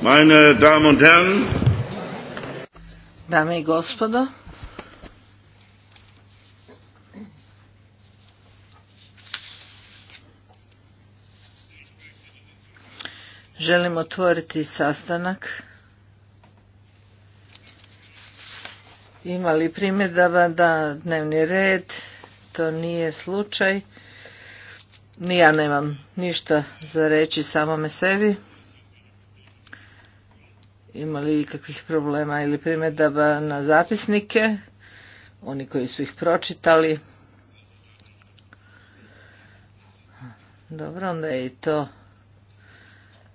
Meine Damen und Herren, Dame i gospodo, želim otvoriti sastanak. Ima li primjedaba da dnevni red? To nije slučaj. ja nemam ništa za reći samome sebi imali ikakvih problema ili primjedaba na zapisnike, oni koji su ih pročitali. Dobro, onda je i to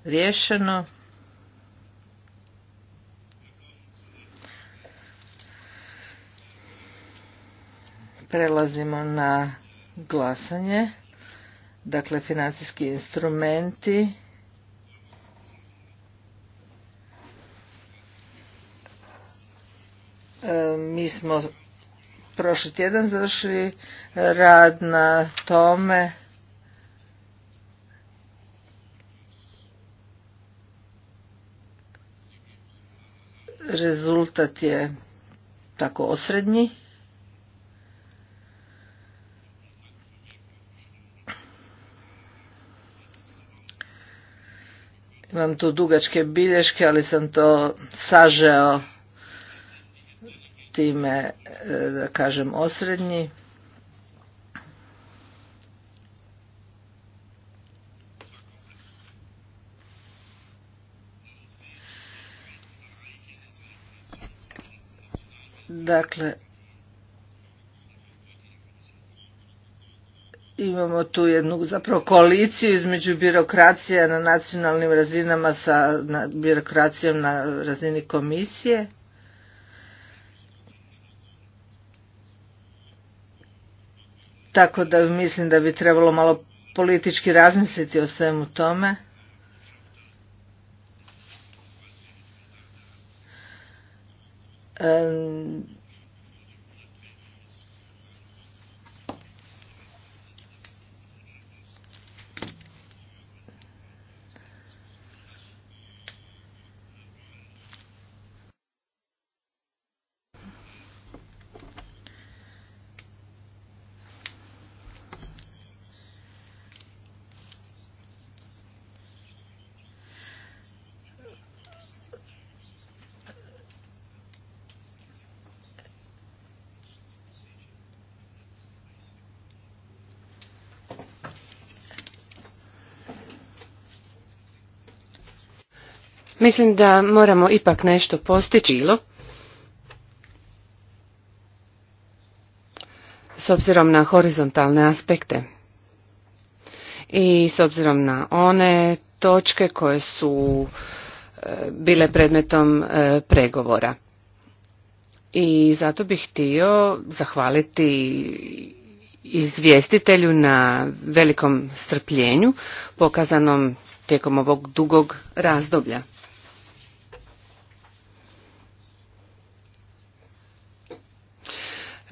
rješeno. Prelazimo na glasanje. Dakle, financijski instrumenti E, mi smo prošli tjedan završili rad na tome rezultat je tako osrednji imam tu dugačke bilješke ali sam to sažeo time, e, da kažem, osrednji. Dakle, imamo tu jednu zapravo koaliciju između birokracija na nacionalnim razinama sa birokracijom na razini komisije. Tako da mislim da bi trebalo malo politički razmisliti o svemu tome. Mislim da moramo ipak nešto postići s obzirom na horizontalne aspekte i s obzirom na one točke koje su e, bile predmetom e, pregovora. I zato bih htio zahvaliti izvjestitelju na velikom strpljenju pokazanom tijekom ovog dugog razdoblja.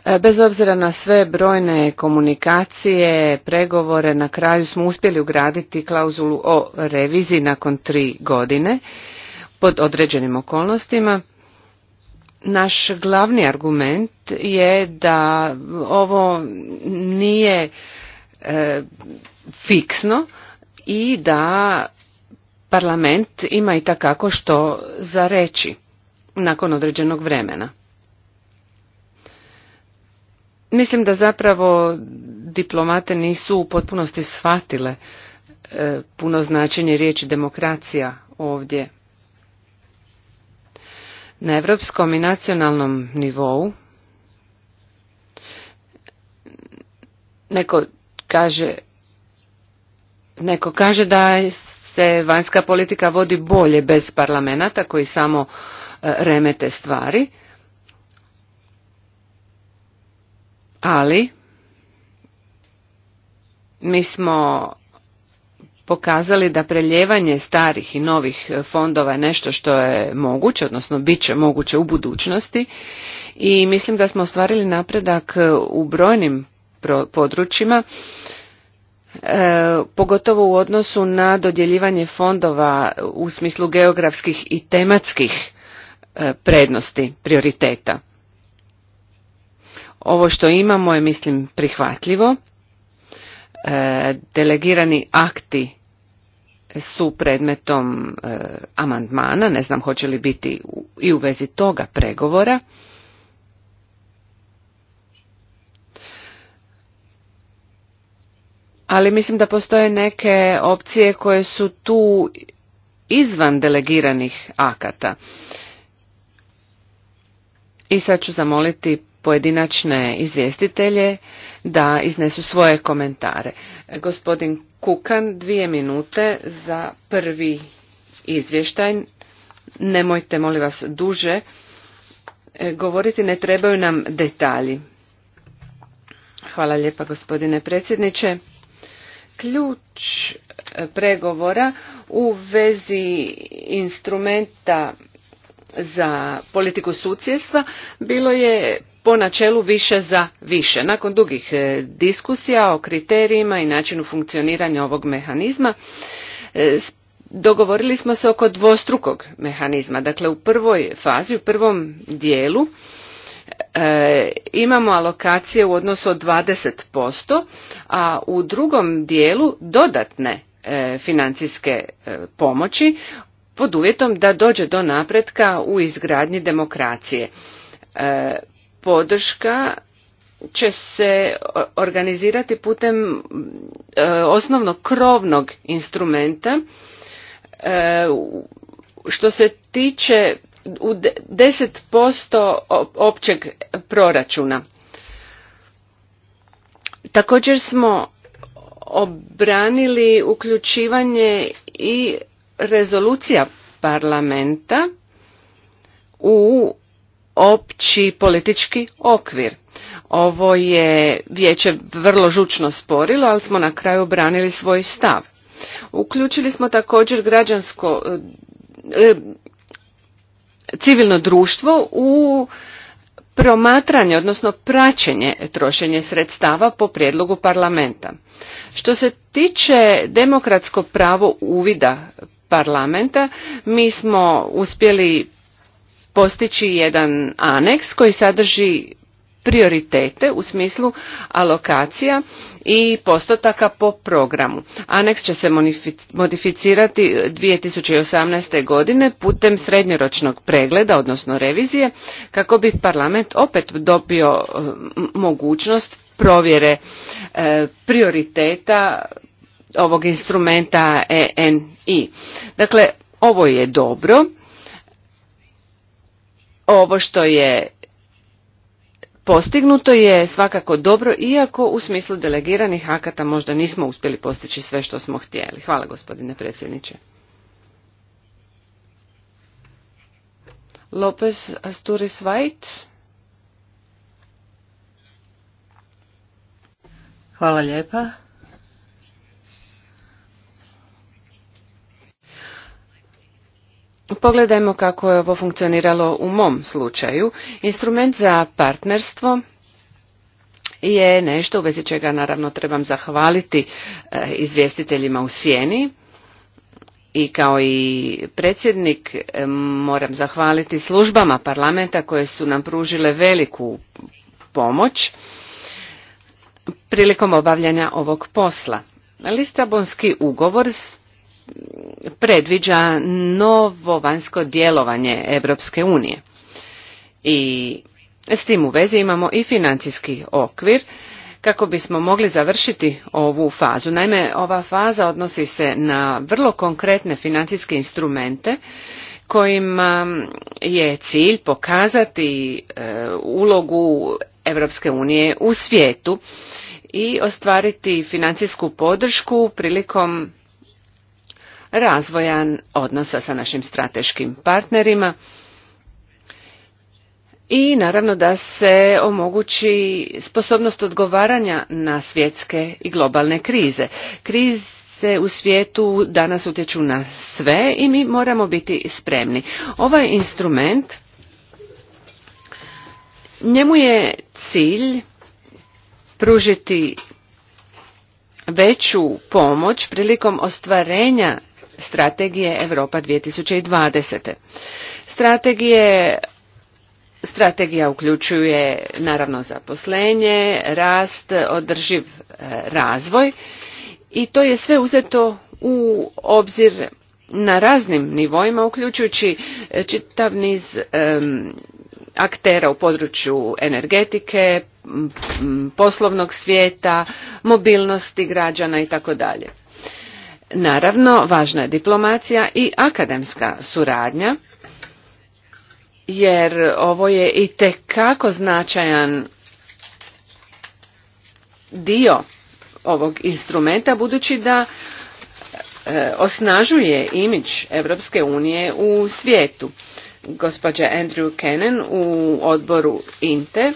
E, bez obzira na sve brojne komunikacije, pregovore, na kraju smo uspjeli ugraditi klauzulu o reviziji nakon tri godine pod određenim okolnostima. Naš glavni argument je da ovo nije e, fiksno i da parlament ima i takako što za reći nakon određenog vremena. Mislim da zapravo diplomate nisu u potpunosti shvatile e, puno značenje riječi demokracija ovdje. Na europskom i nacionalnom nivou neko kaže neko kaže da se vanjska politika vodi bolje bez parlamenta koji samo e, remete stvari ali mi smo pokazali da preljevanje starih i novih fondova je nešto što je moguće, odnosno bit će moguće u budućnosti i mislim da smo ostvarili napredak u brojnim područjima, e, pogotovo u odnosu na dodjeljivanje fondova u smislu geografskih i tematskih e, prednosti, prioriteta. Ovo što imamo je, mislim, prihvatljivo. E, delegirani akti su predmetom e, amandmana, ne znam hoće li biti i u vezi toga pregovora. Ali mislim da postoje neke opcije koje su tu izvan delegiranih akata. I sad ću zamoliti pojedinačne izvjestitelje da iznesu svoje komentare. Gospodin Kukan, dvije minute za prvi izvještaj. Nemojte, molim vas, duže. E, govoriti ne trebaju nam detalji. Hvala lijepa, gospodine predsjedniče. Ključ e, pregovora u vezi instrumenta za politiku susjedstva bilo je po načelu više za više. Nakon dugih e, diskusija o kriterijima i načinu funkcioniranja ovog mehanizma, e, dogovorili smo se oko dvostrukog mehanizma. Dakle, u prvoj fazi, u prvom dijelu, e, imamo alokacije u odnosu od 20%, a u drugom dijelu dodatne financijske pomoći pod uvjetom da dođe do napretka u izgradnji demokracije podrška će se organizirati putem e, osnovnog krovnog instrumenta. E, što se tiče u 10% općeg proračuna. Također smo obranili uključivanje i rezolucija parlamenta u opći politički okvir. Ovo je vijeće vrlo žučno sporilo, ali smo na kraju branili svoj stav. Uključili smo također građansko e, e, civilno društvo u promatranje, odnosno praćenje trošenje sredstava po prijedlogu parlamenta. Što se tiče demokratsko pravo uvida parlamenta, mi smo uspjeli postići jedan aneks koji sadrži prioritete u smislu alokacija i postotaka po programu. Aneks će se modificirati 2018. godine putem srednjoročnog pregleda, odnosno revizije, kako bi parlament opet dobio e, mogućnost provjere e, prioriteta ovog instrumenta ENI. Dakle, ovo je dobro ovo što je postignuto je svakako dobro, iako u smislu delegiranih akata možda nismo uspjeli postići sve što smo htjeli. Hvala gospodine predsjedniče. Lopez Asturis White. Hvala lijepa. Pogledajmo kako je ovo funkcioniralo u mom slučaju. Instrument za partnerstvo je nešto u vezi čega naravno trebam zahvaliti e, izvjestiteljima u sjeni i kao i predsjednik e, moram zahvaliti službama parlamenta koje su nam pružile veliku pomoć prilikom obavljanja ovog posla. Listabonski ugovor predviđa novo vanjsko djelovanje Europske unije. I s tim u vezi imamo i financijski okvir kako bismo mogli završiti ovu fazu. Naime, ova faza odnosi se na vrlo konkretne financijske instrumente kojima je cilj pokazati e, ulogu Europske unije u svijetu i ostvariti financijsku podršku prilikom razvojan odnosa sa našim strateškim partnerima i naravno da se omogući sposobnost odgovaranja na svjetske i globalne krize. Krize u svijetu danas utječu na sve i mi moramo biti spremni. Ovaj instrument, njemu je cilj pružiti veću pomoć prilikom ostvarenja strategije Europa 2020. Strategije Strategija uključuje naravno zaposlenje, rast, održiv e, razvoj i to je sve uzeto u obzir na raznim nivoima, uključujući e, čitav niz aktera u području energetike, poslovnog svijeta, mobilnosti građana i tako dalje. Naravno, važna je diplomacija i akademska suradnja, jer ovo je i tekako značajan dio ovog instrumenta, budući da e, osnažuje imidž Europske unije u svijetu. Gospođa Andrew Kennan u odboru INTE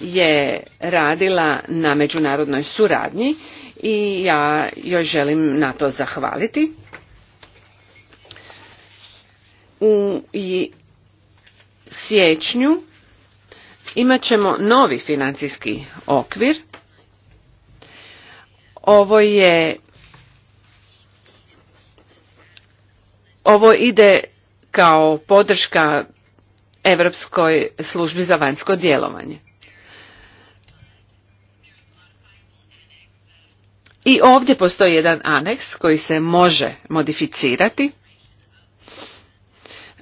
je radila na međunarodnoj suradnji i ja joj želim na to zahvaliti. U siječnju imat ćemo novi financijski okvir. Ovo je ovo ide kao podrška Europskoj službi za vanjsko djelovanje. I ovdje postoji jedan aneks koji se može modificirati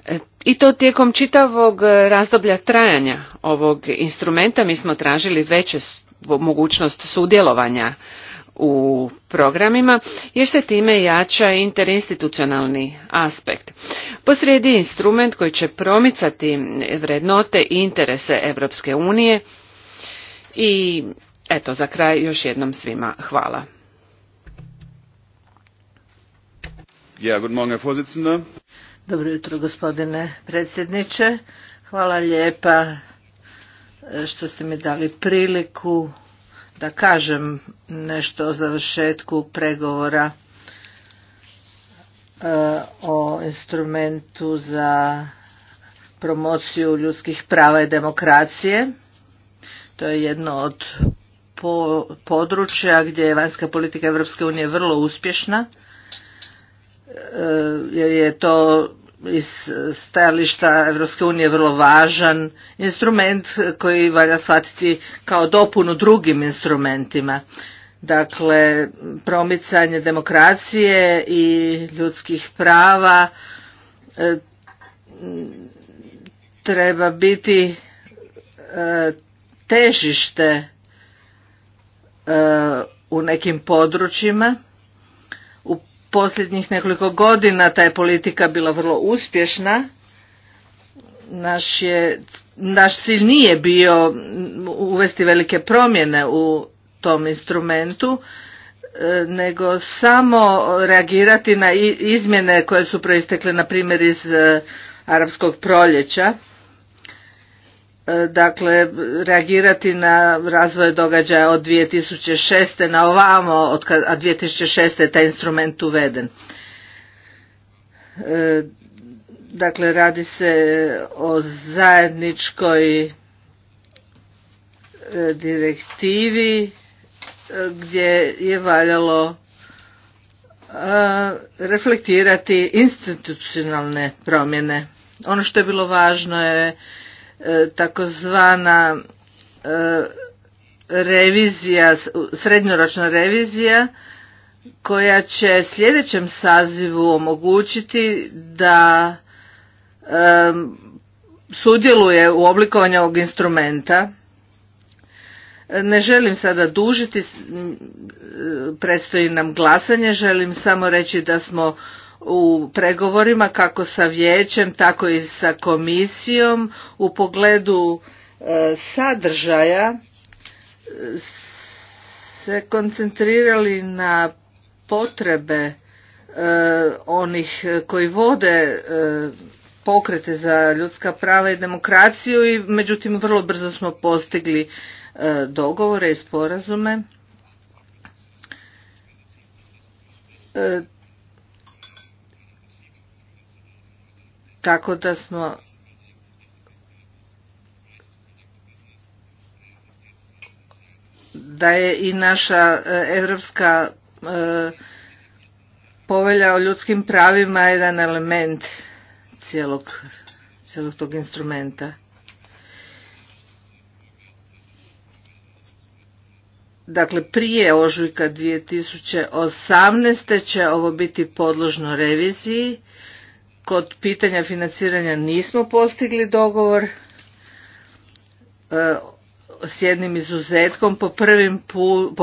e, i to tijekom čitavog e, razdoblja trajanja ovog instrumenta mi smo tražili veće mogućnost sudjelovanja u programima jer se time jača interinstitucionalni aspekt. Posrijedi instrument koji će promicati vrednote i interese Europske unije i eto za kraj još jednom svima hvala. Dobro jutro, gospodine predsjedniče. Hvala lijepa e, što ste mi dali priliku da kažem nešto o završetku pregovora e, o instrumentu za promociju ljudskih prava i demokracije. To je jedno od područja gdje je vanjska politika Europske unije vrlo uspješna E, jer je to iz stajališta Europske unije vrlo važan instrument koji valja shvatiti kao dopunu drugim instrumentima. Dakle, promicanje demokracije i ljudskih prava e, treba biti e, težište u nekim područjima posljednjih nekoliko godina ta je politika bila vrlo uspješna. Naš, naš cilj nije bio uvesti velike promjene u tom instrumentu, e, nego samo reagirati na izmjene koje su proistekle, na primjer, iz e, arapskog proljeća dakle reagirati na razvoj događaja od 2006. na ovamo, od kad, a 2006. je taj instrument uveden. E, dakle, radi se o zajedničkoj e, direktivi e, gdje je valjalo reflektirati institucionalne promjene. Ono što je bilo važno je takozvana revizija, srednjoročna revizija koja će sljedećem sazivu omogućiti da sudjeluje u oblikovanju ovog instrumenta. Ne želim sada dužiti, predstoji nam glasanje, želim samo reći da smo u pregovorima kako sa vijećem tako i sa komisijom u pogledu e, sadržaja e, se koncentrirali na potrebe e, onih koji vode pokrete za ljudska prava i demokraciju i međutim vrlo brzo smo postigli dogovore i sporazume tako da smo da je i naša europska e, povelja o ljudskim pravima jedan element cijelog, cijelog tog instrumenta. Dakle, prije ožujka 2018. će ovo biti podložno reviziji kod pitanja financiranja nismo postigli dogovor e, s jednim izuzetkom po,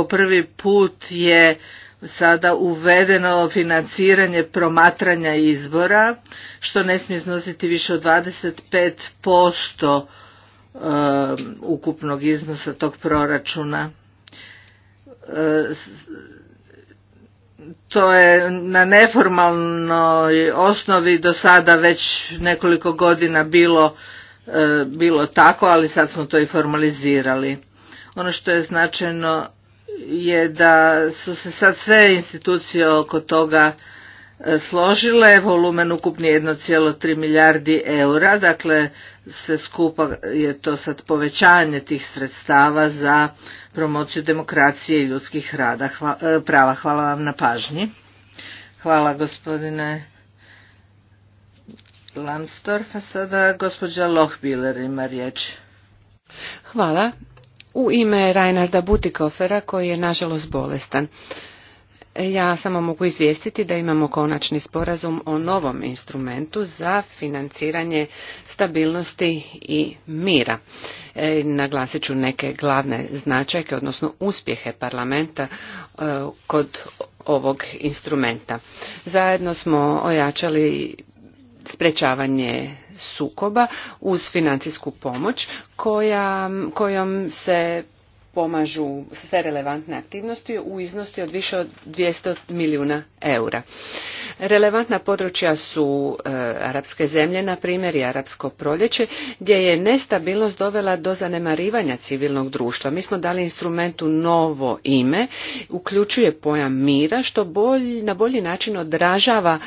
prvi put je sada uvedeno financiranje promatranja izbora što ne smije iznositi više od 25% e, ukupnog iznosa tog proračuna e, to je na neformalnoj osnovi do sada već nekoliko godina bilo, e, bilo tako, ali sad smo to i formalizirali. Ono što je značajno je da su se sad sve institucije oko toga e, složile, volumen ukupni 1,3 milijardi eura, dakle se skupa je to sad povećanje tih sredstava za promociju demokracije i ljudskih rada, e, prava. Hvala vam na pažnji. Hvala gospodine Lamstorf, a sada gospođa Lohbiler ima riječ. Hvala. U ime Reinarda Butikofera koji je nažalost bolestan. Ja samo mogu izvijestiti da imamo konačni sporazum o novom instrumentu za financiranje stabilnosti i mira. E, naglasit ću neke glavne značajke, odnosno uspjehe parlamenta e, kod ovog instrumenta. Zajedno smo ojačali sprečavanje sukoba uz financijsku pomoć koja, kojom se pomažu sve relevantne aktivnosti u iznosti od više od 200 milijuna eura. Relevantna područja su e, arapske zemlje, na primjer i arapsko proljeće, gdje je nestabilnost dovela do zanemarivanja civilnog društva. Mi smo dali instrumentu novo ime, uključuje pojam mira, što na bolji način odražava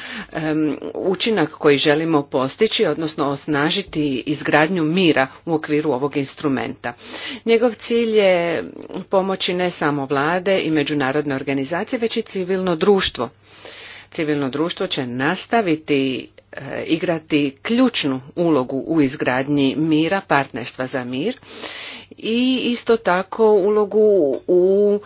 učinak koji želimo postići, odnosno osnažiti izgradnju mira u okviru ovog instrumenta. Njegov cilj je pomoći ne samo vlade i međunarodne organizacije, već i civilno društvo. Civilno društvo će nastaviti e, igrati ključnu ulogu u izgradnji mira, partnerstva za mir i isto tako ulogu u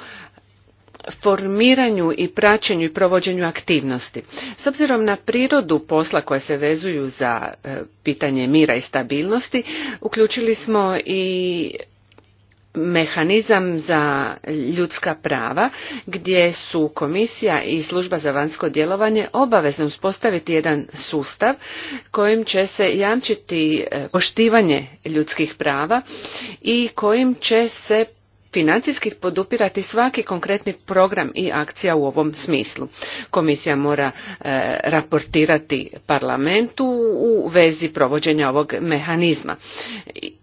formiranju i praćenju i provođenju aktivnosti. S obzirom na prirodu posla koje se vezuju za e, pitanje mira i stabilnosti, uključili smo i mehanizam za ljudska prava gdje su komisija i služba za vanjsko djelovanje obavezno uspostaviti jedan sustav kojim će se jamčiti e, poštivanje ljudskih prava i kojim će se financijskih podupirati svaki konkretni program i akcija u ovom smislu. Komisija mora e, raportirati parlamentu u vezi provođenja ovog mehanizma.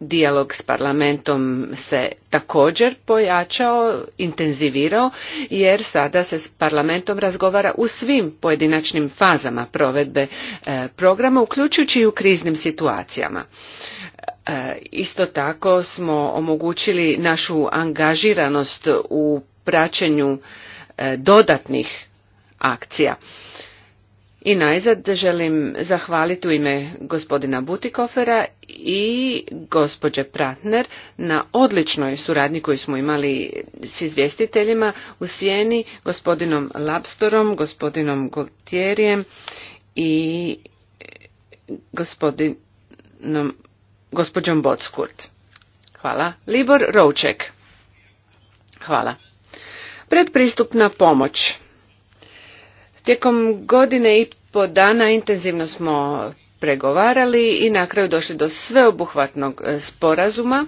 Dijalog s parlamentom se također pojačao, intenzivirao jer sada se s parlamentom razgovara u svim pojedinačnim fazama provedbe e, programa uključujući i u kriznim situacijama. E, isto tako smo omogućili našu angažiranost u praćenju e, dodatnih akcija. I najzad želim zahvaliti u ime gospodina Butikofera i gospođe Pratner na odličnoj suradnji koju smo imali s izvjestiteljima u Sjeni, gospodinom Labstorom, gospodinom Goltjerijem i gospodinom gospođom Bockurt. Hvala. Libor Rouček. Hvala. Predpristupna pomoć. Tijekom godine i po dana intenzivno smo pregovarali i na kraju došli do sveobuhvatnog e, sporazuma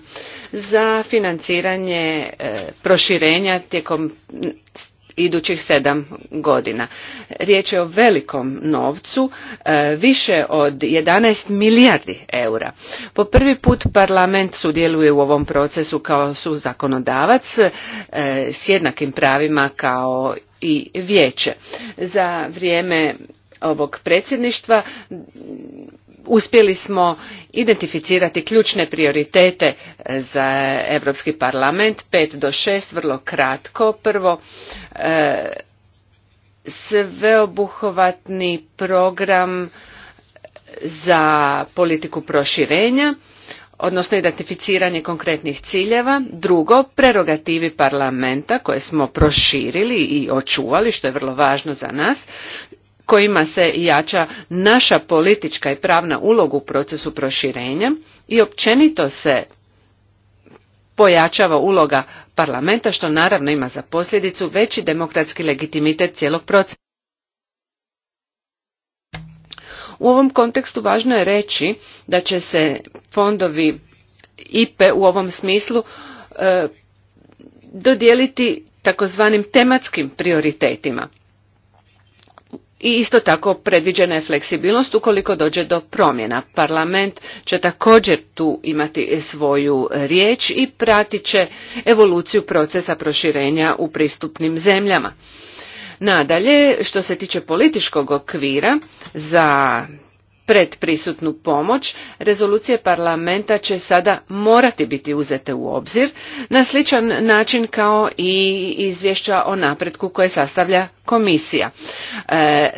za financiranje e, proširenja tijekom idućih sedam godina. Riječ je o velikom novcu, e, više od 11 milijardi eura. Po prvi put parlament sudjeluje u ovom procesu kao su zakonodavac e, s jednakim pravima kao i vijeće. Za vrijeme ovog predsjedništva uspjeli smo identificirati ključne prioritete eh, za Europski parlament, pet do šest, vrlo kratko. Prvo, eh, sveobuhvatni program za politiku proširenja, odnosno identificiranje konkretnih ciljeva. Drugo, prerogativi parlamenta koje smo proširili i očuvali, što je vrlo važno za nas kojima se jača naša politička i pravna uloga u procesu proširenja i općenito se pojačava uloga parlamenta što naravno ima za posljedicu veći demokratski legitimitet cijelog procesa. U ovom kontekstu važno je reći da će se fondovi IPE u ovom smislu e, dodijeliti takozvanim tematskim prioritetima i isto tako predviđena je fleksibilnost ukoliko dođe do promjena. Parlament će također tu imati svoju riječ i pratit će evoluciju procesa proširenja u pristupnim zemljama. Nadalje, što se tiče političkog okvira za predprisutnu pomoć, rezolucije parlamenta će sada morati biti uzete u obzir na sličan način kao i izvješća o napretku koje sastavlja komisija. E,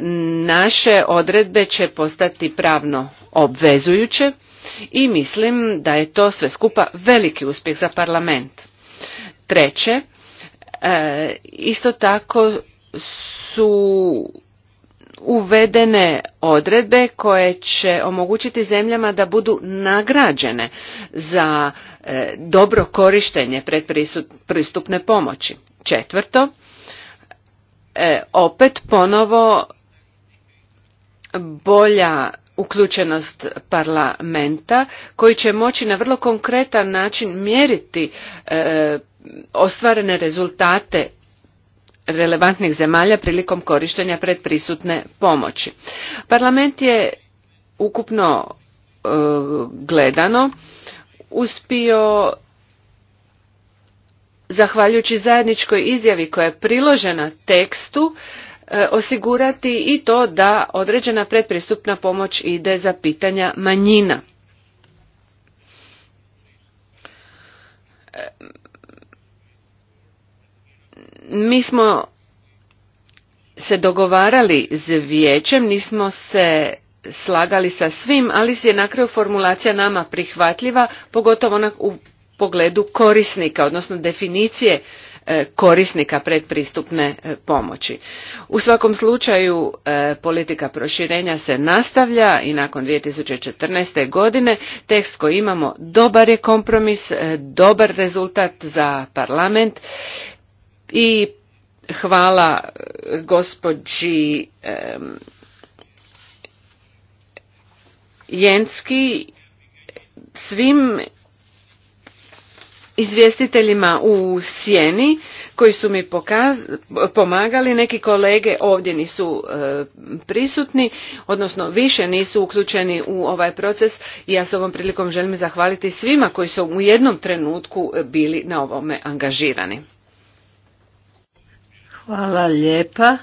naše odredbe će postati pravno obvezujuće i mislim da je to sve skupa veliki uspjeh za parlament. Treće, e, isto tako su uvedene odredbe koje će omogućiti zemljama da budu nagrađene za e, dobro korištenje predpristupne pomoći. Četvrto, e, opet ponovo bolja uključenost parlamenta koji će moći na vrlo konkretan način mjeriti e, ostvarene rezultate relevantnih zemalja prilikom korištenja predprisutne pomoći. Parlament je ukupno e, gledano uspio zahvaljujući zajedničkoj izjavi koja je priložena tekstu e, osigurati i to da određena predpristupna pomoć ide za pitanja manjina mi smo se dogovarali s vijećem, nismo se slagali sa svim, ali je na kraju formulacija nama prihvatljiva, pogotovo ona u pogledu korisnika, odnosno definicije e, korisnika predpristupne e, pomoći. U svakom slučaju e, politika proširenja se nastavlja i nakon 2014. godine tekst koji imamo dobar je kompromis, dobar rezultat za parlament i hvala eh, gospođi Jenski svim izvjestiteljima u Sjeni koji su mi pomagali, neki kolege ovdje nisu eh, prisutni, odnosno više nisu uključeni u ovaj proces i ja s ovom prilikom želim zahvaliti svima koji su u jednom trenutku bili na ovome angažirani. Hvala lijepa.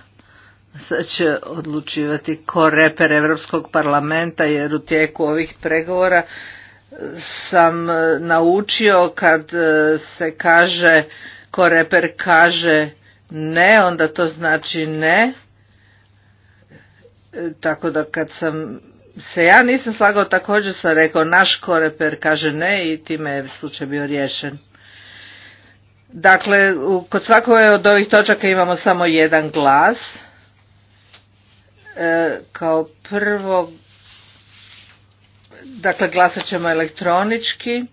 Sad će odlučivati ko reper Europskog parlamenta jer u tijeku ovih pregovora sam e, naučio kad e, se kaže ko reper kaže ne, onda to znači ne. E, tako da kad sam se ja nisam slagao također sam rekao naš koreper kaže ne i time je slučaj bio riješen. Dakle, kod svakove od ovih točaka imamo samo jedan glas. E, kao prvo, dakle, glasat ćemo elektronički.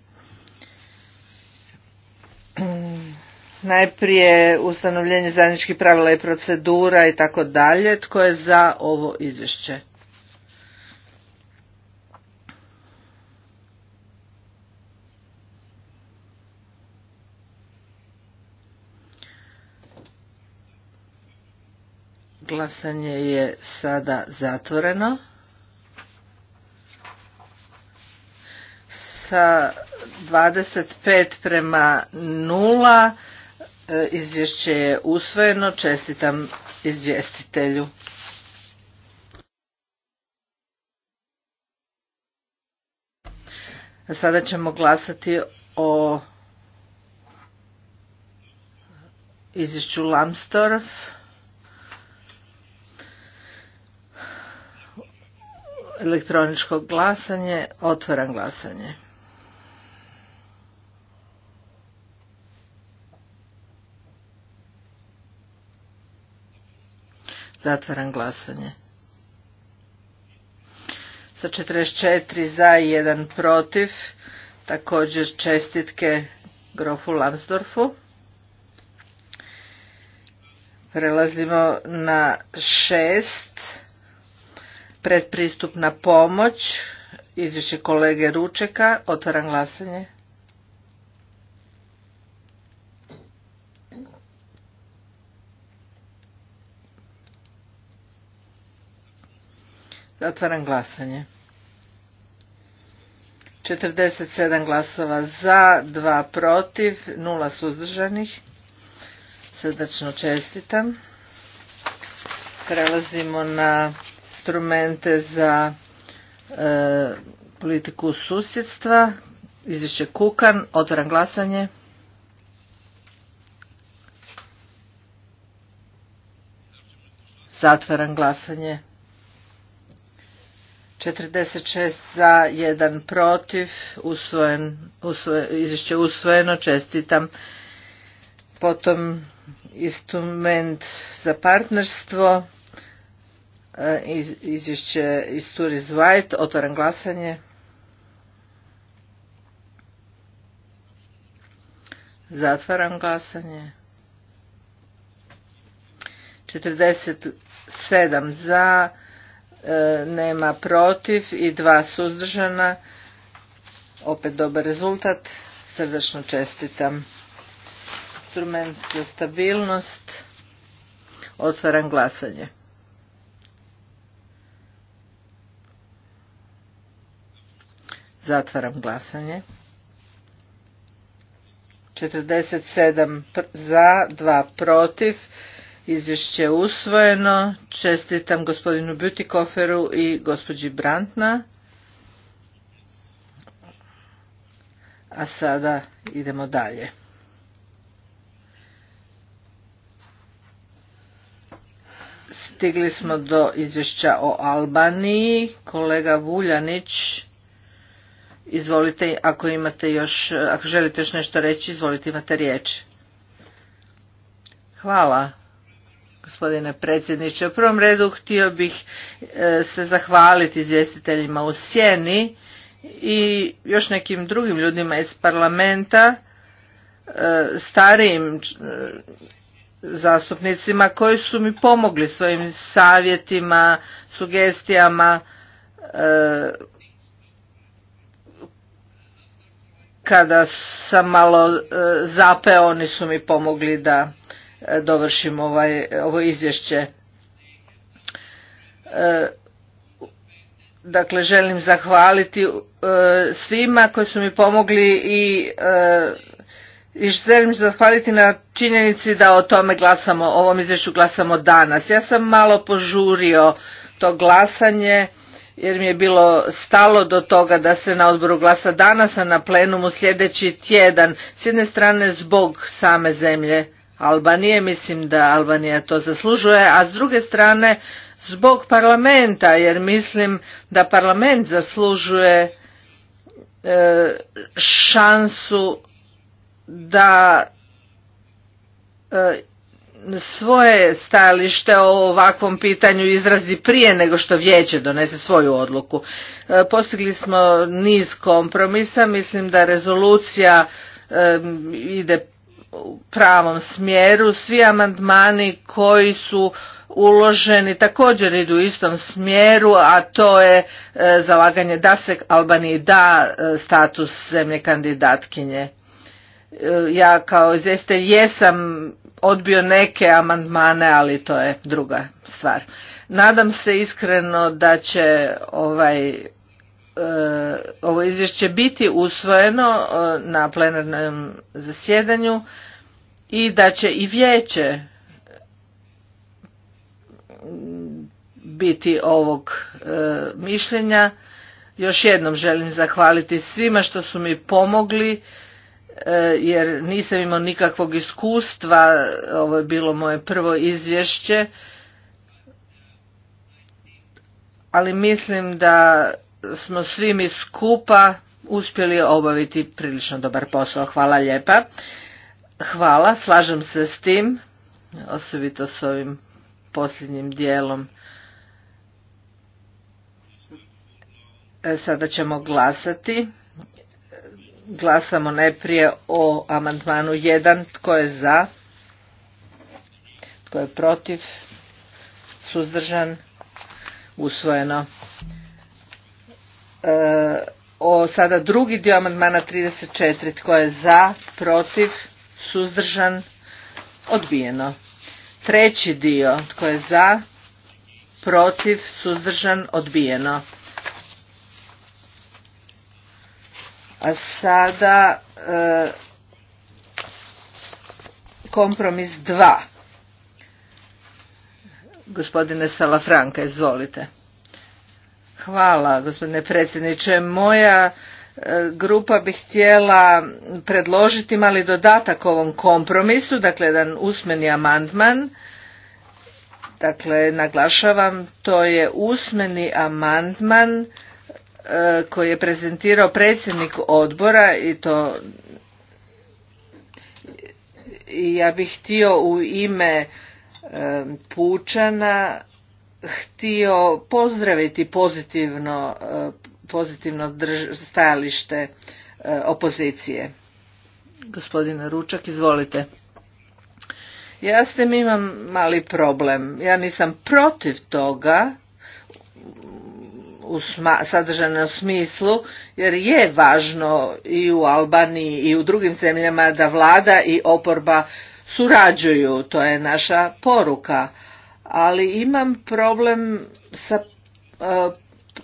Najprije ustanovljenje zajedničkih pravila i procedura i tako dalje. Tko je za ovo izvješće? Glasanje je sada zatvoreno. Sa 25 prema 0 e, izvješće je usvojeno. Čestitam izvjestitelju. Sada ćemo glasati o izvješću Lambsdorff. elektroničko glasanje. Otvaram glasanje. Zatvaram glasanje. Sa 44 za i 1 protiv, također čestitke grofu Lamsdorfu. Prelazimo na šest Predpristupna pomoć, izvješće kolege Ručeka, otvaram glasanje. Otvaram glasanje. 47 glasova za, 2 protiv, 0 suzdržanih. Srdačno čestitam. Prelazimo na instrumente za e, politiku susjedstva. Izvješće Kukan, otvoran glasanje. Zatvaram glasanje. 46 za, 1 protiv, usvojen, izvješće usvojeno, čestitam. Potom instrument za partnerstvo, E, izvješće iz Turis White. Otvaram glasanje. Zatvaram glasanje. 47 za, e, nema protiv i dva suzdržana. Opet dobar rezultat. Srdačno čestitam. Instrument za stabilnost. Otvaram glasanje. Zatvaram glasanje. 47 za, 2 protiv. Izvješće je usvojeno. Čestitam gospodinu Butikoferu i gospođi Brantna. A sada idemo dalje. Stigli smo do izvješća o Albaniji. Kolega Vuljanić Izvolite, ako imate još, ako želite još nešto reći, izvolite, imate riječ. Hvala, gospodine predsjedniče. U prvom redu htio bih e, se zahvaliti izvjestiteljima u Sjeni i još nekim drugim ljudima iz parlamenta, e, starijim e, zastupnicima koji su mi pomogli svojim savjetima, sugestijama, kada sam malo e, zapeo, oni su mi pomogli da e, dovršim ovaj, ovo izvješće. E, dakle, želim zahvaliti svima koji su mi pomogli i, i želim zahvaliti na činjenici da o tome glasamo, o ovom izvješću glasamo danas. Ja sam malo požurio to glasanje jer mi je bilo stalo do toga da se na odboru glasa danas, a na plenumu sljedeći tjedan. S jedne strane zbog same zemlje Albanije, mislim da Albanija to zaslužuje, a s druge strane zbog parlamenta, jer mislim da parlament zaslužuje e, šansu da e, svoje stajalište o ovakvom pitanju izrazi prije nego što vijeće donese svoju odluku. E, postigli smo niz kompromisa, mislim da rezolucija e, ide u pravom smjeru, svi amandmani koji su uloženi također idu u istom smjeru, a to je e, zalaganje da se Albaniji da status zemlje kandidatkinje. Ja kao izvjestitelj jesam odbio neke amandmane, ali to je druga stvar. Nadam se iskreno da će ovaj e, ovo izvješće biti usvojeno e, na plenarnom zasjedanju i da će i vijeće biti ovog e, mišljenja. Još jednom želim zahvaliti svima što su mi pomogli E, jer nisam imao nikakvog iskustva, ovo je bilo moje prvo izvješće, ali mislim da smo svi mi skupa uspjeli obaviti prilično dobar posao. Hvala lijepa. Hvala, slažem se s tim, osobito s ovim posljednjim dijelom. E, sada ćemo glasati. Glasamo najprije o amandmanu 1. Tko je za? Tko je protiv? Suzdržan? Usvojeno. E, o sada drugi dio amandmana 34. Tko je za? Protiv? Suzdržan? Odbijeno. Treći dio. Tko je za? Protiv? Suzdržan? Odbijeno. A sada e, kompromis dva. Gospodine Salafranka, izvolite. Hvala, gospodine predsjedniče. Moja e, grupa bi htjela predložiti mali dodatak ovom kompromisu, dakle jedan usmeni amandman. Dakle, naglašavam, to je usmeni amandman E, koji je prezentirao predsjednik odbora i to i ja bih htio u ime e, Pučana htio pozdraviti pozitivno, e, pozitivno stajalište opozicije. Gospodine Ručak, izvolite. Ja s tem imam mali problem. Ja nisam protiv toga u sadržanom smislu jer je važno i u Albaniji i u drugim zemljama da vlada i oporba surađuju, to je naša poruka. Ali imam problem sa, e,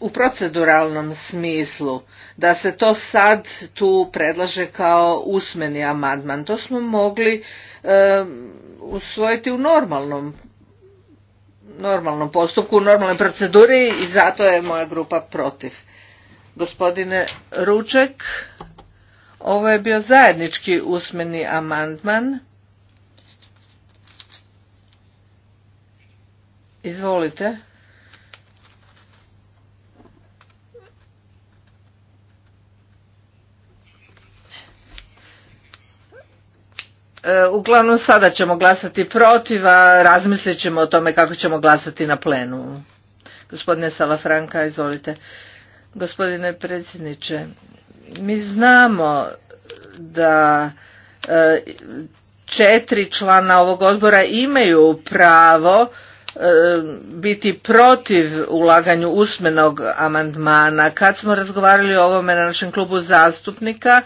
u proceduralnom smislu da se to sad tu predlaže kao usmeni amandman. To smo mogli e, usvojiti u normalnom normalnom postupku, u normalnoj proceduri i zato je moja grupa protiv. Gospodine Ruček, ovo je bio zajednički usmeni amandman. Izvolite. E, uglavnom sada ćemo glasati protiv, a razmislit ćemo o tome kako ćemo glasati na plenu. Gospodine Salafranka, izvolite. Gospodine predsjedniče, mi znamo da e, četiri člana ovog odbora imaju pravo e, biti protiv ulaganju usmenog amandmana. Kad smo razgovarali o ovome na našem klubu zastupnika,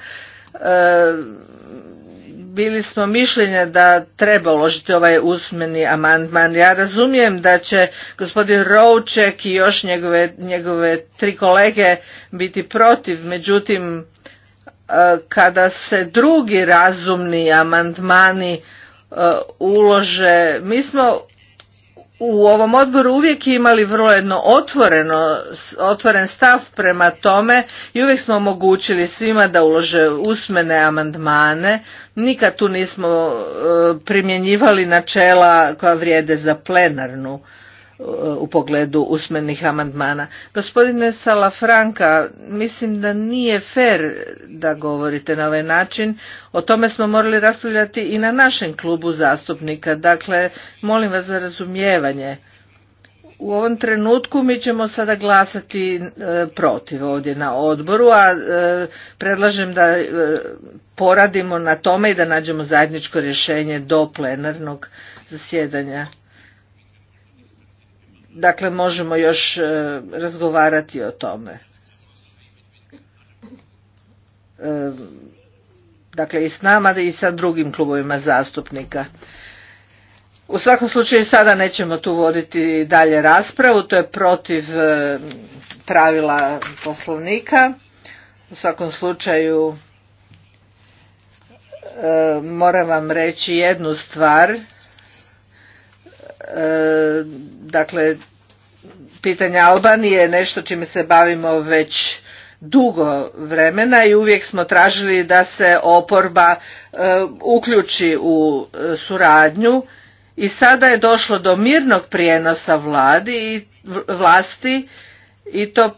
bili smo mišljenja da treba uložiti ovaj usmeni amandman. Ja razumijem da će gospodin Rouček i još njegove, njegove tri kolege biti protiv, međutim e, kada se drugi razumni amandmani e, ulože, mi smo u ovom odboru uvijek imali vrlo jedno otvoreno, otvoren stav prema tome i uvijek smo omogućili svima da ulože usmene amandmane. Nikad tu nismo e, primjenjivali načela koja vrijede za plenarnu u pogledu usmenih amandmana. Gospodine Salafranka, mislim da nije fer da govorite na ovaj način. O tome smo morali raspravljati i na našem klubu zastupnika. Dakle, molim vas za razumijevanje. U ovom trenutku mi ćemo sada glasati e, protiv ovdje na odboru, a e, predlažem da e, poradimo na tome i da nađemo zajedničko rješenje do plenarnog zasjedanja dakle možemo još e, razgovarati o tome. E, dakle i s nama i sa drugim klubovima zastupnika. U svakom slučaju sada nećemo tu voditi dalje raspravu, to je protiv e, pravila poslovnika. U svakom slučaju moram vam reći jednu stvar E, dakle pitanje Albanije je nešto čime se bavimo već dugo vremena i uvijek smo tražili da se oporba e, uključi u e, suradnju i sada je došlo do mirnog prijenosa vladi i vlasti i to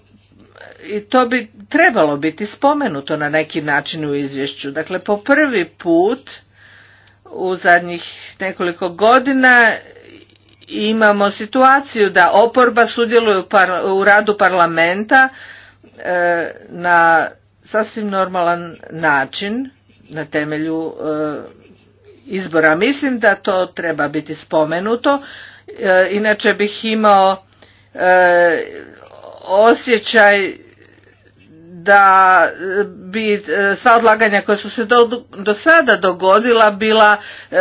i to bi trebalo biti spomenuto na neki način u izvješću. Dakle, po prvi put u zadnjih nekoliko godina imamo situaciju da oporba sudjeluje u radu parlamenta e, na sasvim normalan način na temelju e, izbora. Mislim da to treba biti spomenuto, e, inače bih imao osjećaj da e, bi e, sva odlaganja koja su se do, sada dogodila bila e,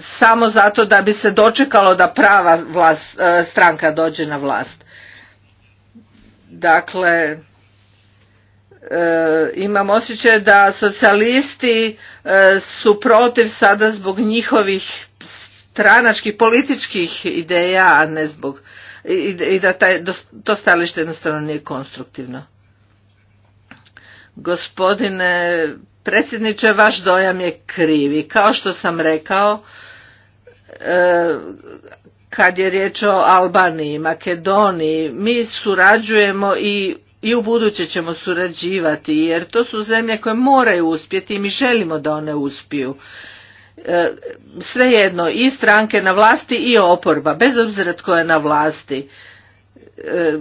samo zato da bi se dočekalo da prava vlast, stranka dođe na vlast. Dakle, imam osjećaj da socijalisti su protiv sada zbog njihovih stranačkih političkih ideja, a ne zbog i da taj, to stalište jednostavno nije konstruktivno. Gospodine predsjedniče, vaš dojam je krivi. Kao što sam rekao, e, kad je riječ o Albaniji, Makedoniji, mi surađujemo i i u buduće ćemo surađivati jer to su zemlje koje moraju uspjeti i mi želimo da one uspiju. E, svejedno i stranke na vlasti i oporba, bez obzira tko je na vlasti. E,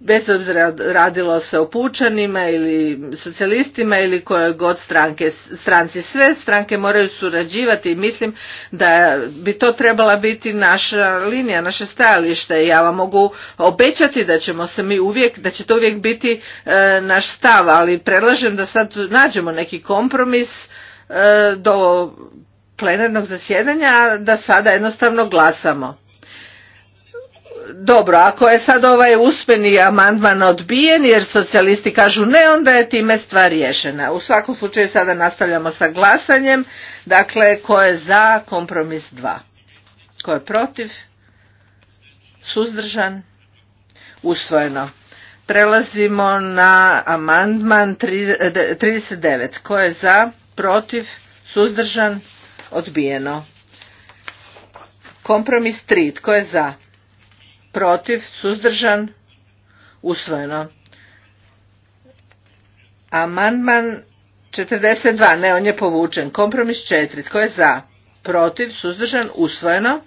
bez obzira radilo se o pučanima ili socijalistima ili koje god stranke, stranci sve stranke moraju surađivati i mislim da bi to trebala biti naša linija, naše stajalište ja vam mogu obećati da ćemo se mi uvijek, da će to uvijek biti e, naš stav, ali predlažem da sad nađemo neki kompromis e, do plenarnog zasjedanja da sada jednostavno glasamo dobro, ako je sad ovaj uspjeni amandman odbijen jer socijalisti kažu ne, onda je time stvar riješena. U svakom slučaju sada nastavljamo sa glasanjem. Dakle, ko je za kompromis 2? Ko je protiv? Suzdržan? Usvojeno. Prelazimo na amandman 39. Ko je za? Protiv? Suzdržan? Odbijeno. Kompromis 3. Tko je za? protiv, suzdržan, usvojeno. Amandman 42, ne, on je povučen. Kompromis 4, tko je za? Protiv, suzdržan, usvojeno.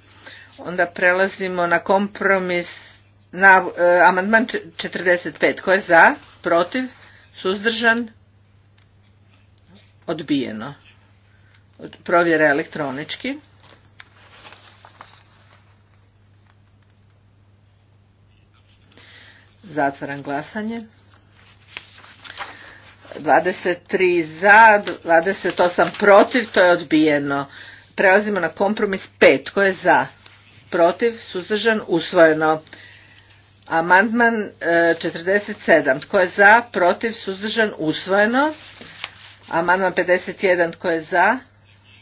Onda prelazimo na kompromis, na e, četrdeset amandman 45, tko je za? Protiv, suzdržan, odbijeno. Provjera elektronički. Zatvaram glasanje. 23 za, 28 protiv, to je odbijeno. Prelazimo na kompromis 5. Ko je za? Protiv, suzdržan, usvojeno. Amandman 47. Tko je za? Protiv, suzdržan, usvojeno. Amandman 51. E, Tko je za?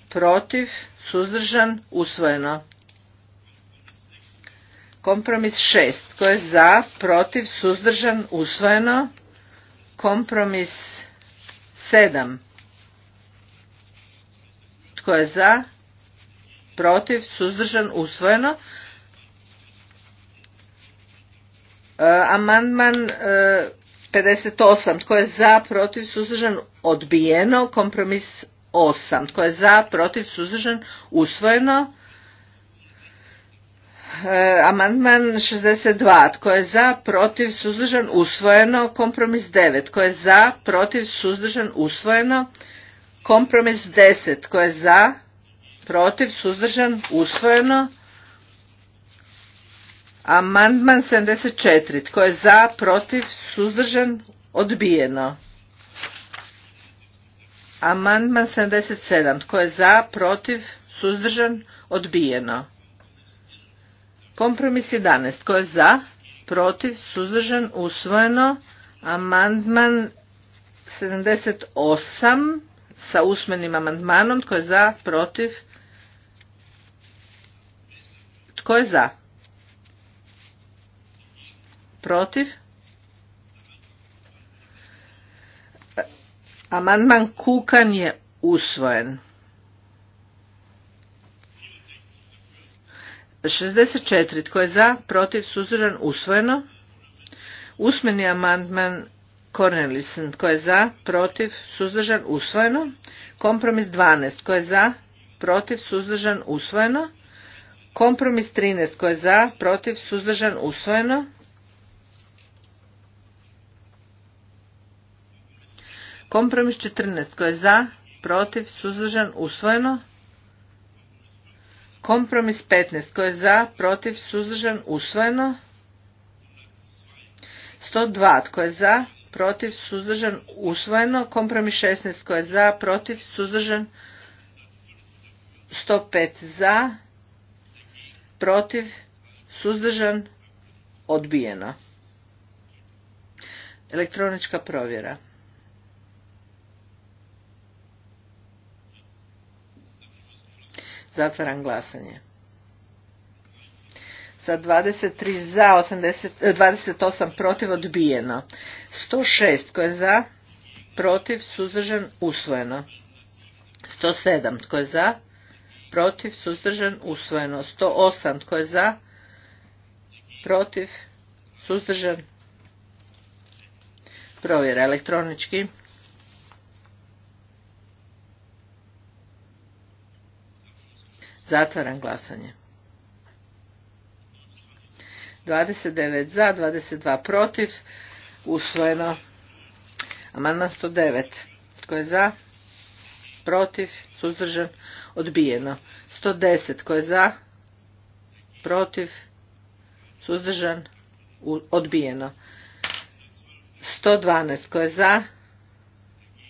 Protiv, suzdržan, usvojeno. Kompromis šest, Tko je za, protiv, suzdržan, usvojeno. Kompromis sedam, Tko je za, protiv, suzdržan, usvojeno. E, amandman 58. E, Tko je za, protiv, suzdržan, odbijeno. Kompromis 8. Tko je za, protiv, suzdržan, usvojeno. E, amandman 62. Tko je za, protiv, suzdržan, usvojeno. Kompromis 9. Tko je za, protiv, suzdržan, usvojeno. Kompromis 10. Tko je za, protiv, suzdržan, usvojeno. Amandman 74. Tko je za, protiv, suzdržan, odbijeno. Amandman 77. Tko je za, protiv, suzdržan, odbijeno. Kompromis 11. Tko je za? Protiv? Suzdržan? Usvojeno. Amandman 78 sa usmenim amandmanom. Tko je za? Protiv? Tko je za? Protiv? Amandman Kukan je usvojen. 64. Tko je za? Protiv? Suzdržan? Usvojeno. Usmeni amandman Cornelison. Tko je za? Protiv? Suzdržan? Usvojeno. Kompromis 12. Tko je za? Protiv? Suzdržan? Usvojeno. Kompromis 13. Tko je za? Protiv? Suzdržan? Usvojeno. Kompromis 14. Tko je za? Protiv? Suzdržan? Usvojeno. Kompromis 15. Tko je za, protiv, suzdržan, usvojeno? 102. Tko je za, protiv, suzdržan, usvojeno? Kompromis 16. Tko je za, protiv, suzdržan, 105. Za, protiv, suzdržan, odbijeno. Elektronička provjera. Zatvaram glasanje. Sa 23 za, 80, 28 e, protiv odbijeno. 106 tko je za, protiv, suzdržan, usvojeno. 107 tko je za, protiv, suzdržan, usvojeno. 108 tko je za, protiv, suzdržan, provjera elektronički. Zatvaram glasanje. 29 za, 22 protiv. Usvojeno. Amandman 109. Tko je za? Protiv. Suzdržan. Odbijeno. 110. Tko je za? Protiv. Suzdržan. Odbijeno. 112. Tko je za?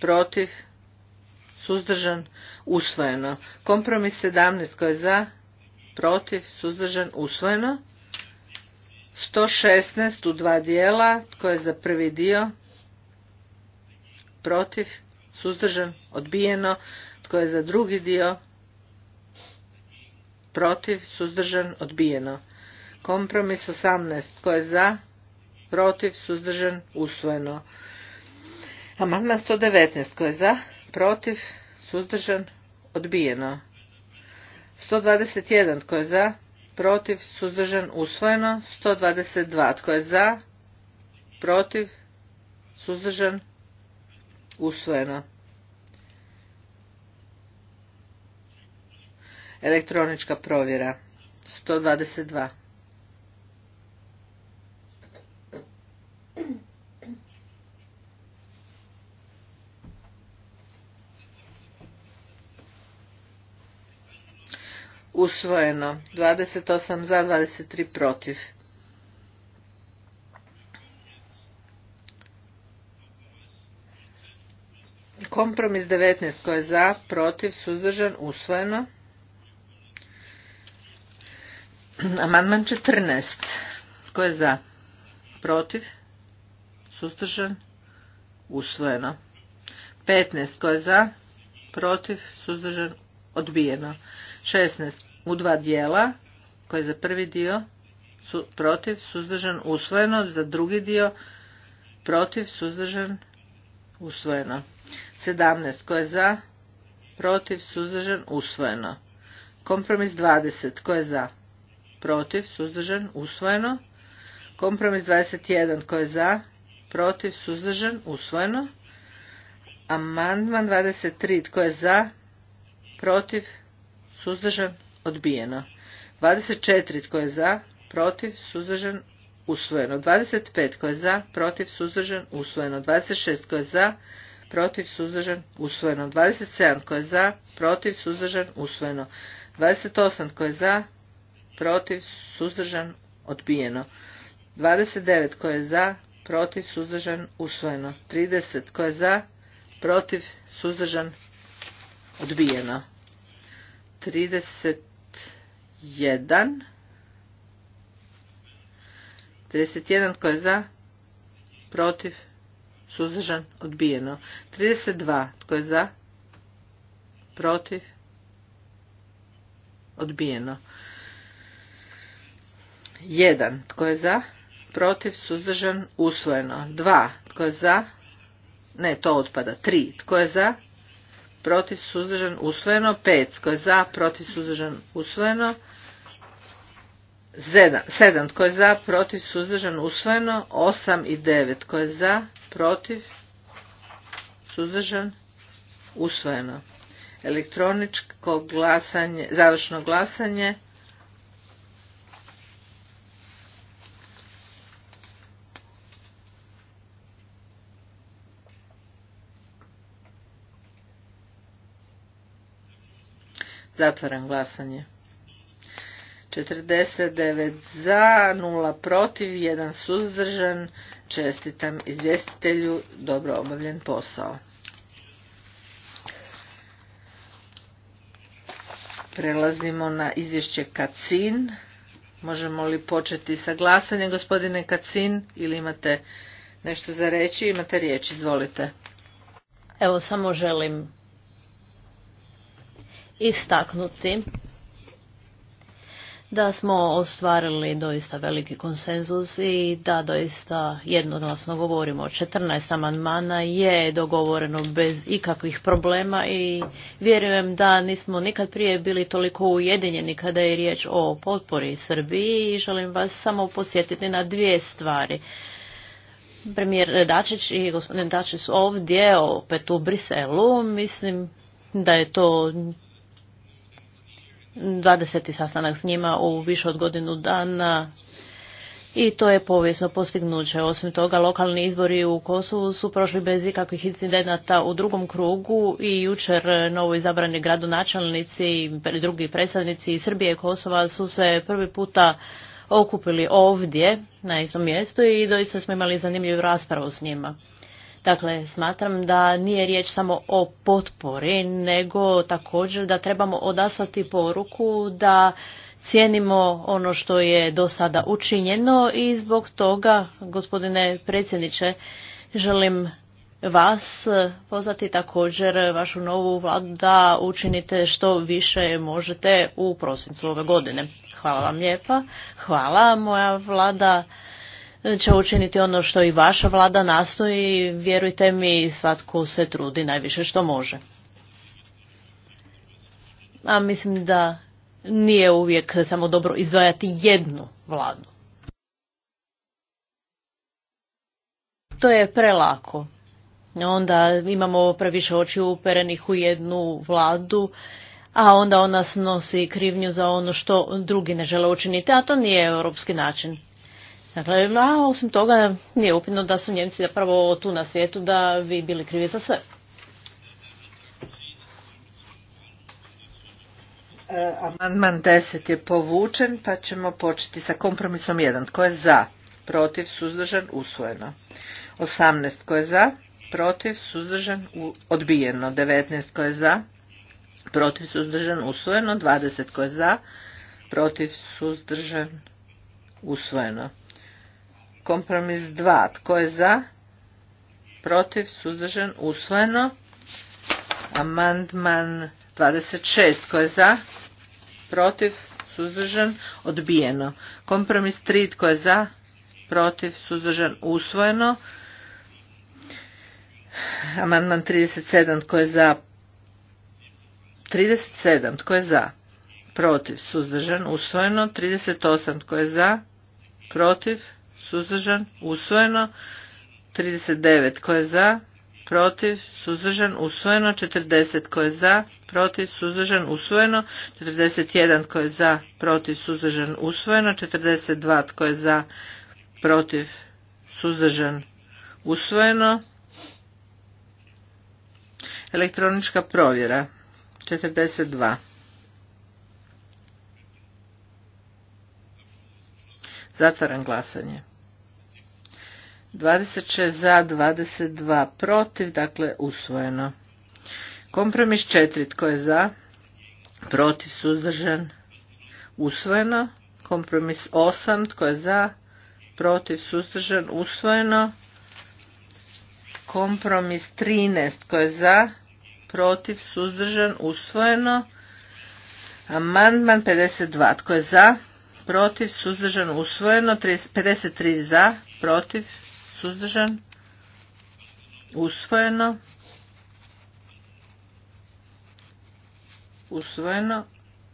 Protiv suzdržan, usvojeno. Kompromis 17 koji je za, protiv, suzdržan, usvojeno. 116 u dva dijela, koji je za prvi dio, protiv, suzdržan, odbijeno, tko je za drugi dio, protiv, suzdržan, odbijeno. Kompromis 18, tko je za, protiv, suzdržan, usvojeno. Amandman 119, tko je za, protiv, suzdržan, odbijeno. 121 tko je za, protiv, suzdržan, usvojeno. 122 tko je za, protiv, suzdržan, usvojeno. Elektronička provjera. 122. usvojeno 28 za 23 protiv kompromis 19 koji je za protiv suzdržan usvojeno amandman 14 koji je za protiv suzdržan usvojeno 15 koji je za protiv suzdržan odbijeno 16 u dva dijela koji za prvi dio su protiv, suzdržan, usvojeno, za drugi dio protiv, suzdržan, usvojeno. 17 koje je za, protiv, suzdržan, usvojeno. Kompromis 20 koje je za, protiv, suzdržan, usvojeno. Kompromis 21 koje je za, protiv, suzdržan, usvojeno. Amandman 23 tko je za, protiv, suzdržan, odbijeno. 24 tko je za, protiv, suzdržan, usvojeno. 25 tko je za, protiv, suzdržan, usvojeno. 26 tko je za, protiv, suzdržan, usvojeno. 27 tko je za, protiv, suzdržan, usvojeno. 28 tko je za, protiv, suzdržan, odbijeno. 29 tko je za, protiv, suzdržan, usvojeno. 30 tko je za, protiv, suzdržan, odbijeno. 31. 31 tko je za? Protiv? Suzdržan? Odbijeno. 32 tko je za? Protiv? Odbijeno. 1 tko je za? Protiv? Suzdržan? Usvojeno. 2 tko je za? Ne, to otpada. 3 tko je za? protiv suzdržan usvojeno 5 tko je za protiv suzdržan usvojeno 7 tko je za protiv suzdržan usvojeno 8 i 9 tko je za protiv suzdržan usvojeno elektroničko glasanje završno glasanje Zatvaram glasanje. 49 za, 0 protiv, 1 suzdržan. Čestitam izvjestitelju, dobro obavljen posao. Prelazimo na izvješće Kacin. Možemo li početi sa glasanjem, gospodine Kacin, ili imate nešto za reći? Imate riječ, izvolite. Evo, samo želim istaknuti da smo ostvarili doista veliki konsenzus i da doista jednoglasno govorimo o 14 amandmana je dogovoreno bez ikakvih problema i vjerujem da nismo nikad prije bili toliko ujedinjeni kada je riječ o potpori Srbiji i želim vas samo posjetiti na dvije stvari. Premijer Dačić i gospodin Dačić su ovdje opet u Briselu. Mislim da je to 20. sastanak s njima u više od godinu dana i to je povijesno postignuće. Osim toga, lokalni izbori u Kosovu su prošli bez ikakvih incidenata u drugom krugu i jučer novo izabrani gradonačelnici i drugi predstavnici Srbije i Kosova su se prvi puta okupili ovdje na istom mjestu i doista smo imali zanimljivu raspravu s njima. Dakle, smatram da nije riječ samo o potpori, nego također da trebamo odaslati poruku da cijenimo ono što je do sada učinjeno i zbog toga, gospodine predsjedniče, želim vas pozvati također vašu novu vladu da učinite što više možete u prosincu ove godine. Hvala vam lijepa. Hvala. Moja vlada će učiniti ono što i vaša vlada nastoji. Vjerujte mi, svatko se trudi najviše što može. A mislim da nije uvijek samo dobro izdvajati jednu vladu. To je prelako. Onda imamo previše oči uperenih u jednu vladu, a onda ona snosi krivnju za ono što drugi ne žele učiniti, a to nije europski način. Dakle, a osim toga nije upitno da su Njemci zapravo tu na svijetu da vi bili krivi za sve. E, amandman 10 je povučen pa ćemo početi sa kompromisom 1. Tko je za? Protiv, suzdržan, usvojeno. 18. Tko je za? Protiv, suzdržan, odbijeno. 19. Tko je za? Protiv, suzdržan, usvojeno. 20. Tko je za? Protiv, suzdržan, usvojeno. Kompromis 2. Tko je za? Protiv, suzdržan, usvojeno. Amandman 26. Tko je za? Protiv, suzdržan, odbijeno. Kompromis 3. Tko je za? Protiv, suzdržan, usvojeno. Amandman 37. Tko je za? 37. Tko je za? Protiv, suzdržan, usvojeno. 38. Tko je za? Protiv, suzdržan, usvojeno. 39 koje za, protiv, suzdržan, usvojeno. 40 koje za, protiv, suzdržan, usvojeno. 41 koje za, protiv, suzdržan, usvojeno. 42 koje za, protiv, suzdržan, usvojeno. Elektronička provjera. 42. Zatvaram glasanje. 26 za, 22 protiv, dakle usvojeno. Kompromis četiri tko je za, protiv, suzdržan, usvojeno. Kompromis 8, tko je za, protiv, suzdržan, usvojeno. Kompromis 13, tko je za, protiv, suzdržan, usvojeno. Amandman 52, tko je za, protiv, suzdržan, usvojeno. 53 za, protiv, suzdržan, usvojeno, usvojeno,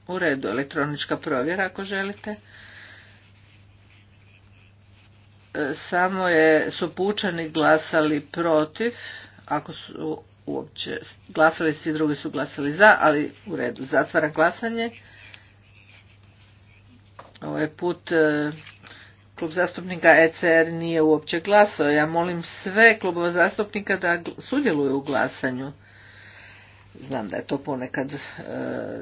u redu, elektronička provjera ako želite. E, samo je, su pučani glasali protiv, ako su uopće glasali, svi drugi su glasali za, ali u redu, zatvara glasanje. je put e, klub zastupnika ECR nije uopće glasao. Ja molim sve klubova zastupnika da sudjeluju u glasanju. Znam da je to ponekad e,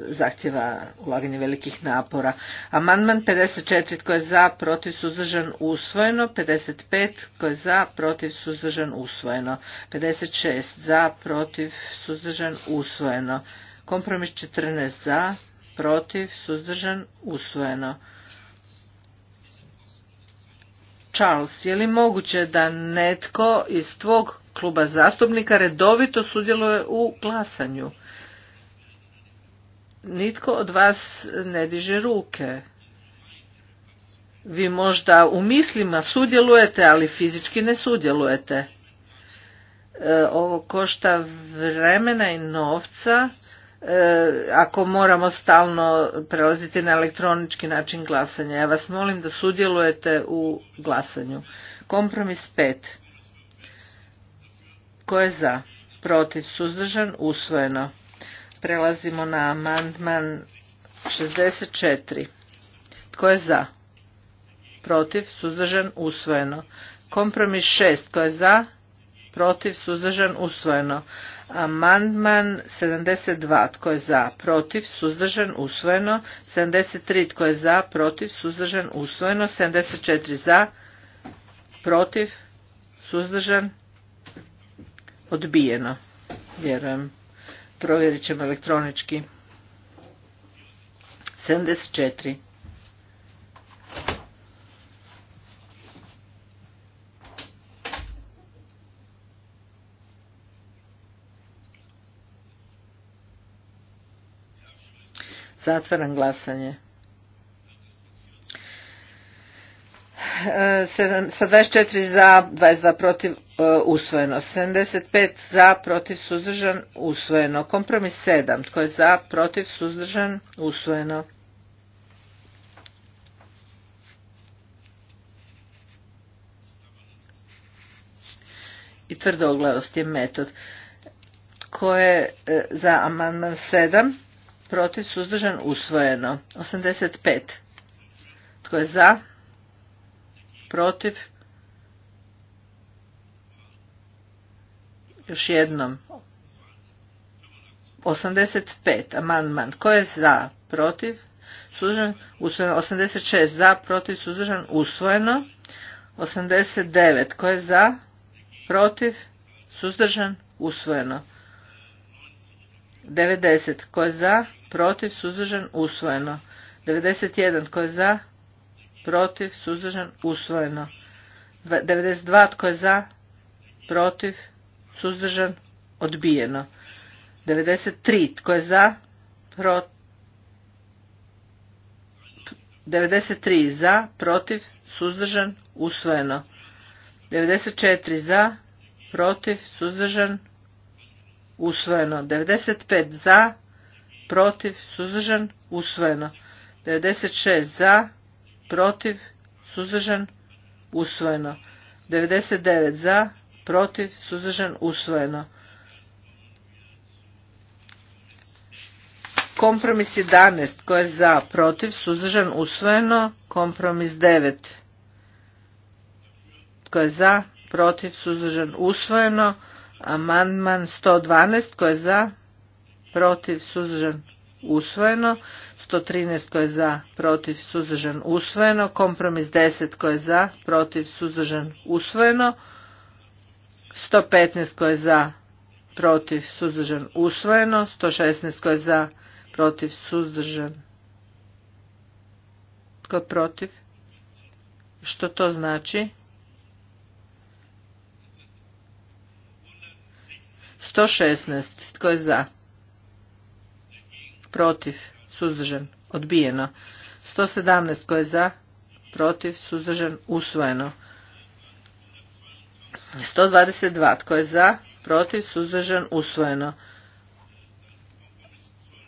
zahtjeva ulaganje velikih napora. Amandman 54 tko je za, protiv, suzdržan, usvojeno. 55 tko je za, protiv, suzdržan, usvojeno. 56 za, protiv, suzdržan, usvojeno. Kompromis 14 za, protiv, suzdržan, usvojeno. Charles, je li moguće da netko iz tvog kluba zastupnika redovito sudjeluje u glasanju? Nitko od vas ne diže ruke. Vi možda u mislima sudjelujete, ali fizički ne sudjelujete. E, ovo košta vremena i novca. E, ako moramo stalno prelaziti na elektronički način glasanja. Ja vas molim da sudjelujete u glasanju. Kompromis 5. Ko je za? Protiv suzdržan? Usvojeno. Prelazimo na amandman 64. Tko je za? Protiv suzdržan? Usvojeno. Kompromis 6. Tko je za? Protiv suzdržan? Usvojeno. Amandman 72. Tko je za? Protiv? Suzdržan? Usvojeno. 73. Tko je za? Protiv? Suzdržan? Usvojeno. 74. Za? Protiv? Suzdržan? Odbijeno. Vjerujem. Provjerit ćemo elektronički. 74. Zatvaram glasanje. E, Sa 24 za, 22 protiv, e, usvojeno. 75 za, protiv, suzdržan, usvojeno. Kompromis 7. Tko je za, protiv, suzdržan, usvojeno. I tvrdoglavost je metod. Tko je e, za amandman 7? protiv, suzdržan, usvojeno. 85. Tko je za? Protiv? Još jednom. 85. Amandman. Tko je za? Protiv? Suzdržan? Usvojeno. 86. Za? Protiv? Suzdržan? Usvojeno. 89. Tko je za? Protiv? Suzdržan? Usvojeno. 90. Tko je za? protiv, suzdržan, usvojeno. 91 tko je za, protiv, suzdržan, usvojeno. 92 tko je za, protiv, suzdržan, odbijeno. 93 tko je za, protiv, 93 za, protiv, suzdržan, usvojeno. 94 za, protiv, suzdržan, usvojeno. 95 za, protiv, suzdržan, usvojeno. 96 za, protiv, suzdržan, usvojeno. 99 za, protiv, suzdržan, usvojeno. Kompromis 11, tko je za, protiv, suzdržan, usvojeno. Kompromis 9, tko je za, protiv, suzdržan, usvojeno. Amandman 112, tko je za, protiv, suzdržan, usvojeno. 113 koje je za, protiv, suzdržan, usvojeno. Kompromis 10 koje je za, protiv, suzdržan, usvojeno. 115 koje je za, protiv, suzdržan, usvojeno. 116 koje je za, protiv, suzdržan. Tko je protiv? Što to znači? 116. Tko je za? protiv, suzdržan, odbijeno. 117 koje je za, protiv, suzdržan, usvojeno. 122 koje je za, protiv, suzdržan, usvojeno.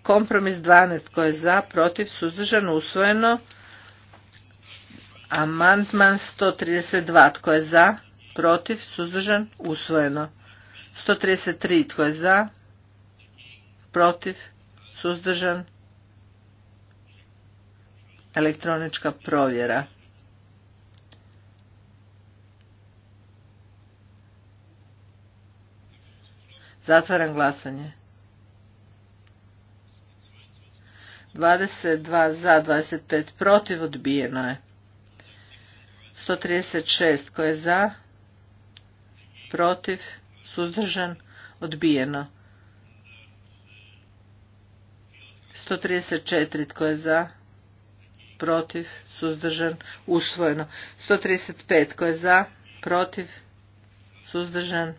Kompromis 12 koje je za, protiv, suzdržan, usvojeno. Amandman 132 tko je za, protiv, suzdržan, usvojeno. 133 tko je za, protiv, suzdržan, elektronička provjera. Zatvaram glasanje. 22 za, 25 protiv, odbijeno je. 136 koje je za, protiv, suzdržan, odbijeno. 134 tko je za, protiv, suzdržan, usvojeno. 135 tko je za, protiv, suzdržan,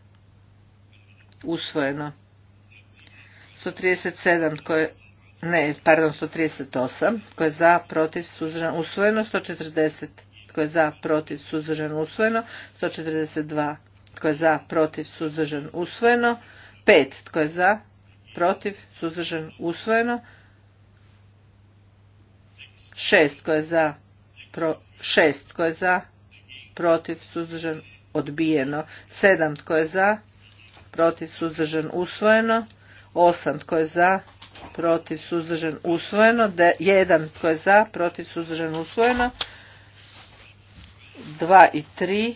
usvojeno. 137 tko je, ne, pardon, 138 tko je za, protiv, suzdržan, usvojeno. 140 tko je za, protiv, suzdržan, usvojeno. 142 tko je za, protiv, suzdržan, usvojeno. 5 tko je za, protiv, suzdržan, usvojeno. 6 koje za pro, šest koje za protiv suzdržan odbijeno 7 tko je za protiv suzdržan usvojeno 8 tko je za protiv suzdržan usvojeno 1 tko je za protiv suzdržan usvojeno 2 i 3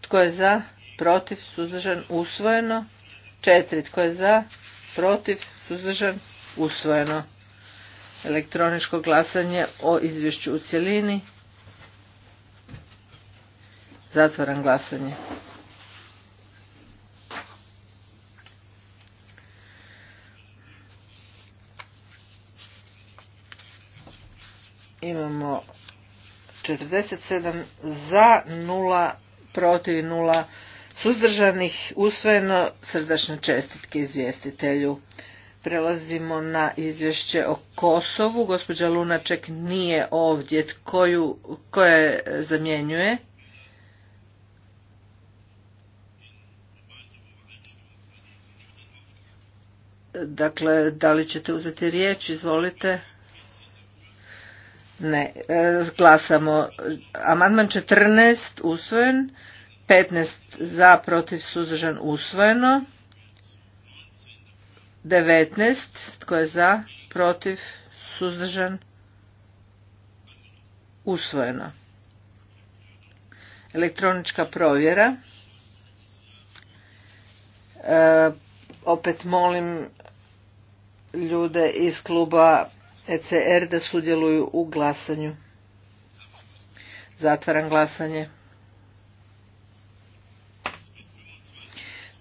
tko je za protiv suzdržan usvojeno 4 tko je za protiv suzdržan usvojeno. Elektroničko glasanje o izvješću u cjelini. Zatvaram glasanje. Imamo 47 za, 0 protiv, 0 suzdržanih. Usvojeno srdačne čestitke izvjestitelju. Prelazimo na izvješće o Kosovu. Gospođa Lunaček nije ovdje. Koju, koje zamjenjuje? Dakle, da li ćete uzeti riječ? Izvolite. Ne, e, glasamo. Amandman 14 usvojen, 15 za, protiv, suzdržan, usvojeno. 19. Tko je za? Protiv? Suzdržan? Usvojeno. Elektronička provjera. E, opet molim ljude iz kluba ECR da sudjeluju u glasanju. Zatvaram glasanje.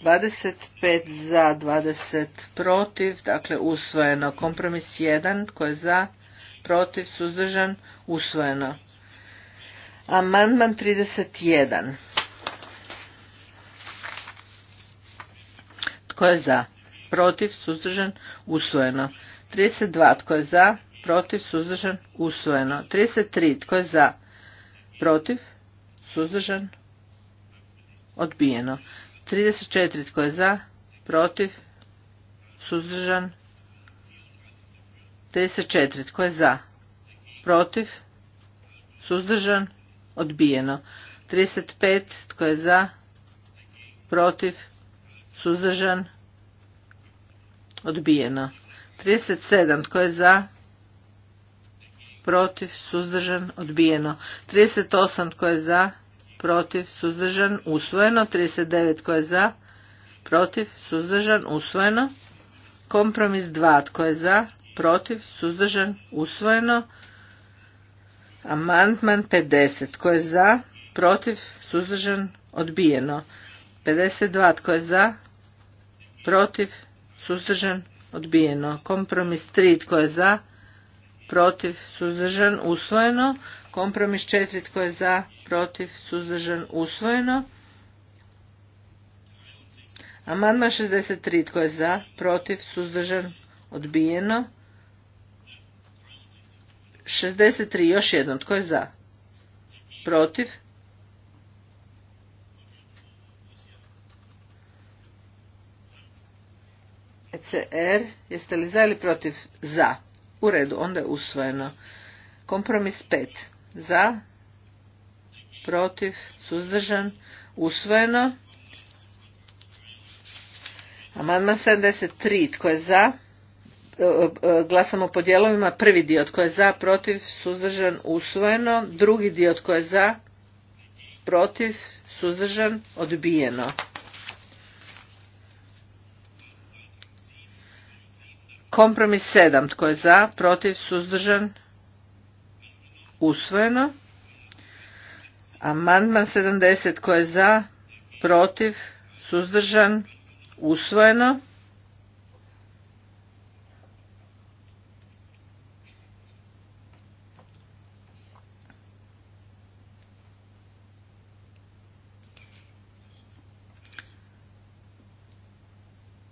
25 za, 20 protiv, dakle usvojeno. Kompromis 1, tko je za, protiv, suzdržan, usvojeno. Amandman 31. Tko je za? Protiv, suzdržan, usvojeno. 32. Tko je za? Protiv, suzdržan, usvojeno. 33. Tko je za? Protiv, suzdržan, odbijeno. 34 tko je za, protiv, suzdržan. 34 tko je za, protiv, suzdržan, odbijeno. 35 tko je za, protiv, suzdržan, odbijeno. 37 tko je za, protiv, suzdržan, odbijeno. 38 tko je za, protiv, suzdržan, usvojeno. 39 tko je za, protiv, suzdržan, usvojeno. Kompromis 2 tko je za, protiv, suzdržan, usvojeno. Amandman 50 tko je za, protiv, suzdržan, odbijeno. 52 tko je za, protiv, suzdržan, odbijeno. Kompromis 3 tko je za, protiv, suzdržan, usvojeno. Kompromis četiri, tko je za, protiv, suzdržan, usvojeno. Amandman 63 tko je za, protiv, suzdržan, odbijeno. 63 još jednom tko je za, protiv, ECR, jeste li za ili protiv? Za. U redu, onda je usvojeno. Kompromis 5 za, protiv, suzdržan, usvojeno. Amandman 73. Tko je za? E, e, glasamo po dijelovima. Prvi dio tko je za, protiv, suzdržan, usvojeno. Drugi dio tko je za, protiv, suzdržan, odbijeno. Kompromis 7. Tko je za, protiv, suzdržan, usvojeno. Amandman 70 koji je za, protiv, suzdržan, usvojeno.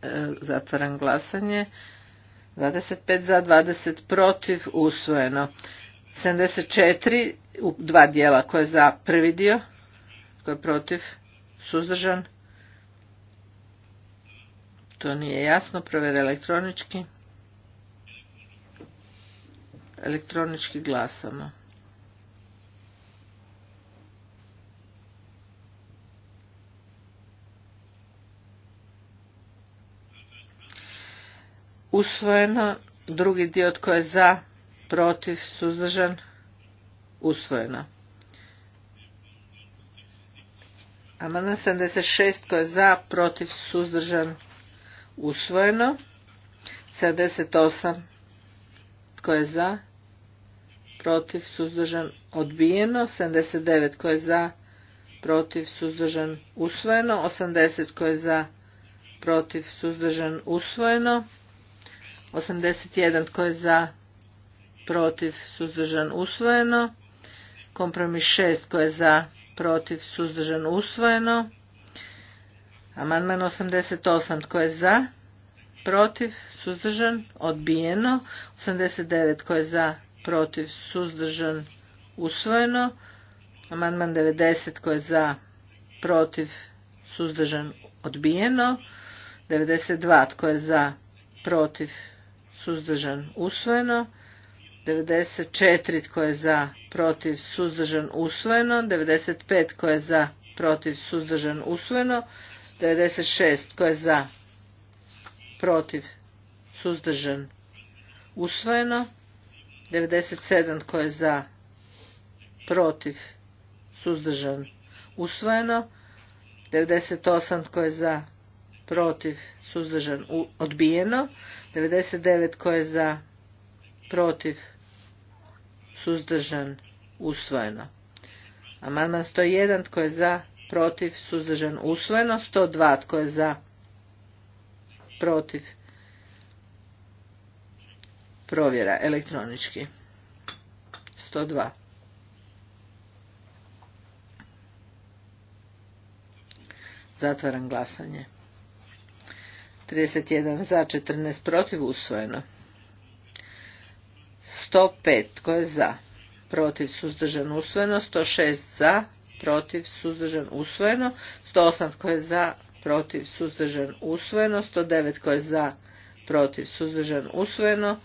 E, zatvaram glasanje. 25 za, 20 protiv, usvojeno. 74 u dva dijela koje je za prvi dio, koje je protiv, suzdržan. To nije jasno, provjere elektronički. Elektronički glasamo. Usvojeno drugi dio tko je za, protiv, suzdržan, usvojeno. Amandman 76 koji je za, protiv, suzdržan, usvojeno. 78 tko je za, protiv, suzdržan, odbijeno. 79 tko je za, protiv, suzdržan, usvojeno. 80 tko je za, protiv, suzdržan, usvojeno. 81 tko je za, protiv, suzdržan, usvojeno. Kompromis 6 koje je za, protiv, suzdržan, usvojeno. Amandman 88 tko je za, protiv, suzdržan, odbijeno. 89 tko je za, protiv, suzdržan, usvojeno. Amandman 90 tko je za, protiv, suzdržan, odbijeno. 92 tko je za, protiv, suzdržan, usvojeno. 94 tko je za, protiv, suzdržan, usvojeno. 95 tko je za, protiv, suzdržan, usvojeno. 96 tko je za, protiv, suzdržan, usvojeno. 97 tko je za, protiv, suzdržan, usvojeno. 98 tko je za, protiv, suzdržan, odbijeno. 99 tko je za, protiv, suzdržan, usvojeno. Amandman 101 tko je za, protiv, suzdržan, usvojeno. 102 tko je za, protiv, provjera elektronički. 102. Zatvaram glasanje. 31 za, 14 protiv, usvojeno. 105 tko je za, protiv suzdržan usvojeno, 106 za, protiv suzdržan usvojeno, 108 tko je za, protiv suzdržan usvojeno, 109 tko je za, protiv suzdržan usvojeno,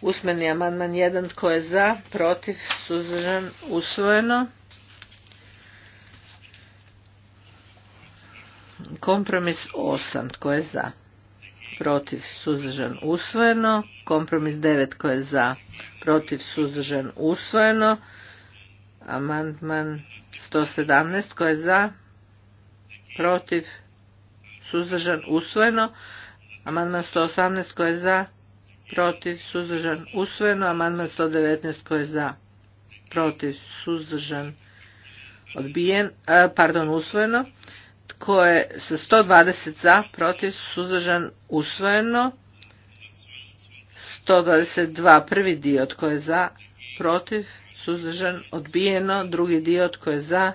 usmeni amandman 1 tko je za, protiv suzdržan usvojeno, kompromis 8 tko je za protiv suzdržan usvojeno, kompromis 9 tko je za, protiv suzdržan usvojeno, amandman 117 tko je za, protiv suzdržan usvojeno, amandman 118 tko je za, protiv suzdržan usvojeno, amandman 119 tko je za, protiv suzdržan odbijen, pardon usvojeno, koje sa 120 za, protiv, suzdržan, usvojeno. 122 prvi dio tko je za, protiv, suzdržan, odbijeno. Drugi dio tko je za,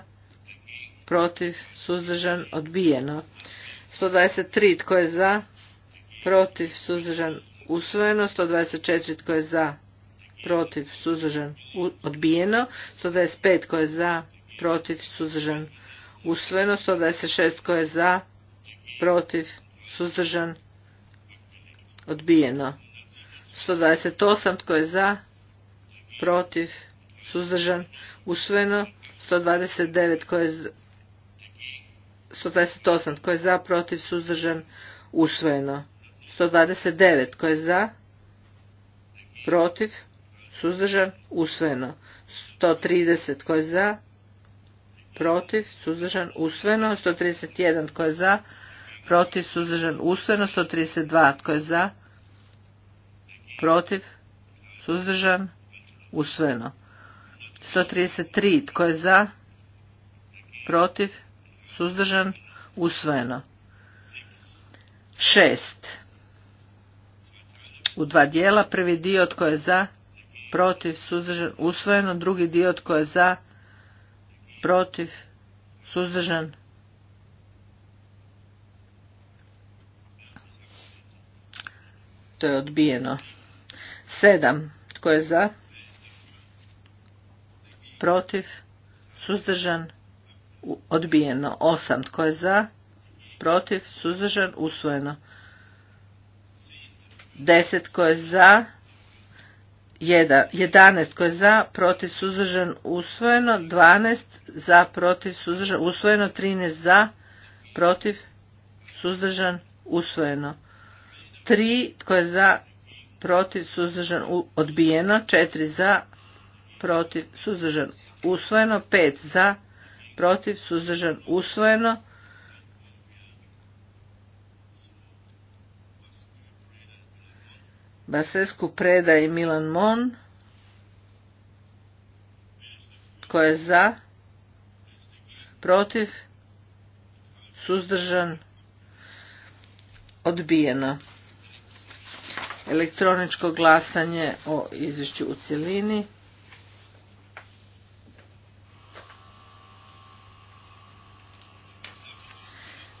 protiv, suzdržan, odbijeno. 123 tko je za, protiv, suzdržan, usvojeno. 124 tko je za, protiv, suzdržan, odbijeno. 125 tko je za, protiv, suzdržan, usvojeno 126 koje je za protiv suzdržan odbijeno 128 koje je za protiv suzdržan usvojeno 129 koje je za, 128 koje je za protiv suzdržan usvojeno 129 koje je za protiv suzdržan usvojeno 130 tko je za protiv, suzdržan, usvojeno. 131 tko je za, protiv, suzdržan, usvojeno. 132 tko je za, protiv, suzdržan, usvojeno. 133 tko je za, protiv, suzdržan, usvojeno. 6. U dva dijela, prvi dio tko je za, protiv, suzdržan, usvojeno, drugi dio tko je za, protiv, suzdržan. To je odbijeno. Sedam. Tko je za? Protiv, suzdržan, odbijeno. Osam. Tko je za? Protiv, suzdržan, usvojeno. Deset. Tko je za? 11 koje je za, protiv, suzdržan, usvojeno, 12 za, protiv, suzdržan, usvojeno, 13 za, protiv, suzdržan, usvojeno. 3 koje je za, protiv, suzdržan, odbijeno, 4 za, protiv, suzdržan, usvojeno, 5 za, protiv, suzdržan, usvojeno, Basescu Preda i Milan Mon. Tko je za? Protiv? Suzdržan? Odbijeno. Elektroničko glasanje o izvješću u cjelini.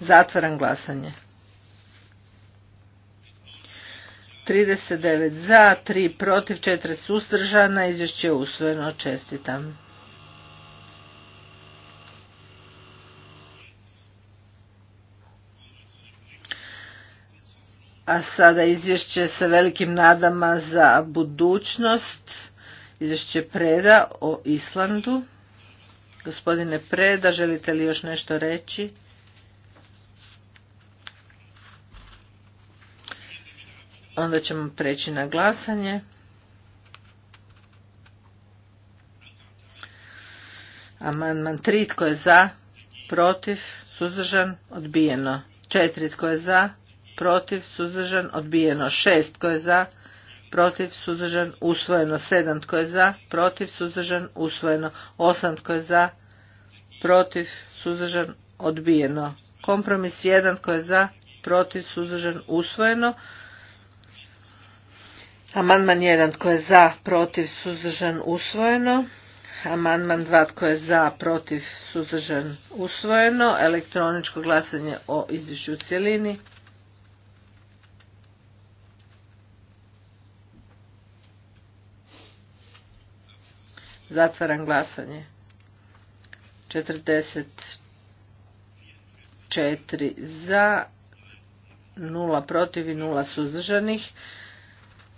Zatvaram glasanje. 39 za, 3 protiv, 4 suzdržana. Izvješće je usvojeno. Čestitam. A sada izvješće sa velikim nadama za budućnost. Izvješće Preda o Islandu. Gospodine Preda, želite li još nešto reći? Onda ćemo preći na glasanje. Amandman 3. Tko je za? Protiv? Suzdržan? Odbijeno. 4. Tko je za? Protiv? Suzdržan? Odbijeno. 6. Tko je za? Protiv? Suzdržan? Usvojeno. 7. Tko je za? Protiv? Suzdržan? Usvojeno. 8. Tko je za? Protiv? Suzdržan? Odbijeno. Kompromis 1. Tko je za? Protiv? Suzdržan? Usvojeno. Amandman 1 tko je za, protiv, suzdržan, usvojeno. Amandman 2 tko je za, protiv, suzdržan, usvojeno. Elektroničko glasanje o izvješću u cijelini. Zatvaram glasanje. 44 za, 0 protiv i 0 suzdržanih.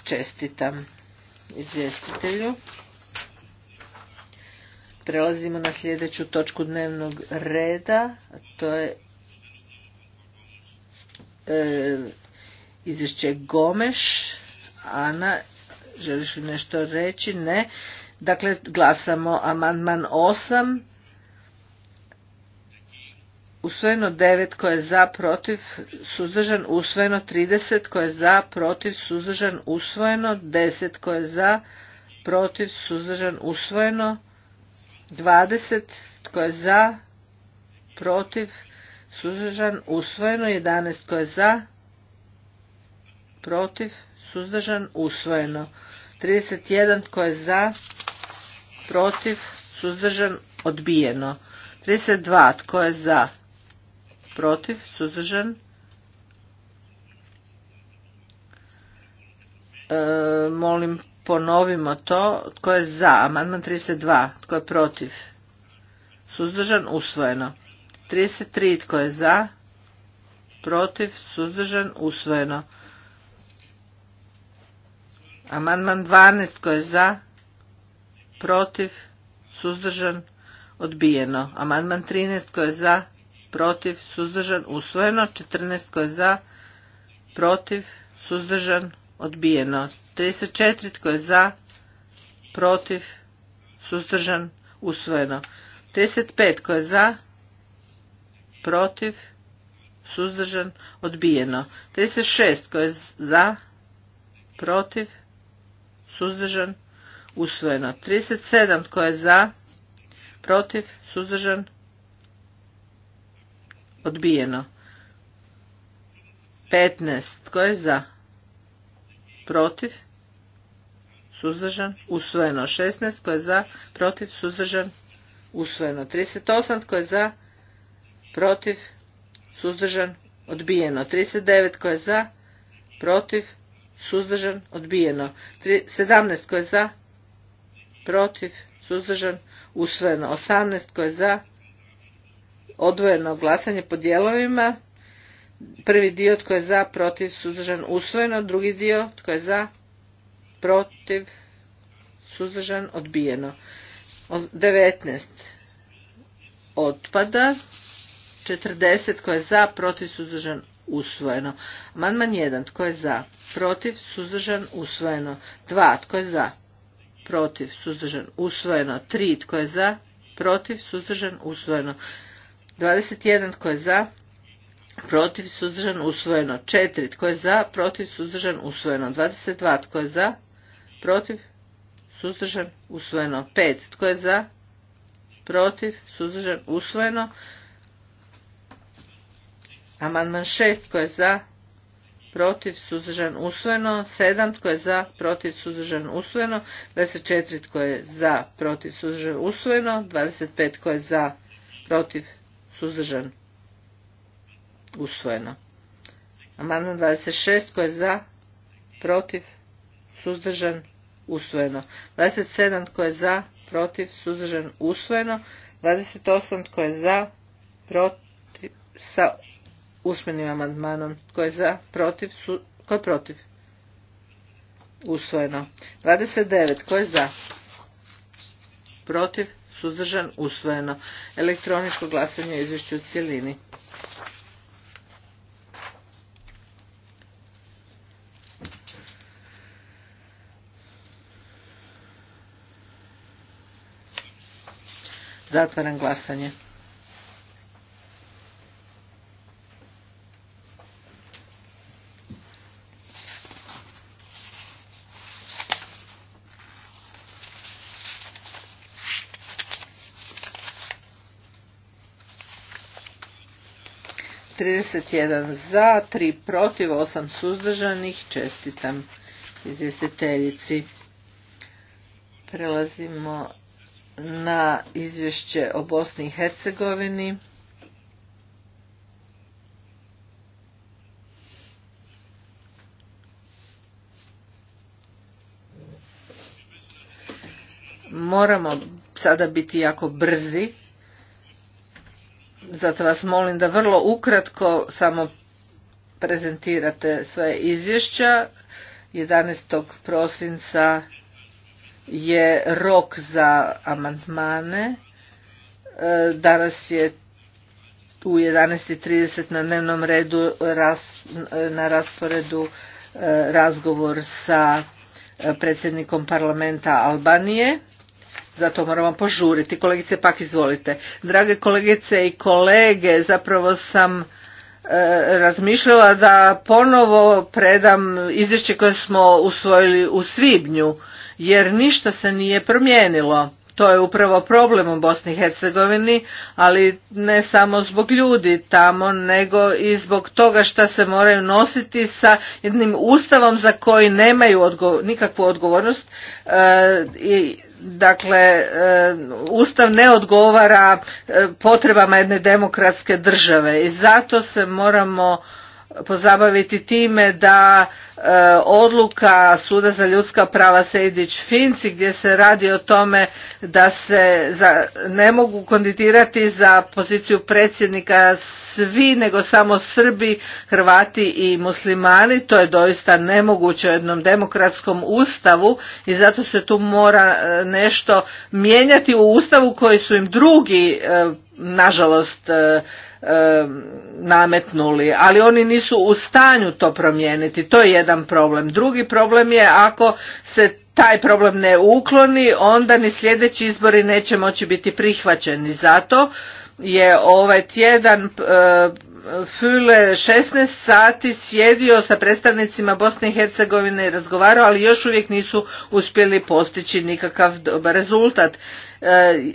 Čestitam izvjestitelju. Prelazimo na sljedeću točku dnevnog reda, a to je e, izvješće Gomeš. Ana, želiš li nešto reći? Ne. Dakle, glasamo amandman 8 usvojeno 9 koje za protiv suzdržan usvojeno 30 koje za protiv suzdržan usvojeno 10 koje za protiv suzdržan usvojeno 20 koje za protiv suzdržan usvojeno 11 koje za protiv suzdržan usvojeno 31 koje za protiv suzdržan odbijeno 32 tko je za protiv, suzdržan. E, molim ponovimo to. Tko je za? Amandman 32. Tko je protiv? Suzdržan usvojeno. 33. Tko je za? Protiv, suzdržan, usvojeno. Amandman 12. Tko je za? Protiv, suzdržan, odbijeno. Amandman 13. Tko je za? protiv, suzdržan, usvojeno. 14 tko je za, protiv, suzdržan, odbijeno. 34 tko je za, protiv, suzdržan, usvojeno. 35 tko je za, protiv, suzdržan, odbijeno. 36 tko je za, protiv, suzdržan, usvojeno. 37 tko je za, protiv, suzdržan, Odbijeno. 15. Tko je za? Protiv? Suzdržan? Usvojeno. 16. Tko je za? Protiv? Suzdržan? Usvojeno. 38. Tko je za? Protiv? Suzdržan? Odbijeno. 39. Tko je za? Protiv? Suzdržan? Odbijeno. 17. Tko je za? Protiv? Suzdržan? Usvojeno. 18. Tko je za? odvojeno glasanje po dijelovima. Prvi dio tko je za, protiv, suzdržan, usvojeno. Drugi dio tko je za, protiv, suzdržan, odbijeno. 19 otpada. 40 tko je za, protiv, suzdržan, usvojeno. Amandman 1 tko je za, protiv, suzdržan, usvojeno. 2 tko je za, protiv, suzdržan, usvojeno. 3 tko je za, protiv, suzdržan, usvojeno. 21 tko je za, protiv, suzdržan, usvojeno. 4 tko je za, protiv, suzdržan, usvojeno. 22 tko je za, protiv, suzdržan, usvojeno. 5 tko je za, protiv, suzdržan, usvojeno. Amandman 6 tko je za, protiv, suzdržan, usvojeno, 7 tko je za, protiv, suzdržan, usvojeno, 24 tko je za, protiv, suzdržan, usvojeno, 25 tko je za, protiv, suzdržan, usvojeno. Amandman 26 tko je za, protiv, suzdržan, usvojeno. 27 tko je za, protiv, suzdržan, usvojeno. 28 tko je za, protiv, sa usmenim amandmanom. Tko je za, protiv, su, tko je protiv? Usvojeno. 29 tko je za, protiv, suzdržan, usvojeno. Elektroničko glasanje o izvješću u cjelini. Zatvaram glasanje. 31 za, 3 protiv, 8 suzdržanih. Čestitam izvjestiteljici. Prelazimo na izvješće o Bosni i Hercegovini. Moramo sada biti jako brzi zato vas molim da vrlo ukratko samo prezentirate svoje izvješća. 11. prosinca je rok za amandmane. E, danas je u 11.30 na dnevnom redu na rasporedu e, razgovor sa e, predsjednikom parlamenta Albanije zato moramo požuriti. Kolegice Pak, izvolite. Drage kolegice i kolege, zapravo sam e, razmišljala da ponovo predam izvješće koje smo usvojili u svibnju, jer ništa se nije promijenilo. To je upravo problem u Bosni i Hercegovini, ali ne samo zbog ljudi tamo, nego i zbog toga što se moraju nositi sa jednim ustavom za koji nemaju odgo nikakvu odgovornost e, i dakle e, ustav ne odgovara e, potrebama jedne demokratske države i zato se moramo pozabaviti time da e, odluka Suda za ljudska prava Sejdić Finci gdje se radi o tome da se za, ne mogu kandidirati za poziciju predsjednika svi nego samo Srbi, Hrvati i muslimani, to je doista nemoguće u jednom demokratskom ustavu i zato se tu mora e, nešto mijenjati u ustavu koji su im drugi e, nažalost e, nametnuli, ali oni nisu u stanju to promijeniti. To je jedan problem. Drugi problem je ako se taj problem ne ukloni, onda ni sljedeći izbori neće moći biti prihvaćeni. Zato je ovaj tjedan Füle 16 sati sjedio sa predstavnicima Bosne i Hercegovine i razgovarao, ali još uvijek nisu uspjeli postići nikakav rezultat.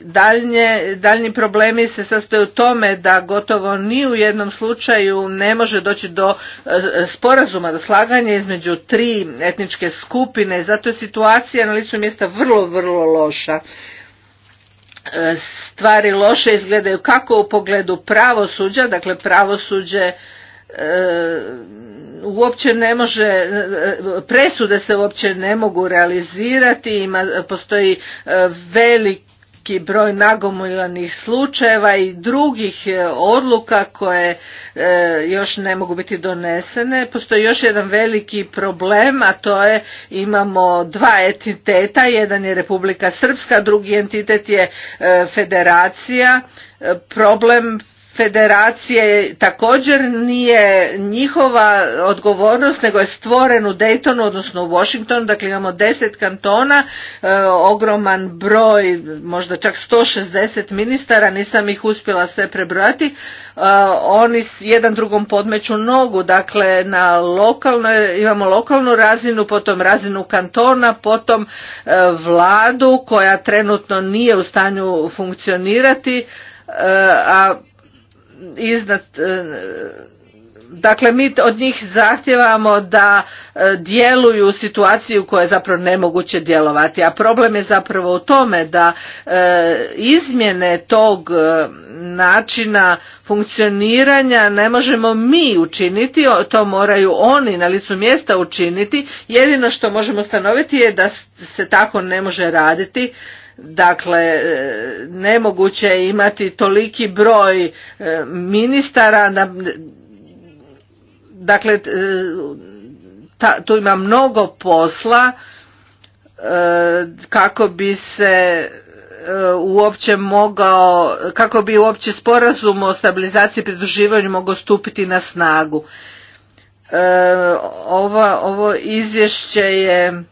Daljnje, daljnji problemi se sastoje u tome da gotovo ni u jednom slučaju ne može doći do e, sporazuma, do slaganja između tri etničke skupine zato je situacija na licu mjesta vrlo, vrlo loša e, stvari loše izgledaju kako u pogledu pravosuđa, dakle pravosuđe e, uopće ne može, presude se uopće ne mogu realizirati, ima, postoji velik veliki broj nagomiljanih slučajeva i drugih e, odluka koje e, još ne mogu biti donesene. Postoji još jedan veliki problem, a to je imamo dva entiteta, jedan je Republika Srpska, drugi entitet je e, federacija. Problem federacije također nije njihova odgovornost nego je stvoren u Daytonu odnosno u Washingtonu dakle imamo deset kantona e, ogroman broj možda čak 160 ministara nisam ih uspjela sve prebrojati e, oni jedan drugom podmeću nogu dakle na lokalno, imamo lokalnu razinu potom razinu kantona potom e, vladu koja trenutno nije u stanju funkcionirati e, a iznad e, dakle mi od njih zahtjevamo da e, djeluju u situaciju koja je zapravo nemoguće djelovati a problem je zapravo u tome da e, izmjene tog načina funkcioniranja ne možemo mi učiniti to moraju oni na licu mjesta učiniti jedino što možemo stanoviti je da se tako ne može raditi Dakle, e, nemoguće je imati toliki broj e, ministara, dakle, e, tu ima mnogo posla kako bi se uopće mogao, kako bi uopće sporazum o stabilizaciji i pridruživanju mogao stupiti na snagu. Ovo, ovo izvješće je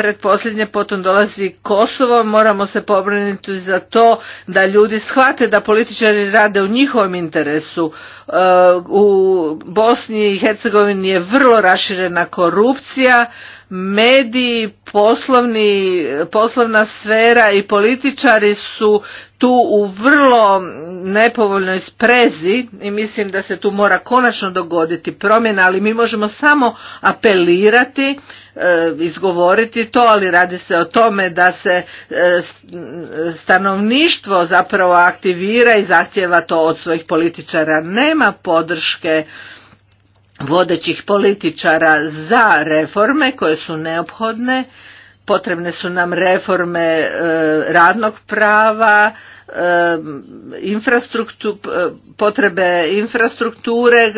pretposljednje potom dolazi Kosovo, moramo se pobrinuti za to da ljudi shvate da političari rade u njihovom interesu. E, u Bosni i Hercegovini je vrlo raširena korupcija, mediji, poslovni, poslovna sfera i političari su tu u vrlo nepovoljnoj sprezi i mislim da se tu mora konačno dogoditi promjena, ali mi možemo samo apelirati E, izgovoriti to, ali radi se o tome da se e, stanovništvo zapravo aktivira i zahtjeva to od svojih političara. Nema podrške vodećih političara za reforme koje su neophodne. Potrebne su nam reforme e, radnog prava, potrebe infrastrukture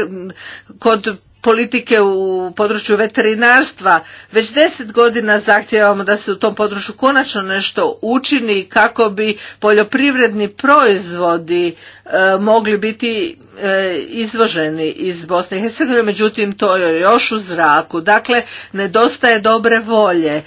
kod politike u području veterinarstva. Već deset godina zahtijevamo da se u tom području konačno nešto učini kako bi poljoprivredni proizvodi E, mogli biti e, izvoženi iz Bosne i Hercegovine, međutim to je još u zraku. Dakle, nedostaje dobre volje e,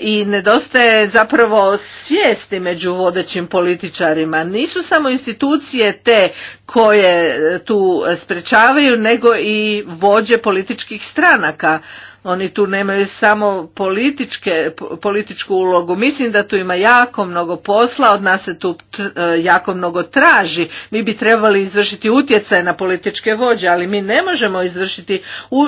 i nedostaje zapravo svijesti među vodećim političarima. Nisu samo institucije te koje tu sprečavaju, nego i vođe političkih stranaka. Oni tu nemaju samo političke, političku ulogu. Mislim da tu ima jako mnogo posla, od nas se tu e, jako mnogo traži. Mi bi trebali izvršiti utjecaj na političke vođe, ali mi ne možemo izvršiti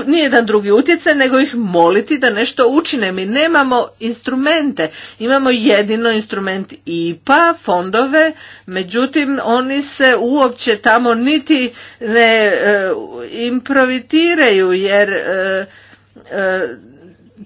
nijedan drugi utjecaj, nego ih moliti da nešto učine. Mi nemamo instrumente. Imamo jedino instrument IPA, fondove, međutim oni se uopće tamo niti ne e, improvitiraju jer... E, E,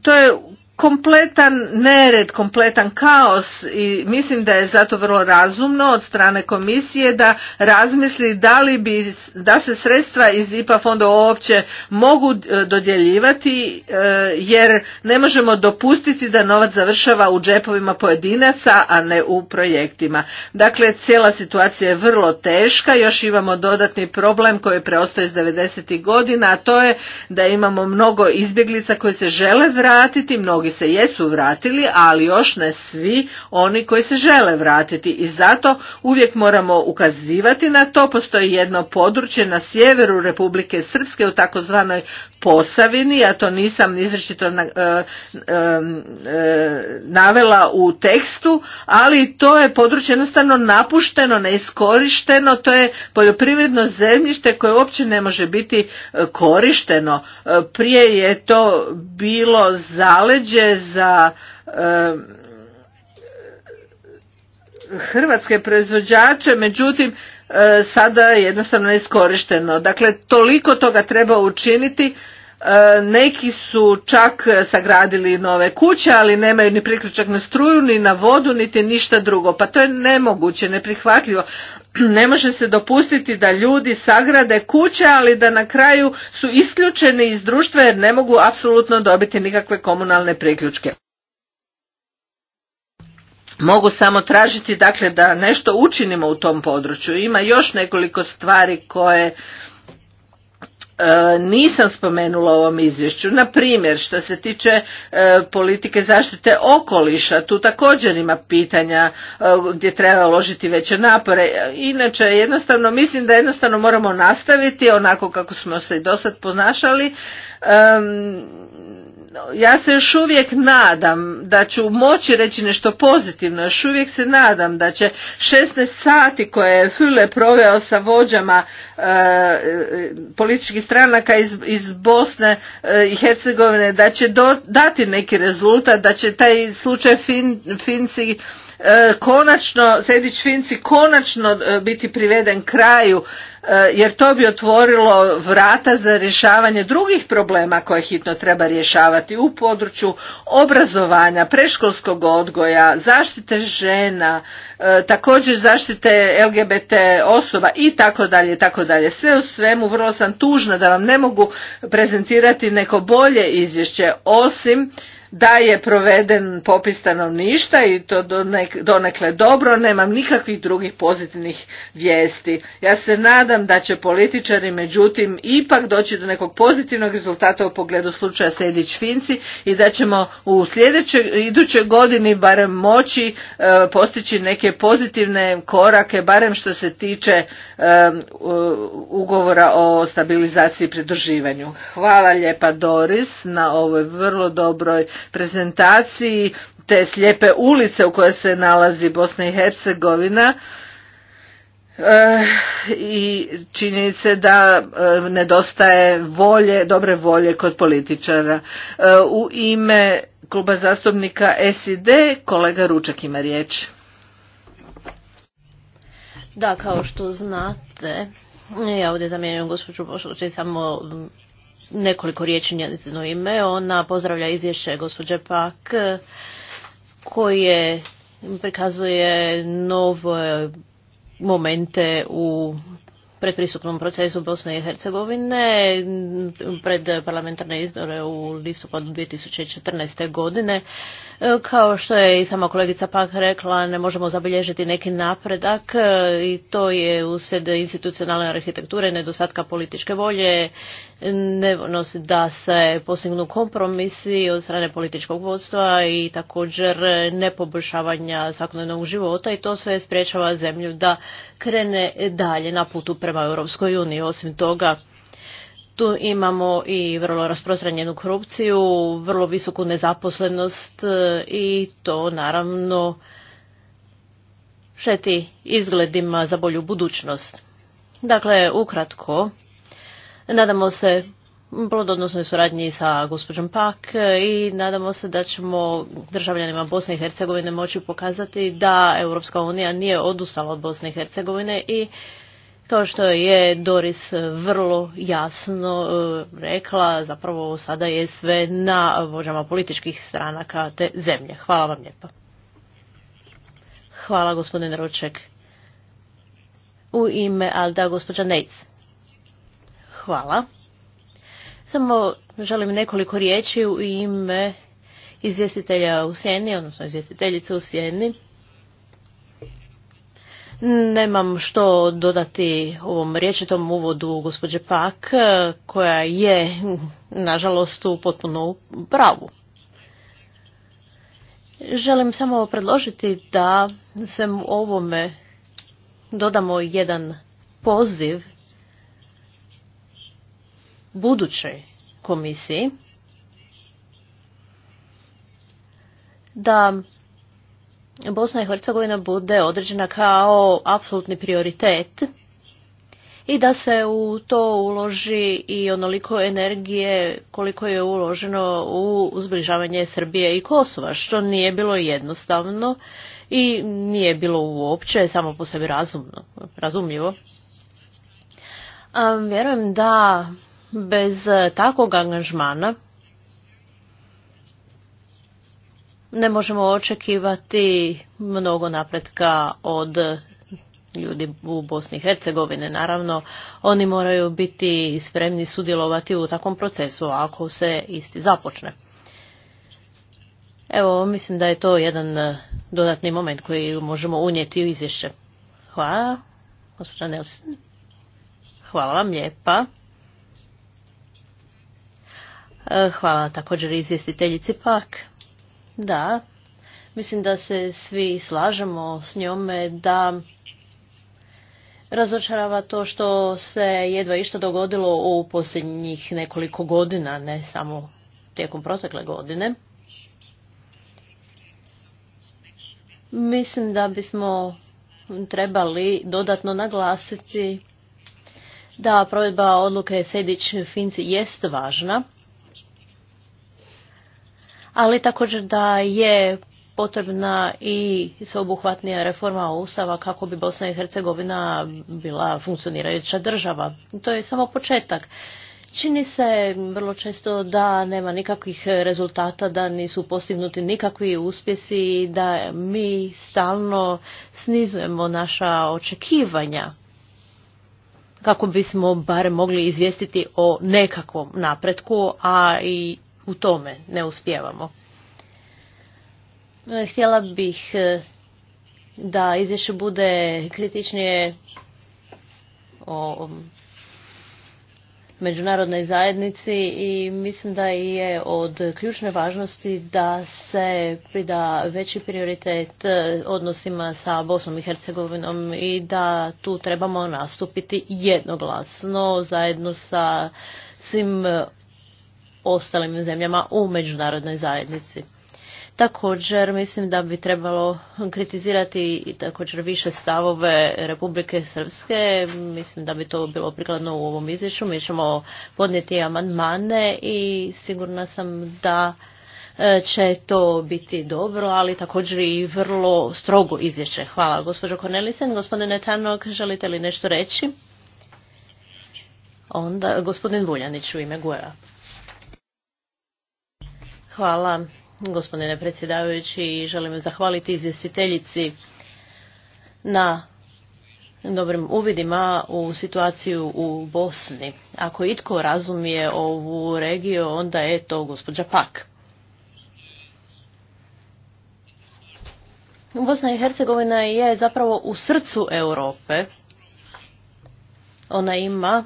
to je kompletan nered, kompletan kaos i mislim da je zato vrlo razumno od strane komisije da razmisli da li bi, da se sredstva iz IPA fonda uopće mogu e, dodjeljivati e, jer ne možemo dopustiti da novac završava u džepovima pojedinaca, a ne u projektima. Dakle, cijela situacija je vrlo teška, još imamo dodatni problem koji preostaje iz 90. godina, a to je da imamo mnogo izbjeglica koji se žele vratiti, mnogo mnogi se jesu vratili, ali još ne svi oni koji se žele vratiti i zato uvijek moramo ukazivati na to. Postoji jedno područje na sjeveru Republike Srpske u takozvanoj Posavini, ja to nisam izrečito e, e, e, navela u tekstu, ali to je područje jednostavno napušteno, neiskorišteno, to je poljoprivredno zemljište koje uopće ne može biti korišteno. Prije je to bilo zaleđe vođe za hrvatske proizvođače, međutim e, sada je jednostavno iskorišteno. Dakle, toliko toga treba učiniti. E, neki su čak sagradili nove kuće, ali nemaju ni priključak na struju, ni na vodu, niti ništa drugo. Pa to je nemoguće, neprihvatljivo. ne može se dopustiti da ljudi sagrade kuće, ali da na kraju su isključeni iz društva jer ne mogu apsolutno dobiti nikakve komunalne priključke. Mogu samo tražiti dakle da nešto učinimo u tom području. Ima još nekoliko stvari koje E, nisam spomenula u ovom izvješću. Na primjer, što se tiče e, politike zaštite okoliša, tu također ima pitanja e, gdje treba uložiti veće napore. Inače, jednostavno, mislim da jednostavno moramo nastaviti onako kako smo se i do sad ponašali ja se još uvijek nadam da ću moći reći nešto pozitivno, još uvijek se nadam da će 16 sati koje je Fule proveo sa vođama e, e, političkih stranaka iz, iz Bosne e, i Hercegovine, da će do, dati neki rezultat, da će taj slučaj Finci konačno, Sedić Finci konačno biti priveden kraju E, jer to bi otvorilo vrata za rješavanje drugih problema koje hitno treba rješavati u području obrazovanja, preškolskog odgoja, zaštite žena, e, također zaštite LGBT osoba i tako dalje i tako dalje. Sve u svemu vrlo sam tužna da vam ne mogu prezentirati neko bolje izvješće osim da je proveden popis stanovništva i to donekle dobro, nemam nikakvih drugih pozitivnih vijesti. Ja se nadam da će političari međutim ipak doći do nekog pozitivnog rezultata u pogledu slučaja Sedić-Finci i da ćemo u sljedećoj, idućoj godini barem moći e, postići neke pozitivne korake, barem što se tiče e, ugovora o stabilizaciji i pridruživanju. Hvala lijepa Doris na ovoj vrlo dobroj prezentaciji te slijepe ulice u kojoj se nalazi Bosna i Hercegovina eh, i činjenice da eh, nedostaje volje, dobre volje kod političara. Eh, u ime kluba zastupnika SID kolega Ručak ima riječ. Da, kao što znate, ja ovdje zamijenim gospođu i samo nekoliko riječi njezino ime. Ona pozdravlja izvješće gospođe Pak koje prikazuje nove momente u predpristupnom procesu Bosne i Hercegovine pred parlamentarne izbore u listopadu 2014. godine. Kao što je i sama kolegica Pak rekla, ne možemo zabilježiti neki napredak i to je usred institucionalne arhitekture, nedostatka političke volje nosi da se postignu kompromisi od strane političkog vodstva i također nepoboljšavanja svakodnevnog života i to sve sprječava zemlju da krene dalje na putu prema Europskoj uniji. Osim toga, tu imamo i vrlo rasprostranjenu korupciju, vrlo visoku nezaposlenost e, i to naravno šeti izgledima za bolju budućnost. Dakle, ukratko, Nadamo se plododnosnoj suradnji sa gospođom Pak i nadamo se da ćemo državljanima Bosne i Hercegovine moći pokazati da Europska unija nije odustala od Bosne i Hercegovine i kao što je Doris vrlo jasno e, rekla, zapravo sada je sve na vođama političkih stranaka te zemlje. Hvala vam lijepa. Hvala gospodine Roček. U ime Alda gospođa Nejc. Hvala. Samo želim nekoliko riječi u ime izvjestitelja u sjeni, odnosno izvjestiteljice u sjeni. Nemam što dodati ovom riječitom uvodu gospođe Pak, koja je, nažalost, u potpuno pravu. Želim samo predložiti da se ovome dodamo jedan poziv budućoj komisiji da Bosna i Hercegovina bude određena kao apsolutni prioritet i da se u to uloži i onoliko energije koliko je uloženo u uzbližavanje Srbije i Kosova, što nije bilo jednostavno i nije bilo uopće samo po sebi razumno, razumljivo. vjerujem da Bez e, takvog angažmana ne možemo očekivati mnogo napretka od ljudi u Bosni i Hercegovine. Naravno, oni moraju biti spremni sudjelovati u takvom procesu ako se isti započne. Evo, mislim da je to jedan e, dodatni moment koji možemo unijeti u izvješće. Hvala, gospođa Hvala vam lijepa. E, hvala također izvjestiteljici Pak. Da, mislim da se svi slažemo s njome da razočarava to što se jedva išto dogodilo u posljednjih nekoliko godina, ne samo tijekom protekle godine. Mislim da bismo trebali dodatno naglasiti da provedba odluke Sedić Finci jest važna ali također da je potrebna i sveobuhvatnija reforma Ustava kako bi Bosna i Hercegovina bila funkcionirajuća država. To je samo početak. Čini se vrlo često da nema nikakvih rezultata, da nisu postignuti nikakvi uspjesi, da mi stalno snizujemo naša očekivanja kako bismo barem mogli izvijestiti o nekakvom napretku, a i u tome ne uspijevamo. E, htjela bih e, da izvješće bude kritičnije o međunarodnoj zajednici i mislim da je od ključne važnosti da se prida veći prioritet e, odnosima sa Bosnom i Hercegovinom i da tu trebamo nastupiti jednoglasno zajedno sa svim ostalim zemljama u međunarodnoj zajednici. Također mislim da bi trebalo kritizirati i također više stavove Republike Srpske. Mislim da bi to bilo prikladno u ovom izvješću. Mi ćemo podnijeti amandmane i sigurna sam da e, će to biti dobro, ali također i vrlo strogo izvješće. Hvala gospođo Kornelisen. Gospodine Netanog, želite li nešto reći? Onda gospodin Vuljanić u ime Goja. Hvala gospodine predsjedavajući i želim zahvaliti izvjestiteljici na dobrim uvidima u situaciju u Bosni. Ako itko razumije ovu regiju, onda je to gospođa Pak. Bosna i Hercegovina je zapravo u srcu Europe. Ona ima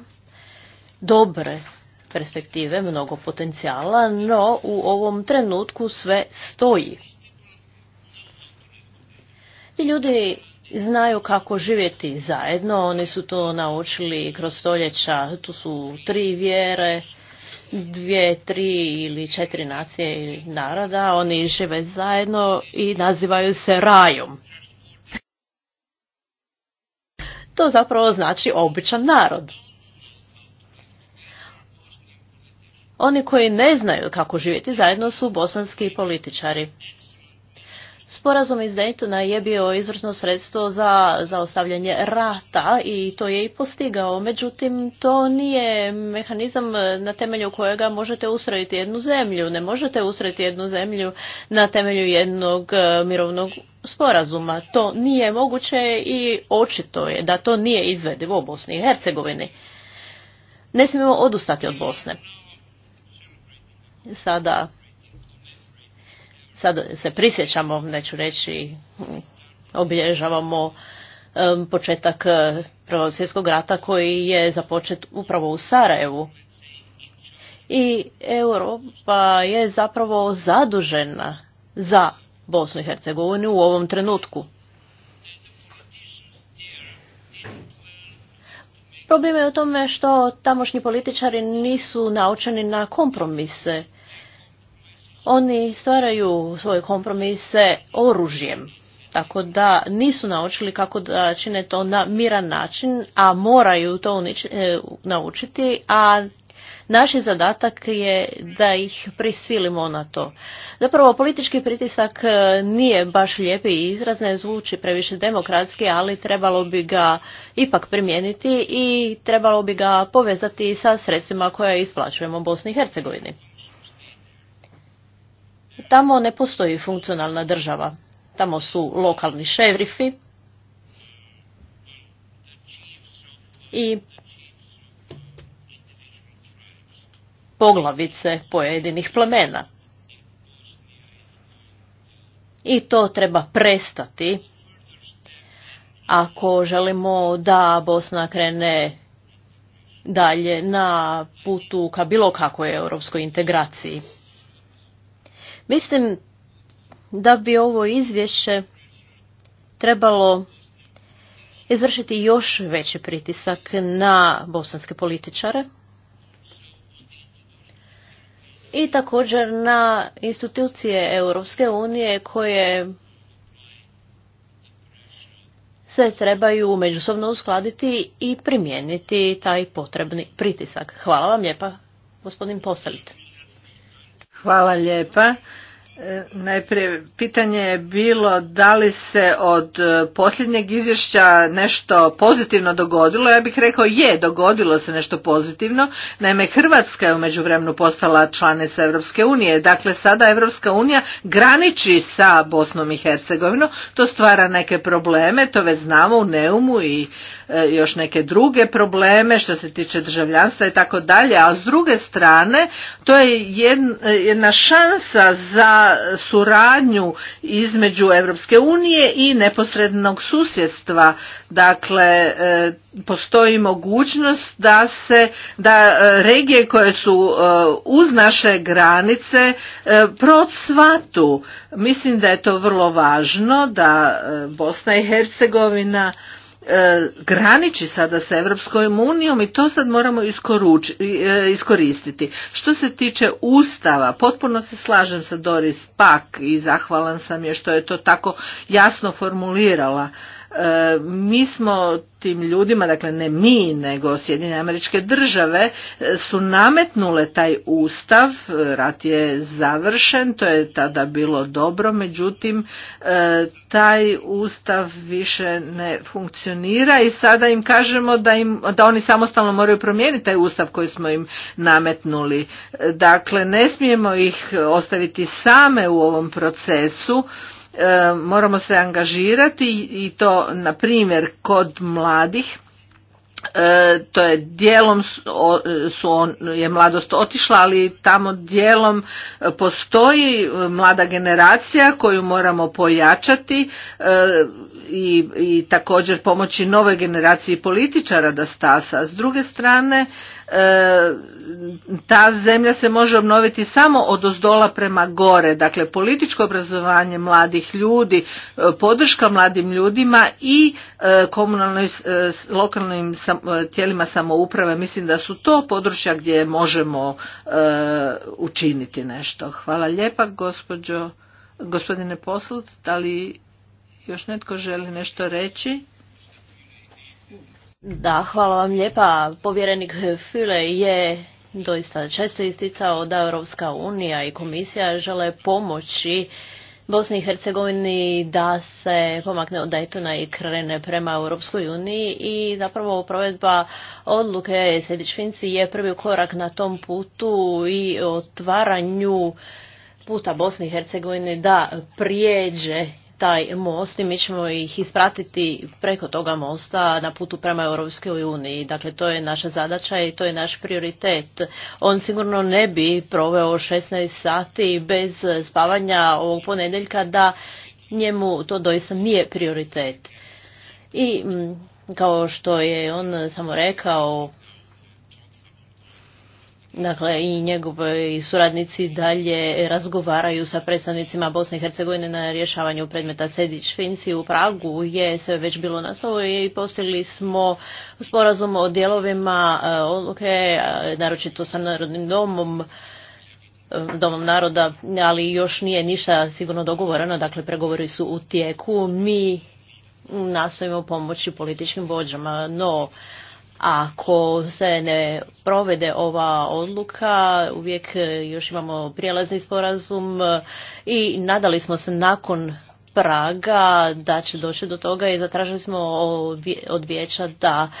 dobre perspektive, mnogo potencijala, no u ovom trenutku sve stoji. Ti ljudi znaju kako živjeti zajedno, oni su to naučili kroz stoljeća, tu su tri vjere, dvije, tri ili četiri nacije ili naroda, oni žive zajedno i nazivaju se rajom. To zapravo znači običan narod. Oni koji ne znaju kako živjeti zajedno su bosanski političari. Sporazum iz Daytona je bio izvrsno sredstvo za zaostavljanje rata i to je i postigao. Međutim, to nije mehanizam na temelju kojega možete usrediti jednu zemlju. Ne možete usrediti jednu zemlju na temelju jednog e, mirovnog sporazuma. To nije moguće i očito je da to nije izvedivo u Bosni i Hercegovini. Ne smijemo odustati od Bosne sada se prisjećamo, neću reći obilježavamo početak eh, Prvog svjetskog rata koji je započet upravo u Sarajevu. I Europa je zapravo zadužena za Bosnu i hercegovini u ovom trenutku. Problem je u tome što tamošnji političari nisu naučeni na kompromise oni stvaraju svoje kompromise oružjem. Tako da nisu naučili kako da čine to na miran način, a moraju to e, naučiti, a naš zadatak je da ih prisilimo na to. Zapravo politički pritisak e, nije baš lijepi i izraz zvuči previše demokratski, ali trebalo bi ga ipak primijeniti i trebalo bi ga povezati sa sredstvima koja isplaćujemo Bosni i Hercegovini. Tamo ne postoji funkcionalna država. Tamo su lokalni šerifi i poglavice pojedinih plemena. I to treba prestati ako želimo da Bosna krene dalje na putu ka bilo kakvoj europskoj integraciji. Mislim da bi ovo izvješće trebalo izvršiti još veći pritisak na bosanske političare i također na institucije Europske unije koje se trebaju međusobno uskladiti i primijeniti taj potrebni pritisak. Hvala vam lijepa, gospodin Poselit. Hvala lijepa. E, najprije pitanje je bilo da li se od e, posljednjeg izvješća nešto pozitivno dogodilo. Ja bih rekao je, dogodilo se nešto pozitivno. Naime, Hrvatska je u međuvremenu postala članica Europske unije. Dakle, sada Europska unija graniči sa Bosnom i Hercegovinom. To stvara neke probleme, to već znamo u Neumu i E, još neke druge probleme što se tiče državljanstva i tako dalje, a s druge strane to je e, jedna šansa za suradnju između Europske unije i neposrednog susjedstva. Dakle, e, postoji mogućnost da se da regije koje su uz naše granice procvatu. Mislim da je to vrlo važno da Bosna i Hercegovina E, graniči sada sa Europskom unijom i to sad moramo e, iskoristiti. Što se tiče ustava, potpuno se slažem sa Doris Pak i zahvalan sam je što je to tako jasno formulirala mi smo tim ljudima, dakle ne mi, nego Sjedinje američke države, e, su nametnule taj ustav, rat je završen, to je tada bilo dobro, međutim e, taj ustav više ne funkcionira i sada im kažemo da, im, da oni samostalno moraju promijeniti taj ustav koji smo im nametnuli. E, dakle, ne smijemo ih ostaviti same u ovom procesu, E, moramo se angažirati i to na primjer kod mladih e, to je dijelom su on, je mladost otišla, ali tamo dijelom postoji mlada generacija koju moramo pojačati e, i, i također pomoći nove generaciji političara da stasa. S druge strane, E, ta zemlja se može obnoviti samo od ozdola prema gore. Dakle, političko obrazovanje mladih ljudi, e, podrška mladim ljudima i e, komunalnoj, lokalnim tijelima samouprave. Mislim da su to područja gdje možemo učiniti nešto. Hvala lijepa, gospođo, gospodine poslut. Da li još netko želi nešto reći? Da, hvala vam lijepa. Povjerenik File je doista često isticao da Europska unija i komisija žele pomoći Bosni i Hercegovini da se pomakne od Daytona i krene prema Europskoj uniji i zapravo provedba odluke Sedić Finci je prvi korak na tom putu i otvaranju puta Bosni i Hercegovine da prijeđe taj most i mi ćemo ih ispratiti preko toga mosta na putu prema Europskoj uniji. Dakle, to je naša zadaća i to je naš prioritet. On sigurno ne bi proveo 16 sati bez spavanja ovog ponedjeljka da njemu to doista nije prioritet. I mm, kao što je on samo rekao, Dakle, i njegovi suradnici dalje razgovaraju sa predstavnicima Bosne i Hercegovine na rješavanju predmeta Sedić Finci u Pragu je sve već bilo na i postigli smo sporazum o dijelovima e, odluke, e, naročito sa Narodnim domom, e, domom naroda, ali još nije ništa sigurno dogovoreno, dakle pregovori su u tijeku. Mi nastojimo pomoći političkim vođama, no ako se ne provede ova odluka, uvijek još imamo prijelazni sporazum i nadali smo se nakon Praga da će doći do toga i zatražili smo od vijeća da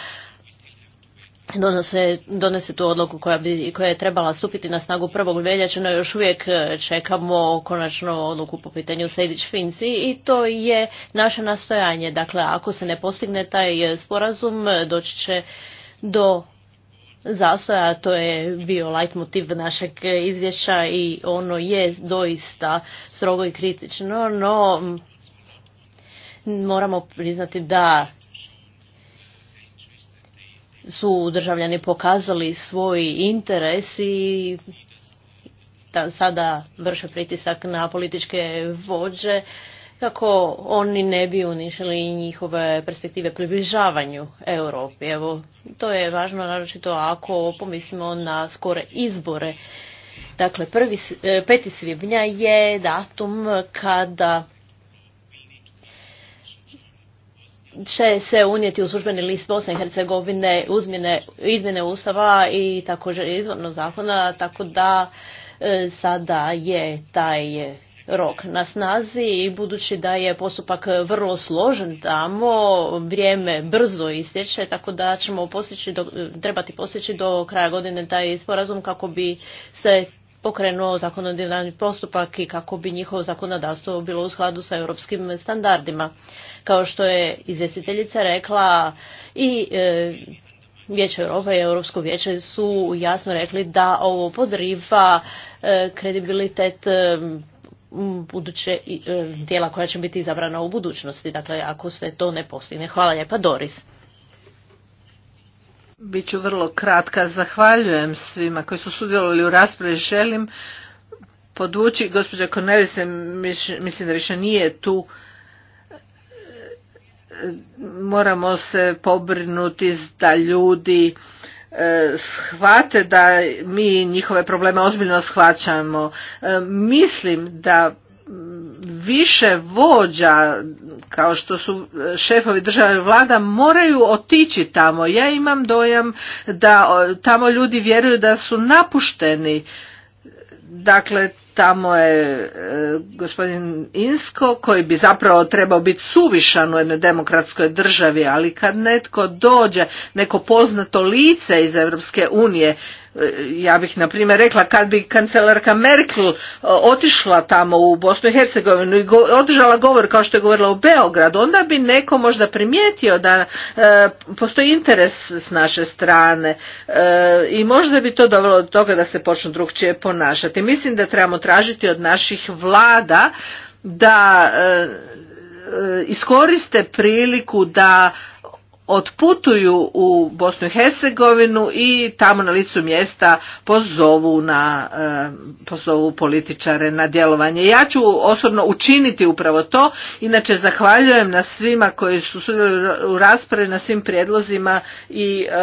donose, donese tu odluku koja, bi, koja je trebala stupiti na snagu prvog veljače, no još uvijek e, čekamo konačnu odluku po pitanju Sejdić Finci i to je naše nastojanje. Dakle, ako se ne postigne taj sporazum, doći će do zastoja, to je bio motiv našeg izvješća i ono je doista strogo i kritično, no moramo priznati da su državljani pokazali svoj interes i da sada vrše pritisak na političke vođe kako oni ne bi unišili njihove perspektive približavanju Europi. Evo, to je važno naročito ako pomislimo na skore izbore. Dakle, prvi, 5. E, svibnja je datum kada će se unijeti u službeni list Bosne i Hercegovine izmjene Ustava i također izvorno zakona, tako da e, sada je taj rok na snazi i budući da je postupak vrlo složen tamo, vrijeme brzo istječe, tako da ćemo trebati postići do kraja godine taj sporazum kako bi se pokrenuo zakonodavni postupak i kako bi njihovo zakonodavstvo bilo u skladu sa europskim standardima. Kao što je izvjestiteljica rekla i e, Vijeće Europe i Europsko vijeće su jasno rekli da ovo podriva e, kredibilitet e, buduće e, tijela koja će biti izabrana u budućnosti. Dakle, ako se to ne postigne. Hvala lijepa, Doris. Biću vrlo kratka. Zahvaljujem svima koji su sudjelovali u raspravi. Želim podvući, gospođa Cornelise mislim da više nije tu moramo se pobrinuti da ljudi e, shvate da mi njihove probleme ozbiljno shvaćamo. E, mislim da više vođa kao što su šefovi države vlada moraju otići tamo. Ja imam dojam da tamo ljudi vjeruju da su napušteni. Dakle, tamo je e, gospodin Insko koji bi zapravo trebao biti suvišan u jednoj demokratskoj državi, ali kad netko dođe, neko poznato lice iz Europske unije E, ja bih na primjer rekla kad bi kancelarka Merkel e, otišla tamo u Bosnu i Hercegovinu i održala govor kao što je govorila u Beogradu, onda bi neko možda primijetio da e, postoji interes s naše strane i možda bi to dovelo do toga da se počnu drugčije ponašati. Mislim da trebamo tražiti od naših vlada da iskoriste priliku da otputuju u Bosnu i Hercegovinu i tamo na licu mjesta pozovu, na, e, pozovu političare na djelovanje. Ja ću osobno učiniti upravo to, inače zahvaljujem na svima koji su u raspravi, na svim prijedlozima i e,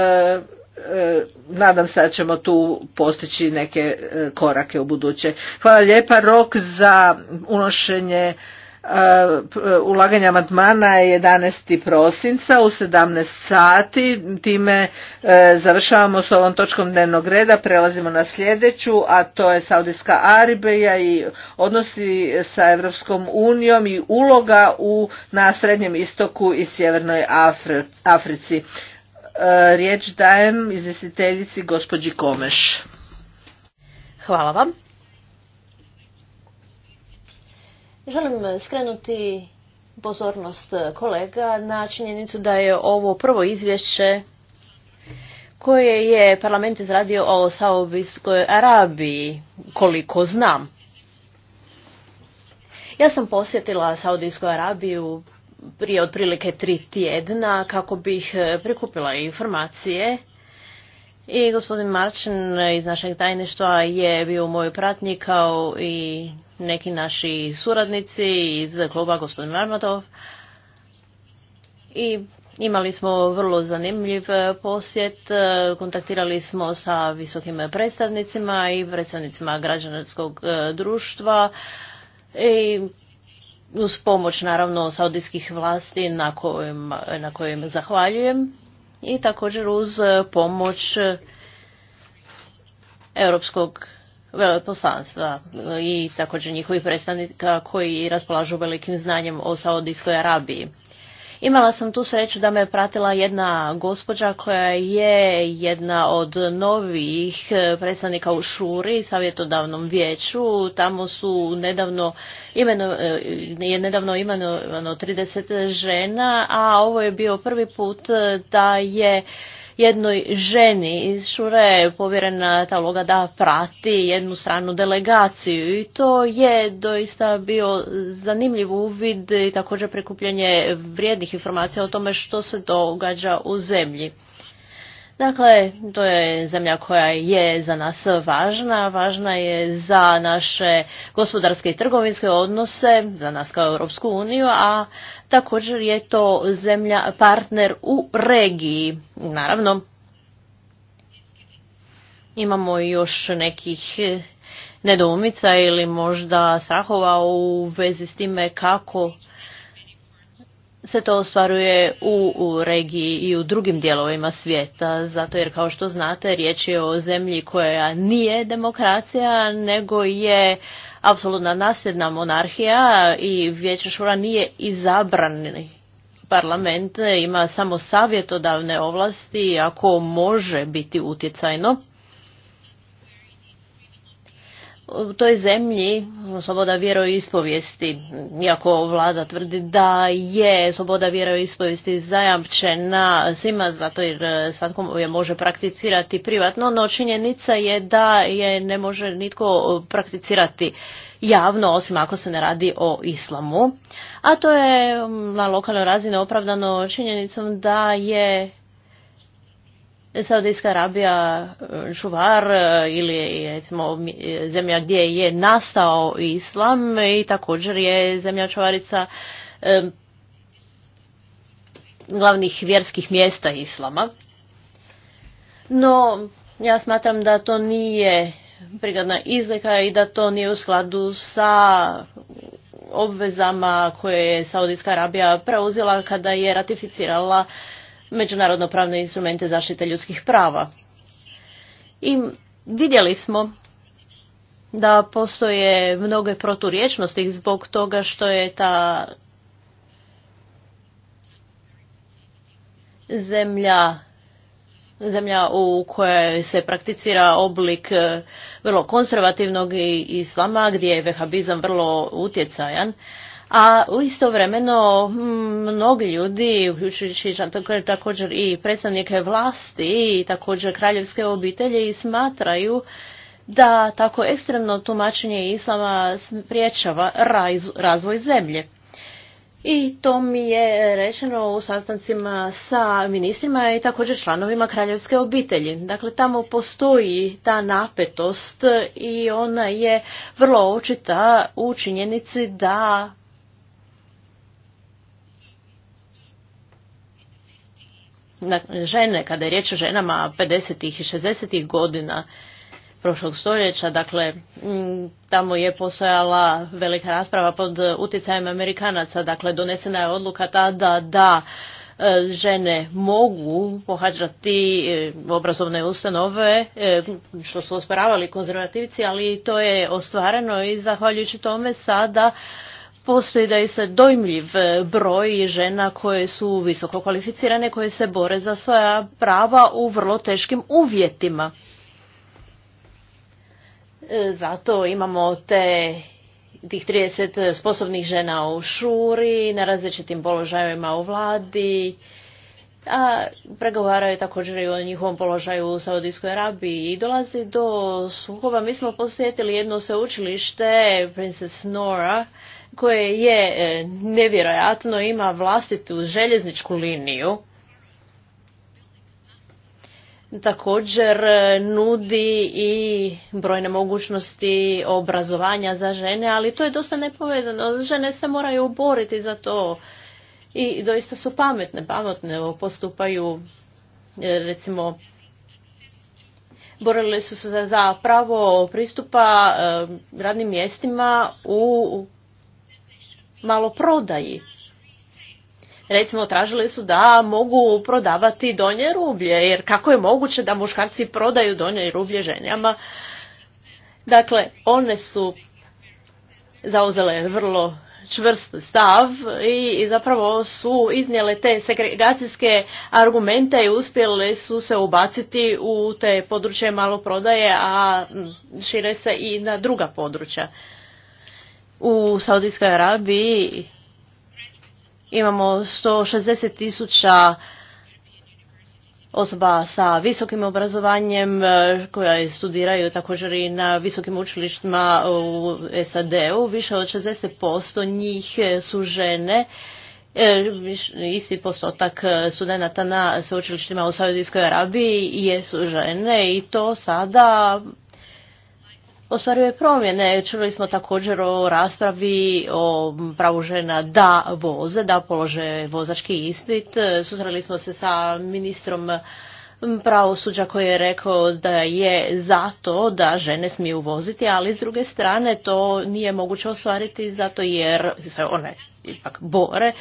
e, nadam se da ćemo tu postići neke korake u buduće. Hvala lijepa, rok za unošenje E, ulaganja amandmana je 11. prosinca u 17 sati. Time e, završavamo s ovom točkom dnevnog reda, prelazimo na sljedeću, a to je Saudijska Aribeja i odnosi sa Europskom unijom i uloga u, na Srednjem istoku i Sjevernoj Africi. E, riječ dajem izvjestiteljici gospođi Komeš. Hvala vam. Želim eh, skrenuti pozornost eh, kolega na činjenicu da je ovo prvo izvješće koje je parlament izradio o Saudijskoj Arabiji, koliko znam. Ja sam posjetila Saudijsku Arabiju prije otprilike tri tjedna kako bih eh, prikupila informacije i gospodin Marčin iz našeg tajništva je bio moj pratnji kao i neki naši suradnici iz kluba gospodin Marmatov. I Imali smo vrlo zanimljiv e, posjet, e, kontaktirali smo sa visokim predstavnicima i predstavnicima građanskog e, društva i uz pomoć naravno saudijskih vlasti na kojem na kojim zahvaljujem i također uz e, pomoć e, Europskog veleposlanstva e, i također njihovih predstavnika koji raspolažu velikim znanjem o Saudijskoj Arabiji. Imala sam tu sreću da me pratila jedna gospođa koja je jedna od novih e, predstavnika u Šuri, savjetodavnom vijeću. Tamo su nedavno imeno, e, je nedavno imenovano 30 žena, a ovo je bio prvi put da je jednoj ženi iz Šure povjerena ta uloga da prati jednu stranu delegaciju i to je doista bio zanimljiv uvid i također prikupljanje vrijednih informacija o tome što se događa u zemlji. Dakle, to je zemlja koja je za nas važna, važna je za naše gospodarske i trgovinske odnose, za nas kao Europsku uniju, a Također je to zemlja partner u regiji. Naravno, imamo još nekih nedoumica ili možda strahova u vezi s time kako se to ostvaruje u, u regiji i u drugim dijelovima svijeta, zato jer kao što znate riječ je o zemlji koja nije demokracija, nego je apsolutna nasljedna monarhija i Vijeće Šura nije izabrani parlament, ima samo savjetodavne ovlasti ako može biti utjecajno u toj zemlji sloboda ispovijesti, iako vlada tvrdi da je sloboda vjeroispovijesti zajamčena svima, zato jer e, svatko je može prakticirati privatno, no činjenica je da je ne može nitko prakticirati javno, osim ako se ne radi o islamu. A to je na lokalnoj razini opravdano činjenicom da je Saudijska Arabija e, čuvar e, ili recimo e, zemlja gdje je nastao islam i također je zemlja čuvarica glavnih vjerskih mjesta islama. No, ja smatram da to nije prigodna izlika i da to nije u skladu sa obvezama koje je Saudijska Arabija preuzela kada je ratificirala međunarodno pravne instrumente zaštite ljudskih prava. I vidjeli smo da postoje mnoge proturječnosti zbog toga što je ta zemlja zemlja u kojoj se prakticira oblik e, vrlo konzervativnog islama gdje je vehabizam vrlo utjecajan a istovremeno hm, mnogi ljudi, uključujući također i predstavnike vlasti i također kraljevske obitelji, smatraju da tako ekstremno tumačenje islama priječava razvoj zemlje. I to mi je rečeno u sastancima sa ministrima i također članovima kraljevske obitelji. Dakle, tamo postoji ta napetost i ona je vrlo očita u činjenici da žene, kada je riječ o ženama 50. i 60. godina prošlog stoljeća, dakle mm, tamo je postojala velika rasprava pod utjecajem Amerikanaca, dakle donesena je odluka tada da e, žene mogu pohađati e, obrazovne ustanove, e, što su osporavali konzervativci, ali to je ostvareno i zahvaljujući tome sada postoji da se dojmljiv e, broj žena koje su visoko kvalificirane, koje se bore za svoja prava u vrlo teškim uvjetima. E, zato imamo te tih 30 sposobnih žena u šuri, na različitim položajima u vladi, a pregovaraju također i o njihovom položaju u Saudijskoj Arabiji i dolazi do sukoba. Mi smo posjetili jedno sveučilište, Princess Nora, koje je e, nevjerojatno ima vlastitu željezničku liniju također e, nudi i brojne mogućnosti obrazovanja za žene, ali to je dosta nepovezano. Žene se moraju boriti za to i doista su pametne, pametne postupaju e, recimo borile su se za pravo pristupa radnim mjestima u maloprodaji. Recimo, tražili su da mogu prodavati donje rublje, jer kako je moguće da muškarci prodaju donje rublje ženjama? Dakle, one su zauzele vrlo čvrst stav i zapravo su iznijele te segregacijske argumente i uspjele su se ubaciti u te područje maloprodaje, a šire se i na druga područja. U Saudijskoj Arabiji imamo 160 tisuća osoba sa visokim obrazovanjem e, koja studiraju također i na visokim učilištima u SAD-u. Više od 60% njih su žene, e, isti postotak studenta na sveučilištima u Saudijskoj Arabiji jesu žene i to sada ostvaruje promjene. Čuli smo također o raspravi o pravu žena da voze, da polože vozački ispit. Susreli smo se sa ministrom pravosuđa koji je rekao da je za to da žene smiju voziti, ali s druge strane to nije moguće ostvariti zato jer se one ipak bore,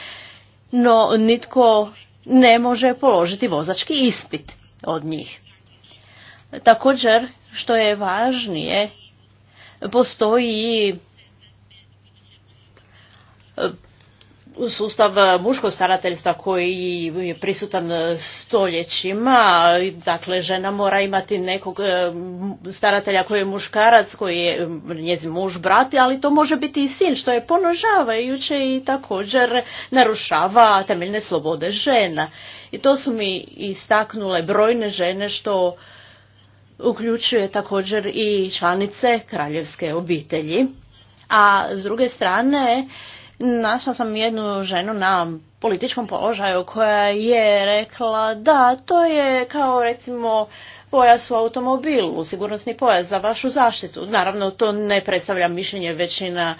no nitko ne može položiti vozački ispit od njih. Također, što je važnije, postoji e, sustav muškog starateljstva koji je prisutan stoljećima, dakle žena mora imati nekog e, staratelja koji je muškarac, koji je e, njezin muž, brat, ali to može biti i sin, što je ponožavajuće i također narušava temeljne slobode žena. I to su mi istaknule brojne žene što uključuje također i članice kraljevske obitelji. A s druge strane, našla sam jednu ženu na političkom položaju koja je rekla da to je kao recimo pojas u automobilu, sigurnosni pojas za vašu zaštitu. Naravno to ne predstavlja mišljenje većina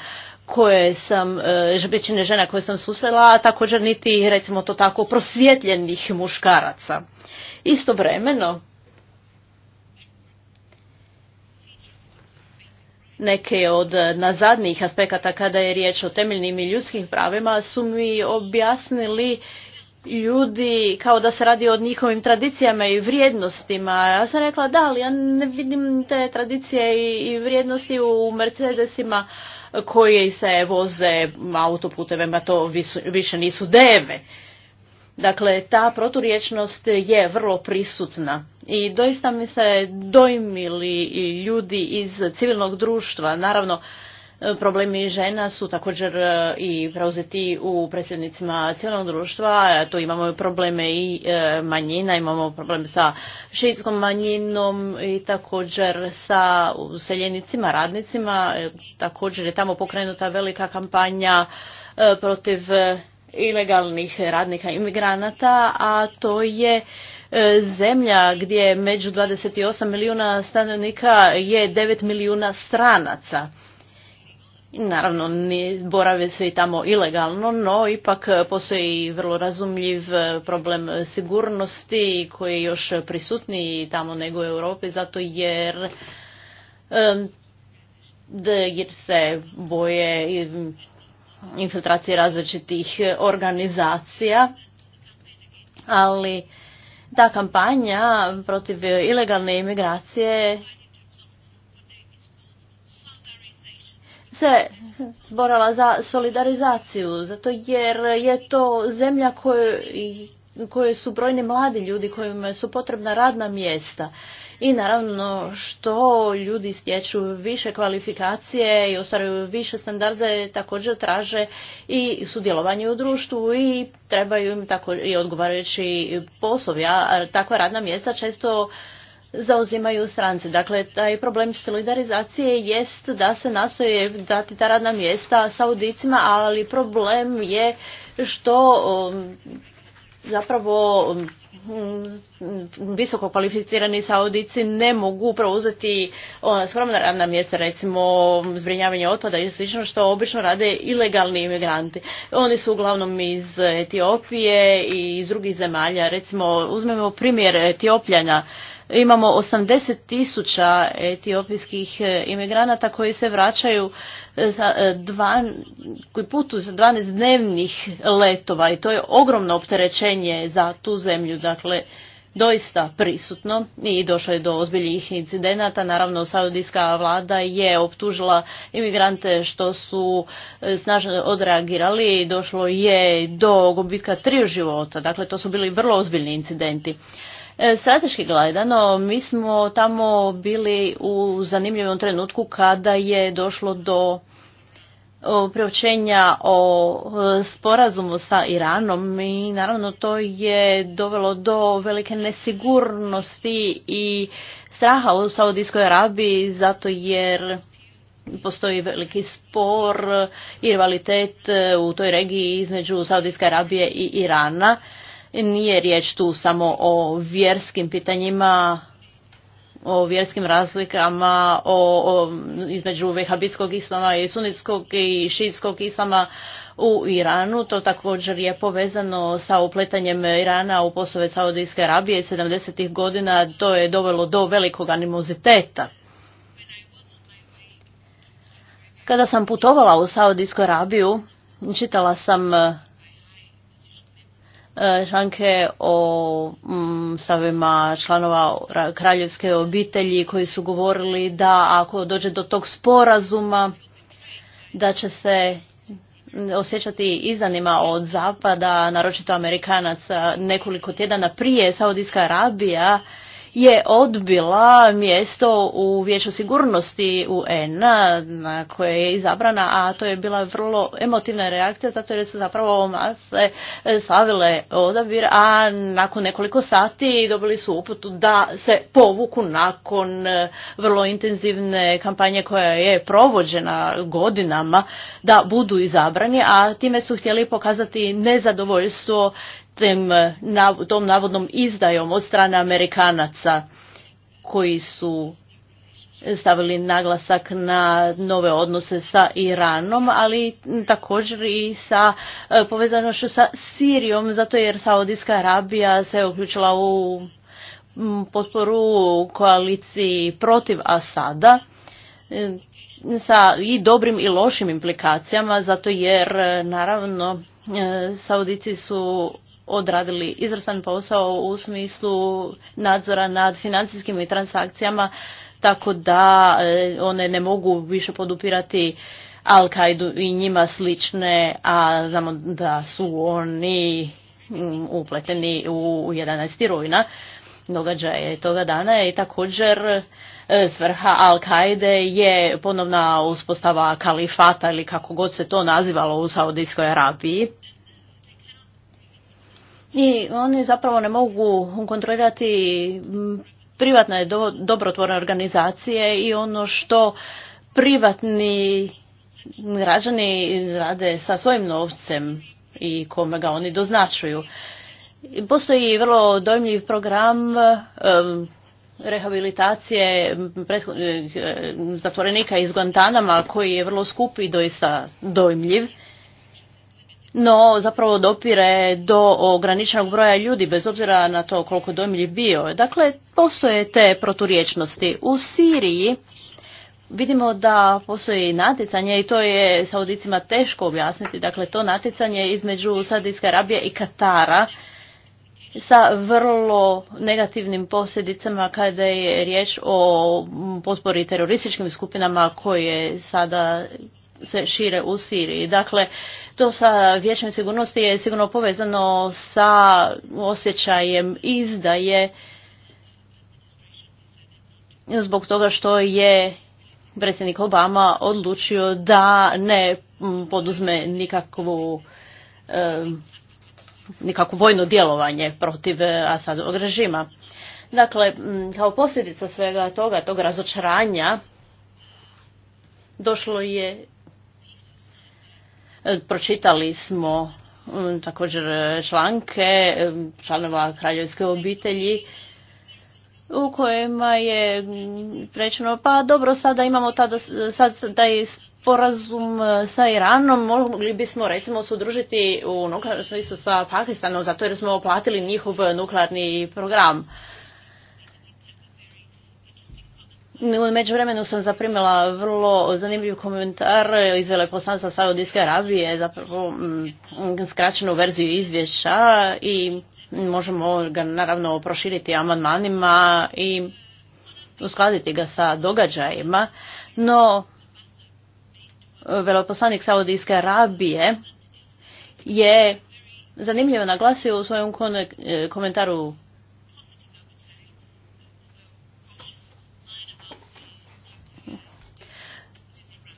koje sam, e, većine žena koje sam susrela, a također niti recimo to tako prosvjetljenih muškaraca. Istovremeno, neke od e, nazadnijih aspekata kada je riječ o temeljnim i ljudskim pravima su mi objasnili ljudi kao da se radi o njihovim tradicijama i vrijednostima. Ja sam rekla da, ali ja ne vidim te tradicije i vrijednosti u Mercedesima koji se voze autoputevima, to više nisu deve. Dakle, ta proturječnost je vrlo prisutna i doista mi se dojmili ljudi iz civilnog društva. Naravno, problemi žena su također e, i preuzeti u predsjednicima civilnog društva. Tu imamo probleme i e, manjina, imamo problem sa šeitskom manjinom i također sa useljenicima, radnicima. E, također je tamo pokrenuta velika kampanja protiv ilegalnih radnika imigranata, a to je e, zemlja gdje među 28 milijuna stanovnika je 9 milijuna stranaca. Naravno, ne borave se i tamo ilegalno, no ipak postoji vrlo razumljiv e, problem sigurnosti koji je još prisutniji tamo nego u Europi, zato jer, e, jer se boje infiltracije različitih e, organizacija, ali ta kampanja protiv ilegalne imigracije se borala za solidarizaciju, zato jer je to zemlja koju, koje su brojni mladi ljudi kojima su potrebna radna mjesta i naravno što ljudi stječu više kvalifikacije i ostvaruju više standarde također traže i sudjelovanje u društvu i trebaju im tako i odgovarajući poslovi, a takva radna mjesta često zauzimaju stranci. Dakle, taj problem solidarizacije jest da se nastoje dati ta radna mjesta Saudicima, ali problem je što um, zapravo um, Mm, visoko kvalificirani saudici ne mogu preuzeti skromna radna mjesta, recimo zbrinjavanje otpada i slično što obično rade ilegalni imigranti. Oni su uglavnom iz Etiopije i iz drugih zemalja. Recimo uzmemo primjer Etiopljana imamo 80 tisuća etiopijskih e, imigranata koji se vraćaju e, e, koji putu za 12 dnevnih letova i to je ogromno opterećenje za tu zemlju. Dakle, doista prisutno i došlo je do ozbiljnih incidenata. Naravno, saudijska vlada je optužila imigrante što su snažno odreagirali i došlo je do gubitka triju života. Dakle, to su bili vrlo ozbiljni incidenti. E, strateški gledano, mi smo tamo bili u zanimljivom trenutku kada je došlo do preočenja o e, sporazumu sa Iranom i naravno to je dovelo do velike nesigurnosti i straha u Saudijskoj Arabiji zato jer postoji veliki spor i rivalitet e, u toj regiji između Saudijske Arabije i Irana nije riječ tu samo o vjerskim pitanjima, o vjerskim razlikama o, između vehabitskog islama i sunitskog i šiitskog islama u Iranu. To također je povezano sa upletanjem Irana u poslove Saudijske Arabije 70. godina. To je dovelo do velikog animoziteta. Kada sam putovala u Saudijsku Arabiju, čitala sam članke e, o mm, stavima članova kraljevske obitelji koji su govorili da ako dođe do tog sporazuma da će se osjećati izanima od zapada, naročito Amerikanaca, nekoliko tjedana prije Saudijska Arabija je odbila mjesto u Vijeću sigurnosti UN na koje je izabrana, a to je bila vrlo emotivna reakcija zato jer se zapravo mase e, savile odabir, a nakon nekoliko sati dobili su uputu da se povuku nakon e, vrlo intenzivne kampanje koja je provođena godinama da budu izabrani, a time su htjeli pokazati nezadovoljstvo tem, eh, tom navodnom izdajom od strane Amerikanaca koji su stavili naglasak na nove odnose sa Iranom, ali također i sa eh, povezanošću sa Sirijom, zato jer Saudijska Arabija se uključila u mm, potporu koaliciji protiv Asada eh, sa i dobrim i lošim implikacijama, zato jer naravno Saudici su odradili izvrstan posao u smislu nadzora nad financijskim i transakcijama, tako da e, one ne mogu više podupirati Al-Kaidu i njima slične, a znamo da su oni mm, upleteni u 11. rujna događaje toga dana i također e, svrha al qaide je ponovna uspostava kalifata ili kako god se to nazivalo u Saudijskoj Arabiji i oni zapravo ne mogu kontrolirati privatne dobrotvorne organizacije i ono što privatni građani rade sa svojim novcem i kome ga oni doznačuju. Postoji vrlo dojmljiv program rehabilitacije eh, zatvorenika iz Guantanama koji je vrlo skup i doista dojmljiv no zapravo dopire do ograničenog broja ljudi bez obzira na to koliko domilji bio. Dakle, postoje te proturječnosti. U Siriji vidimo da postoji natjecanje i to je Saudicima teško objasniti. Dakle, to natjecanje između Saudijske Arabije i Katara sa vrlo negativnim posljedicama kada je riječ o potpori terorističkim skupinama koje sada se šire u Siriji. Dakle, to sa vijećem sigurnosti je sigurno povezano sa osjećajem izdaje zbog toga što je predsjednik Obama odlučio da ne poduzme nikakvu nikakvo vojno djelovanje protiv e, Asadovog režima. Dakle, kao posljedica svega toga, tog razočaranja, došlo je Pročitali smo mm, također članke mm, članova kraljevske obitelji u kojima je mm, rečeno pa dobro sada imamo tada, sad taj sporazum sa Iranom mogli bismo recimo sudružiti u nuklearnom smislu sa Pakistanom zato jer smo oplatili njihov nuklearni program. U međuvremenu sam zaprimila vrlo zanimljiv komentar iz veleposlanstva Saudijske Arabije, zapravo mm, skraćenu verziju izvješća i možemo ga naravno proširiti amandmanima i uskladiti ga sa događajima, no veleposlanik Saudijske Arabije je zanimljivo naglasio u svojem komentaru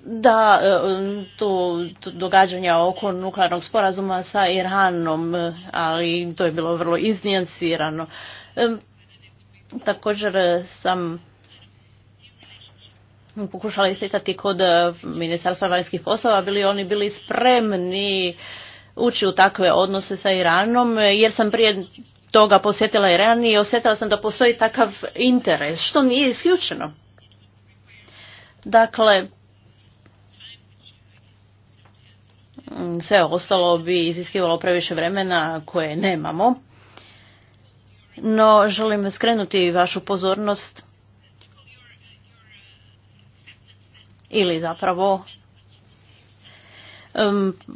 da e, tu događanja oko nuklearnog sporazuma sa Iranom, e, ali to je bilo vrlo iznijansirano. E, također sam pokušala isticati kod Ministarstva vanjskih poslova, bili oni bili spremni ući u takve odnose sa Iranom, jer sam prije toga posjetila Iran i osjetila sam da postoji takav interes, što nije isključeno. Dakle, Sve ostalo bi iziskivalo previše vremena koje nemamo. No, želim skrenuti vašu pozornost ili zapravo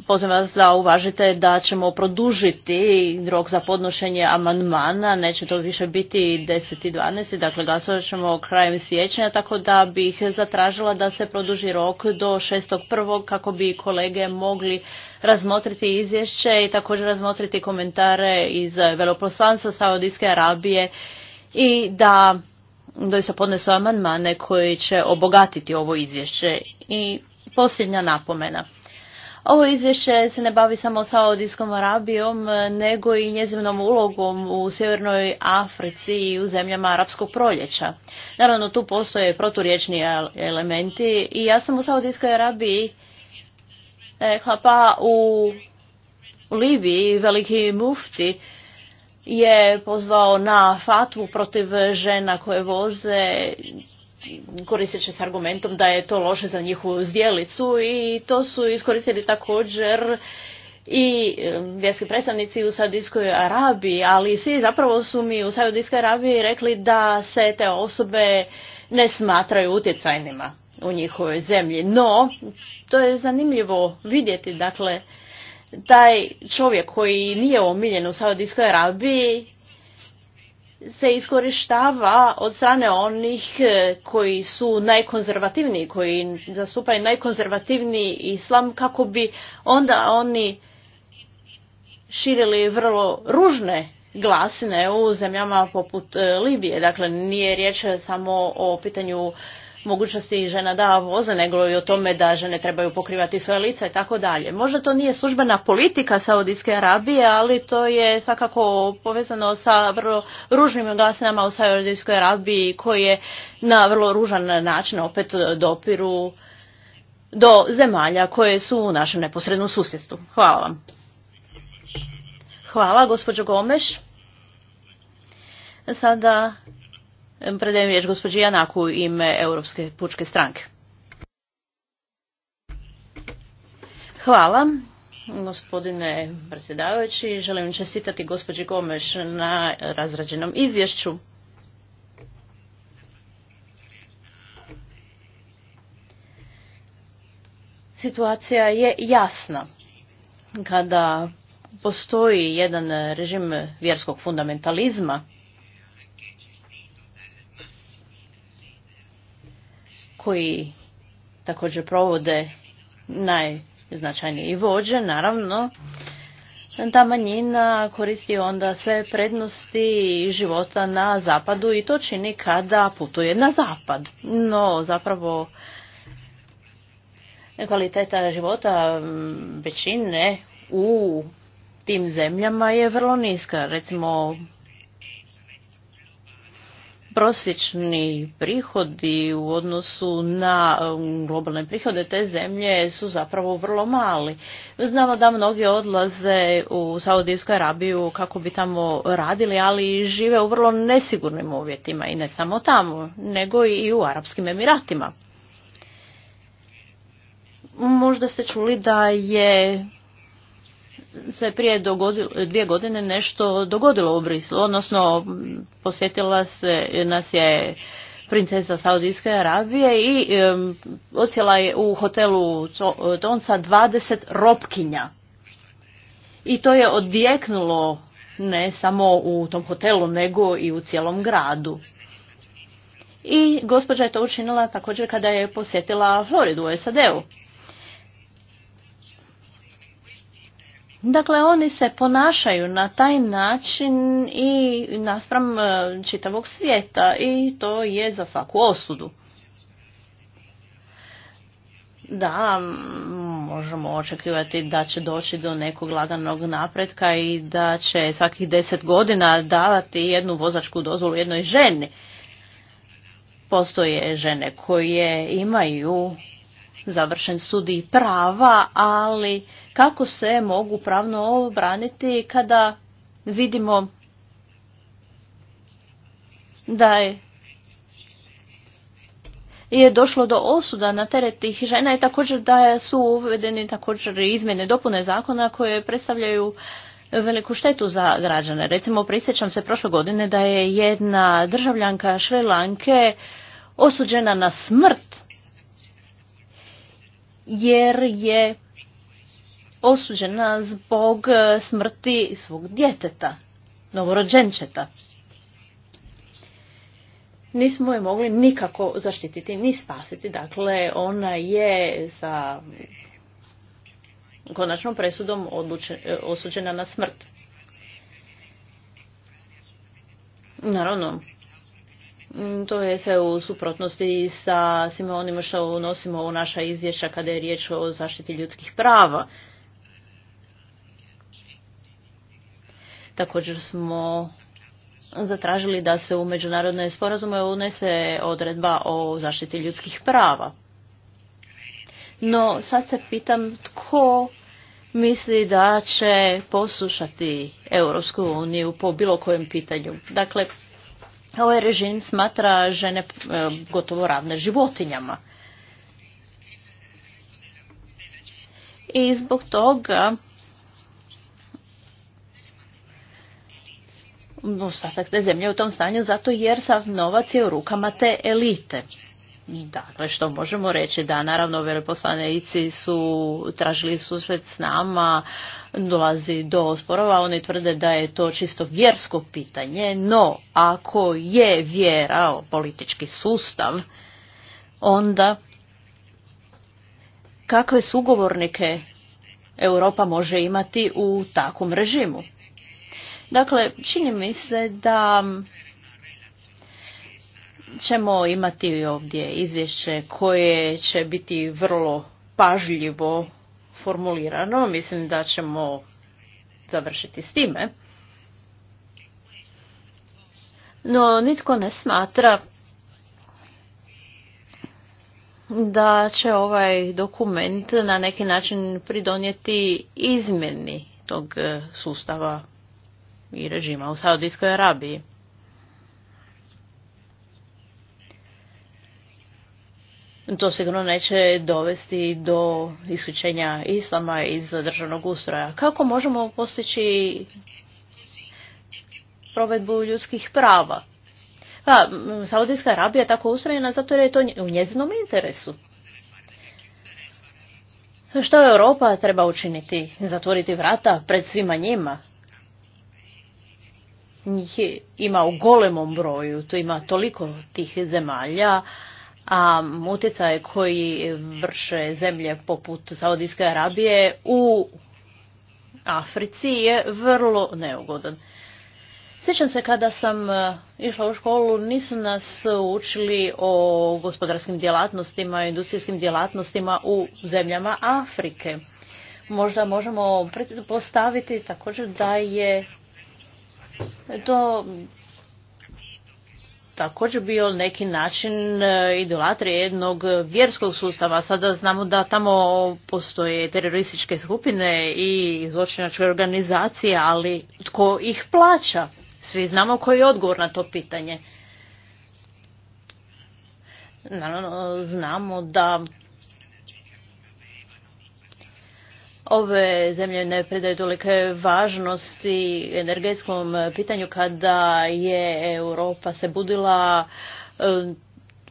Pozivam vas da uvažite da ćemo produžiti rok za podnošenje amandmana, neće to više biti 10 i dakle glasovat ćemo krajem siječnja, tako da bih zatražila da se produži rok do 6.1. kako bi kolege mogli razmotriti izvješće i također razmotriti komentare iz veloposlanstva Saudijske Arabije i da se podnesu amandmane koji će obogatiti ovo izvješće. I posljednja napomena. Ovo izvješće se ne bavi samo Saudijskom Arabijom, nego i njezivnom ulogom u Sjevernoj Africi i u zemljama Arapskog proljeća. Naravno, tu postoje proturječni elementi i ja sam u Saudijskoj Arabiji rekla pa u Libiji veliki mufti je pozvao na fatvu protiv žena koje voze koristit će s argumentom da je to loše za njihovu zdjelicu i to su iskoristili također i vjerski predstavnici u Saudijskoj Arabiji, ali svi zapravo su mi u Saudijskoj Arabiji rekli da se te osobe ne smatraju utjecajnima u njihovoj zemlji. No, to je zanimljivo vidjeti, dakle, taj čovjek koji nije omiljen u Saudijskoj Arabiji se iskorištava od strane onih e, koji su najkonzervativniji, koji zastupaju najkonzervativniji islam kako bi onda oni širili vrlo ružne glasine u zemljama poput e, Libije. Dakle, nije riječ samo o pitanju mogućnosti žena da voze, nego i o tome da žene trebaju pokrivati svoje lica i tako dalje. Možda to nije službena politika Saudijske Arabije, ali to je svakako povezano sa vrlo ružnim glasinama u Saudijskoj Arabiji koje na vrlo ružan način opet dopiru do zemalja koje su u našem neposrednom susjedstvu. Hvala vam. Hvala, gospođo Gomeš. Sada Predajem riječ gospođi Janaku ime Europske pučke stranke. Hvala. Gospodine predsjedavajući, želim čestitati gospođi Gomeš na razrađenom izvješću. Situacija je jasna. Kada postoji jedan režim vjerskog fundamentalizma, koji također provode najznačajniji vođe, naravno, ta manjina koristi onda sve prednosti života na zapadu i to čini kada putuje na zapad. No, zapravo, kvaliteta života većine u tim zemljama je vrlo niska. Recimo, prosječni prihodi u odnosu na um, globalne prihode te zemlje su zapravo vrlo mali. Znamo da mnogi odlaze u Saudijsku Arabiju kako bi tamo radili, ali žive u vrlo nesigurnim uvjetima i ne samo tamo, nego i u Arapskim Emiratima. Možda ste čuli da je se prije dogodilo, dvije godine nešto dogodilo u Brislu, odnosno posjetila se, nas je princesa Saudijske Arabije i osjela je u hotelu Tonsa 20 ropkinja. I to je odjeknulo ne samo u tom hotelu, nego i u cijelom gradu. I gospođa je to učinila također kada je posjetila Floridu u SAD-u. Dakle, oni se ponašaju na taj način i naspram e, čitavog svijeta i to je za svaku osudu. Da, možemo očekivati da će doći do nekog laganog napretka i da će svakih deset godina davati jednu vozačku dozvolu jednoj ženi. Postoje žene koje imaju završen studij prava, ali kako se mogu pravno obraniti kada vidimo da je je došlo do osuda na teret tih žena i također da su uvedeni također izmjene dopune zakona koje predstavljaju veliku štetu za građane. Recimo, prisjećam se prošle godine da je jedna državljanka Lanke osuđena na smrt jer je osuđena zbog e, smrti svog djeteta, novorođenčeta. Nismo je mogli nikako zaštititi ni spasiti. Dakle, ona je sa konačnom presudom e, osuđena na smrt. Naravno, Mm, to je sve u suprotnosti sa svima onima što unosimo u naša izvješća kada je riječ o zaštiti ljudskih prava. Također smo zatražili da se u međunarodne sporazume unese odredba o zaštiti ljudskih prava. No sad se pitam tko misli da će poslušati Europsku uniju po bilo kojem pitanju. Dakle, Ovaj režim smatra žene e, gotovo ravne životinjama. I zbog toga te zemlje u tom stanju zato jer sav novac je u rukama te elite. Dakle, što možemo reći da naravno veleposlanici su tražili susret s nama, dolazi do sporova, oni tvrde da je to čisto vjersko pitanje, no ako je vjera politički sustav, onda kakve sugovornike Europa može imati u takvom režimu? Dakle, čini mi se da ćemo imati ovdje izvješće koje će biti vrlo pažljivo formulirano. Mislim da ćemo završiti s time. No, nitko ne smatra da će ovaj dokument na neki način pridonijeti izmjeni tog sustava i režima u Saudijskoj Arabiji. to sigurno neće dovesti do isključenja islama iz državnog ustroja. Kako možemo postići provedbu ljudskih prava? Pa, Saudijska Arabija je tako ustrojena zato jer je to u njezinom interesu. Što Europa treba učiniti? Zatvoriti vrata pred svima njima? Njih ima u golemom broju, tu ima toliko tih zemalja, a utjecaj koji vrše zemlje poput Saudijske Arabije u Africi je vrlo neugodan. Sjećam se kada sam e, išla u školu, nisu nas učili o gospodarskim djelatnostima, industrijskim djelatnostima u zemljama Afrike. Možda možemo postaviti također da je to također bio neki način e, idolatrije jednog vjerskog sustava. Sada znamo da tamo postoje terorističke skupine i zločinačke organizacije, ali tko ih plaća? Svi znamo koji je odgovor na to pitanje. znamo da ove zemlje ne predaju tolike važnosti energetskom pitanju kada je Europa se budila e,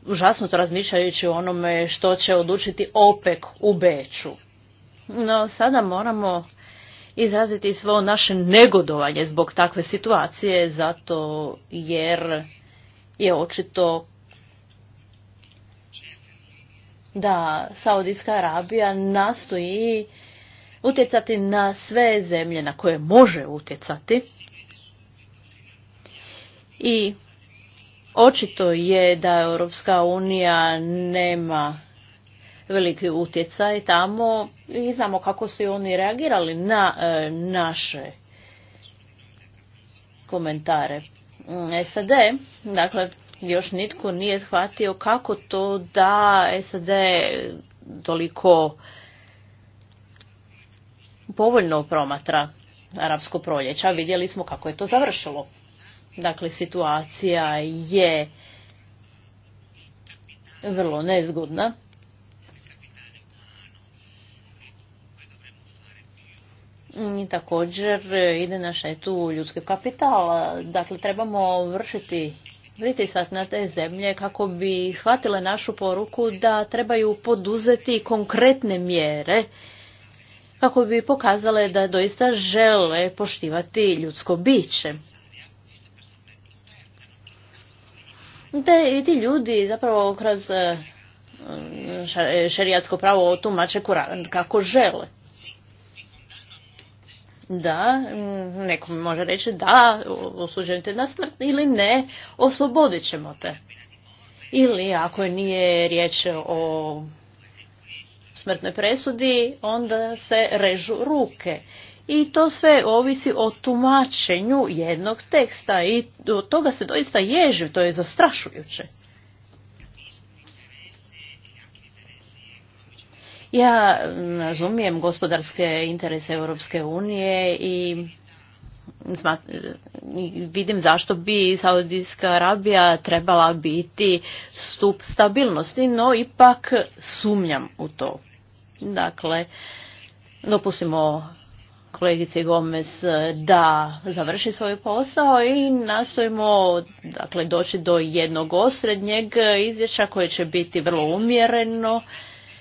užasno razmišljajući o onome što će odlučiti OPEC u Beču. No sada moramo izraziti svo naše negodovanje zbog takve situacije zato jer je očito da Saudijska Arabija nastoji utjecati na sve zemlje na koje može utjecati. I očito je da Europska unija nema veliki utjecaj tamo i znamo kako su oni reagirali na e, naše komentare. Mm, SAD, dakle, još nitko nije shvatio kako to da SAD toliko povoljno promatra arapsko a Vidjeli smo kako je to završilo. Dakle, situacija je vrlo nezgodna. I također ide na štetu ljudski kapital. Dakle, trebamo vršiti pritisak na te zemlje kako bi shvatile našu poruku da trebaju poduzeti konkretne mjere kako bi pokazale da doista žele poštivati ljudsko biće. Te i ti ljudi zapravo kroz eh, šerijatsko pravo tumače Kuran kako žele. Da, mm, nekom može reći da, osuđujem na smrt ili ne, oslobodit ćemo te. Ili ako nije riječ o smrtnoj presudi, onda se režu ruke. I to sve ovisi o tumačenju jednog teksta i od toga se doista ježi, to je zastrašujuće. Ja mm, razumijem gospodarske interese Europske unije i vidim zašto bi Saudijska Arabija trebala biti stup stabilnosti, no ipak sumnjam u to. Dakle, dopustimo kolegici Gomez eh, da završi svoj posao i nastojimo dakle, doći do jednog osrednjeg eh, izvješća koje će biti vrlo umjereno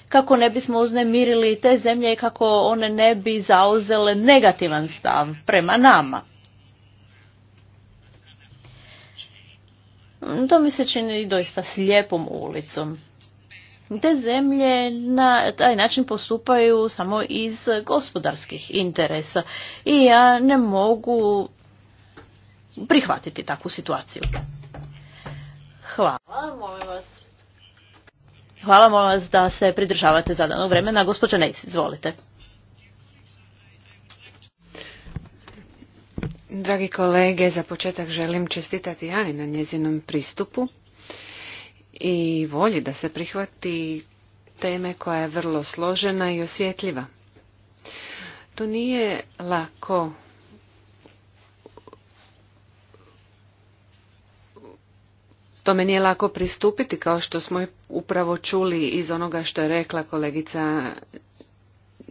kako ne bismo uznemirili te zemlje i kako one ne bi zauzele negativan stav prema nama. To mi se čini doista slijepom ulicom te zemlje na taj način postupaju samo iz gospodarskih interesa i ja ne mogu prihvatiti takvu situaciju. Hvala, molim vas. Hvala, molim vas da se pridržavate zadanog vremena. Gospođa izvolite. Dragi kolege, za početak želim čestitati Ani na njezinom pristupu i volji da se prihvati teme koja je vrlo složena i osjetljiva. To nije lako Tome nije lako pristupiti kao što smo upravo čuli iz onoga što je rekla kolegica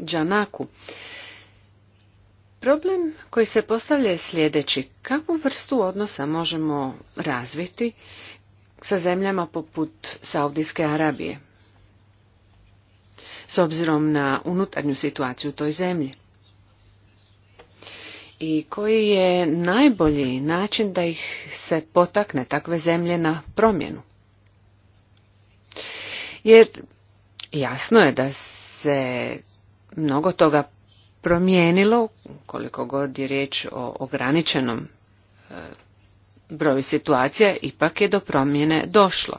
Đanaku. Problem koji se postavlja je sljedeći. Kakvu vrstu odnosa možemo razviti sa zemljama poput Saudijske Arabije, s obzirom na unutarnju situaciju u toj zemlji. I koji je najbolji način da ih se potakne takve zemlje na promjenu? Jer jasno je da se mnogo toga promijenilo, koliko god je riječ o ograničenom e, broju situacija ipak je do promjene došlo.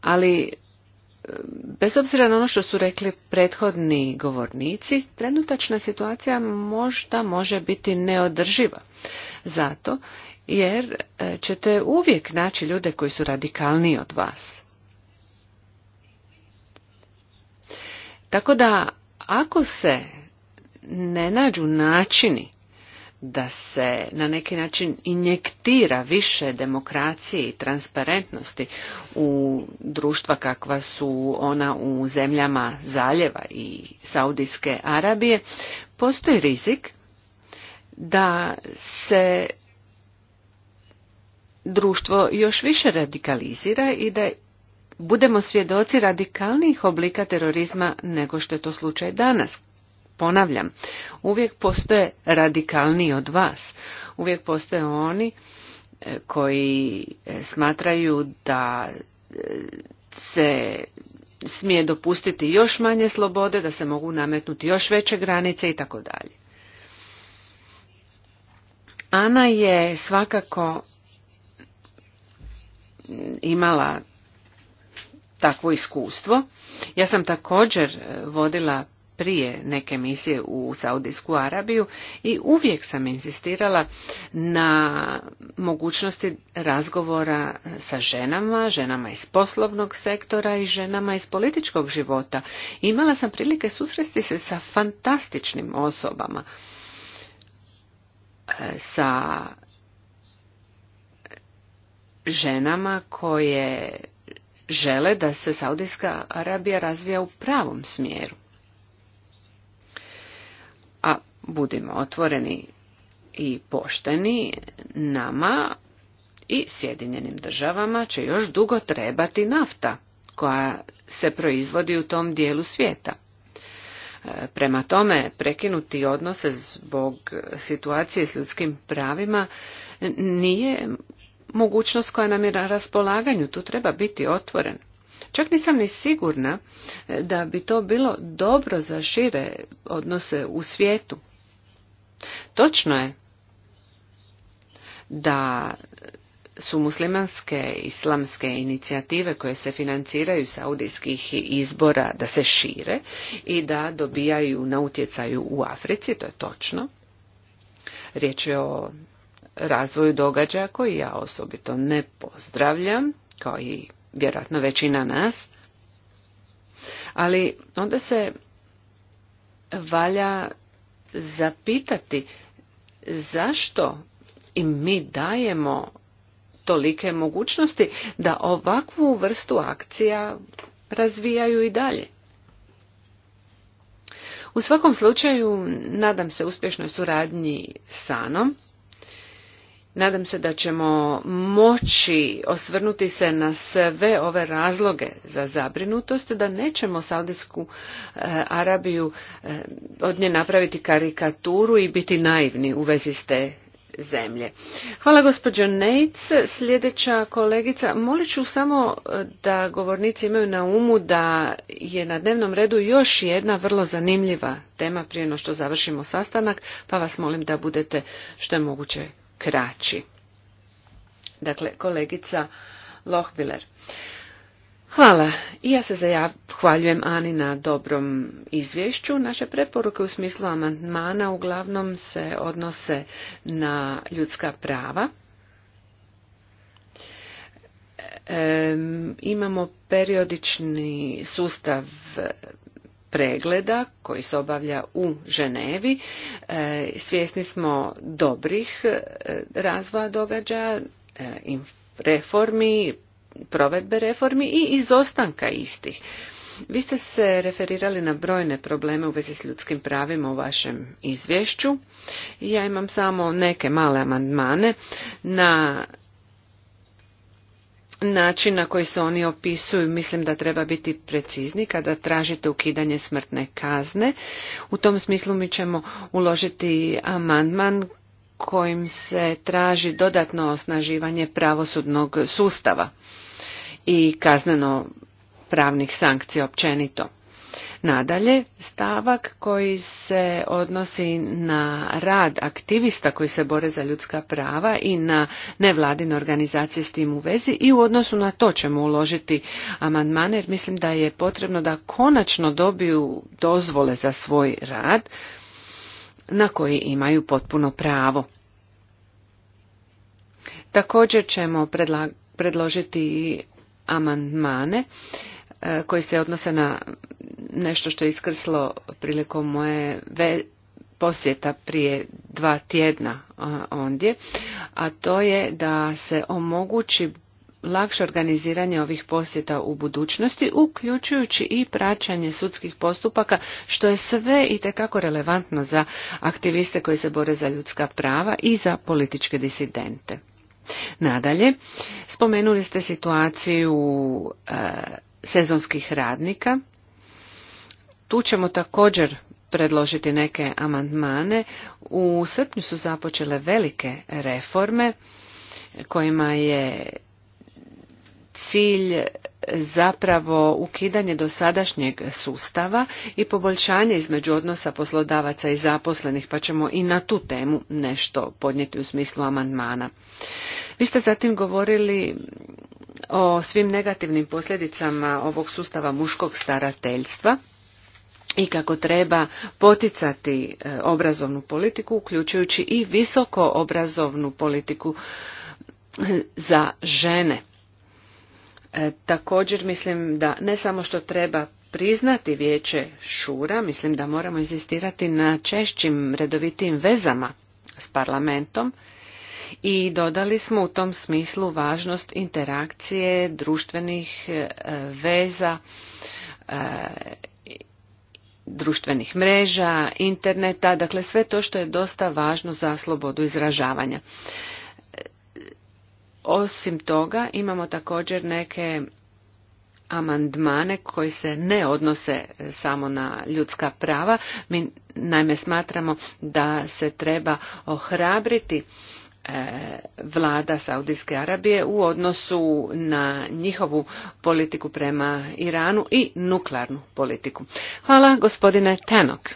Ali e, bez obzira na ono što su rekli prethodni govornici, trenutačna situacija možda može biti neodrživa. Zato jer e, ćete uvijek naći ljude koji su radikalniji od vas. Tako da ako se ne nađu načini da se na neki način injektira više demokracije i transparentnosti u društva kakva su ona u zemljama Zaljeva i Saudijske Arabije, postoji rizik da se društvo još više radikalizira i da budemo svjedoci radikalnijih oblika terorizma nego što je to slučaj danas Ponavljam, uvijek postoje radikalniji od vas. Uvijek postoje oni e, koji e, smatraju da e, se smije dopustiti još manje slobode, da se mogu nametnuti još veće granice i tako dalje. Ana je svakako imala takvo iskustvo. Ja sam također vodila prije neke misije u Saudijsku Arabiju i uvijek sam insistirala na mogućnosti razgovora sa ženama, ženama iz poslovnog sektora i ženama iz političkog života. Imala sam prilike susresti se sa fantastičnim osobama, e, sa ženama koje žele da se Saudijska Arabija razvija u pravom smjeru budimo otvoreni i pošteni nama i Sjedinjenim državama će još dugo trebati nafta koja se proizvodi u tom dijelu svijeta. E, prema tome, prekinuti odnose zbog situacije s ljudskim pravima nije mogućnost koja nam je na raspolaganju, tu treba biti otvoren. Čak nisam ni sigurna e, da bi to bilo dobro za šire odnose u svijetu. Točno je da su muslimanske islamske inicijative koje se financiraju saudijskih izbora da se šire i da dobijaju na utjecaju u Africi, to je točno. Riječ je o razvoju događaja koji ja osobito ne pozdravljam, kao i vjerojatno većina nas. Ali onda se valja zapitati zašto im mi dajemo tolike mogućnosti da ovakvu vrstu akcija razvijaju i dalje. U svakom slučaju nadam se uspješnoj suradnji s Anom Nadam se da ćemo moći osvrnuti se na sve ove razloge za zabrinutost, da nećemo Saudijsku e, Arabiju e, od nje napraviti karikaturu i biti naivni u vezi s te zemlje. Hvala gospođo Nejc. Sljedeća kolegica, molit ću samo e, da govornici imaju na umu da je na dnevnom redu još jedna vrlo zanimljiva tema prije no što završimo sastanak, pa vas molim da budete što je moguće kraći. Dakle, kolegica Lohbiler. Hvala. I ja se zahvaljujem Ani na dobrom izvješću. Naše preporuke u smislu amandmana uglavnom se odnose na ljudska prava. imamo periodični sustav pregleda koji se obavlja u Ženevi. E, svjesni smo dobrih e, razvoja događaja, e, reformi, provedbe reformi i izostanka istih. Vi ste se referirali na brojne probleme u vezi s ljudskim pravima u vašem izvješću. Ja imam samo neke male amandmane na način na koji se oni opisuju mislim da treba biti precizni kada tražite ukidanje smrtne kazne. U tom smislu mi ćemo uložiti amandman kojim se traži dodatno osnaživanje pravosudnog sustava i kazneno pravnih sankcija općenito. Nadalje, stavak koji se odnosi na rad aktivista koji se bore za ljudska prava i na nevladine organizacije s tim u vezi i u odnosu na to ćemo uložiti amandmane jer mislim da je potrebno da konačno dobiju dozvole za svoj rad na koji imaju potpuno pravo. Također ćemo predložiti amandmane e, koji se odnose na nešto što je iskrslo prilikom moje posjeta prije dva tjedna ondje, a to je da se omogući lakše organiziranje ovih posjeta u budućnosti, uključujući i praćanje sudskih postupaka, što je sve i tekako relevantno za aktiviste koji se bore za ljudska prava i za političke disidente. Nadalje, spomenuli ste situaciju e, sezonskih radnika tu ćemo također predložiti neke amandmane. U srpnju su započele velike reforme kojima je cilj zapravo ukidanje dosadašnjeg sustava i poboljšanje između odnosa poslodavaca i zaposlenih, pa ćemo i na tu temu nešto podnijeti u smislu amandmana. Vi ste zatim govorili o svim negativnim posljedicama ovog sustava muškog starateljstva i kako treba poticati e, obrazovnu politiku, uključujući i visoko obrazovnu politiku e, za žene. E, također mislim da ne samo što treba priznati vijeće Šura, mislim da moramo inzistirati na češćim redovitim vezama s parlamentom i dodali smo u tom smislu važnost interakcije društvenih veza društvenih mreža, interneta, dakle sve to što je dosta važno za slobodu izražavanja. Osim toga imamo također neke amandmane koji se ne odnose samo na ljudska prava. Mi naime smatramo da se treba ohrabriti E, vlada Saudijske Arabije u odnosu na njihovu politiku prema Iranu i nuklearnu politiku. Hvala gospodine Tanok.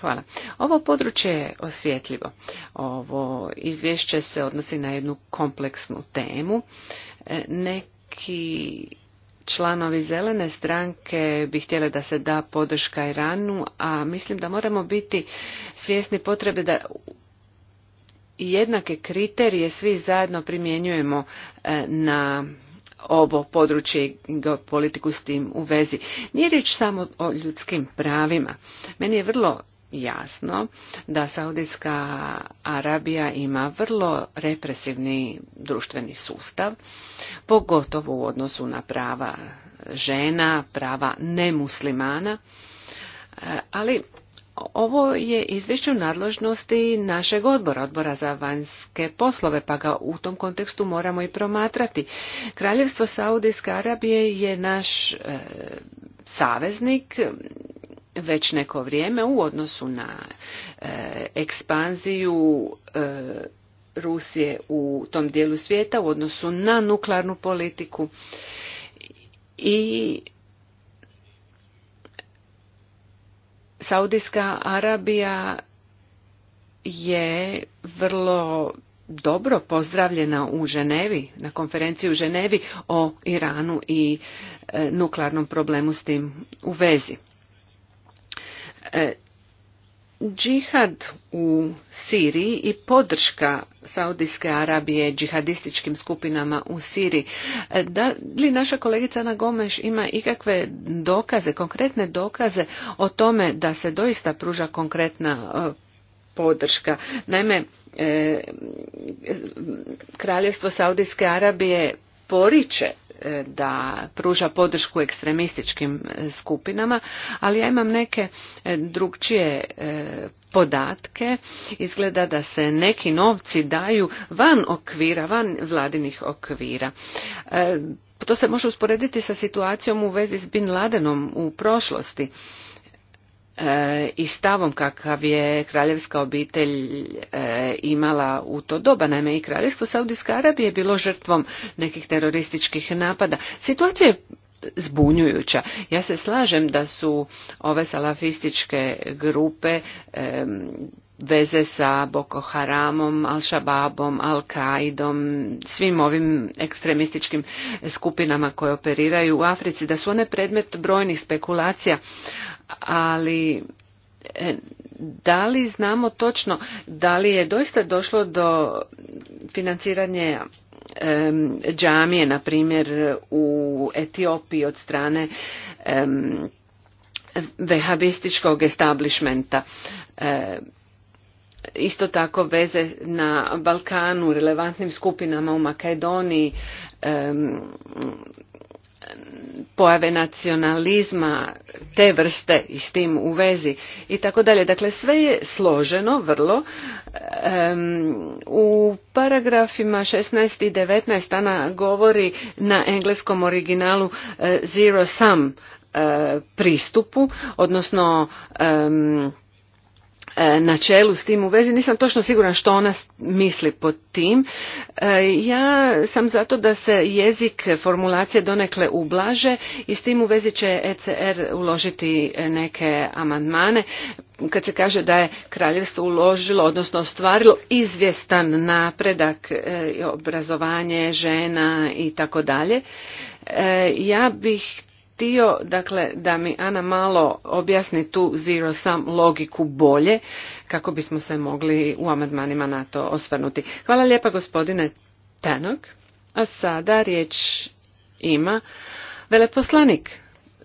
Hvala. Ovo područje je osjetljivo. Ovo izvješće se odnosi na jednu kompleksnu temu. E, neki članovi zelene stranke bi htjele da se da podrška Iranu, a mislim da moramo biti svjesni potrebe da jednake kriterije svi zajedno primjenjujemo e, na ovo područje i geopolitiku s tim u vezi. Nije riječ samo o ljudskim pravima. Meni je vrlo jasno da Saudijska Arabija ima vrlo represivni društveni sustav, pogotovo u odnosu na prava žena, prava nemuslimana, e, ali ovo je izvješće u nadložnosti našeg odbora, odbora za vanjske poslove, pa ga u tom kontekstu moramo i promatrati. Kraljevstvo Saudijske Arabije je naš e, saveznik već neko vrijeme u odnosu na e, ekspanziju e, Rusije u tom dijelu svijeta u odnosu na nuklearnu politiku i Saudijska Arabija je vrlo dobro pozdravljena u Ženevi, na konferenciji u Ženevi o Iranu i e, nuklearnom problemu s tim u vezi. E, Džihad u Siriji i podrška Saudijske Arabije džihadističkim skupinama u Siriji. E, da li naša kolegica Ana Gomeš ima ikakve dokaze, konkretne dokaze o tome da se doista pruža konkretna e, podrška? Naime, e, Kraljevstvo Saudijske Arabije poriče e, da pruža podršku ekstremističkim e, skupinama, ali ja imam neke e, drugčije podatke. Izgleda da se neki novci daju van okvira, van vladinih okvira. To se može usporediti sa situacijom u vezi s Bin Ladenom u prošlosti. E, i stavom kakav je kraljevska obitelj e, imala u to doba. Naime, i kraljevstvo Saudijske Arabije je bilo žrtvom nekih terorističkih napada. Situacija je zbunjujuća. Ja se slažem da su ove salafističke grupe e, veze sa Boko Haramom, Al-Shababom, Al-Kaidom, svim ovim ekstremističkim skupinama koje operiraju u Africi, da su one predmet brojnih spekulacija, ali e, da li znamo točno da li je doista došlo do financiranja džamije, na primjer u Etiopiji od strane vehabističkog establishmenta. E, isto tako veze na Balkanu, relevantnim skupinama u Makedoniji, pojave nacionalizma te vrste i s tim u vezi i tako dalje. Dakle, sve je složeno vrlo. u paragrafima 16 i 19 govori na engleskom originalu eh, zero sum eh, pristupu, odnosno E, načelu s tim u vezi. Nisam točno sigurna što ona misli pod tim. E, ja sam zato da se jezik formulacije donekle ublaže i s tim u vezi će ECR uložiti neke amandmane kad se kaže da je kraljevstvo uložilo, odnosno ostvarilo izvjestan napredak e, obrazovanje žena i tako dalje. Ja bih htio dakle, da mi Ana malo objasni tu zero sum logiku bolje kako bismo se mogli u amandmanima na to osvrnuti. Hvala lijepa gospodine Tanog, A sada riječ ima veleposlanik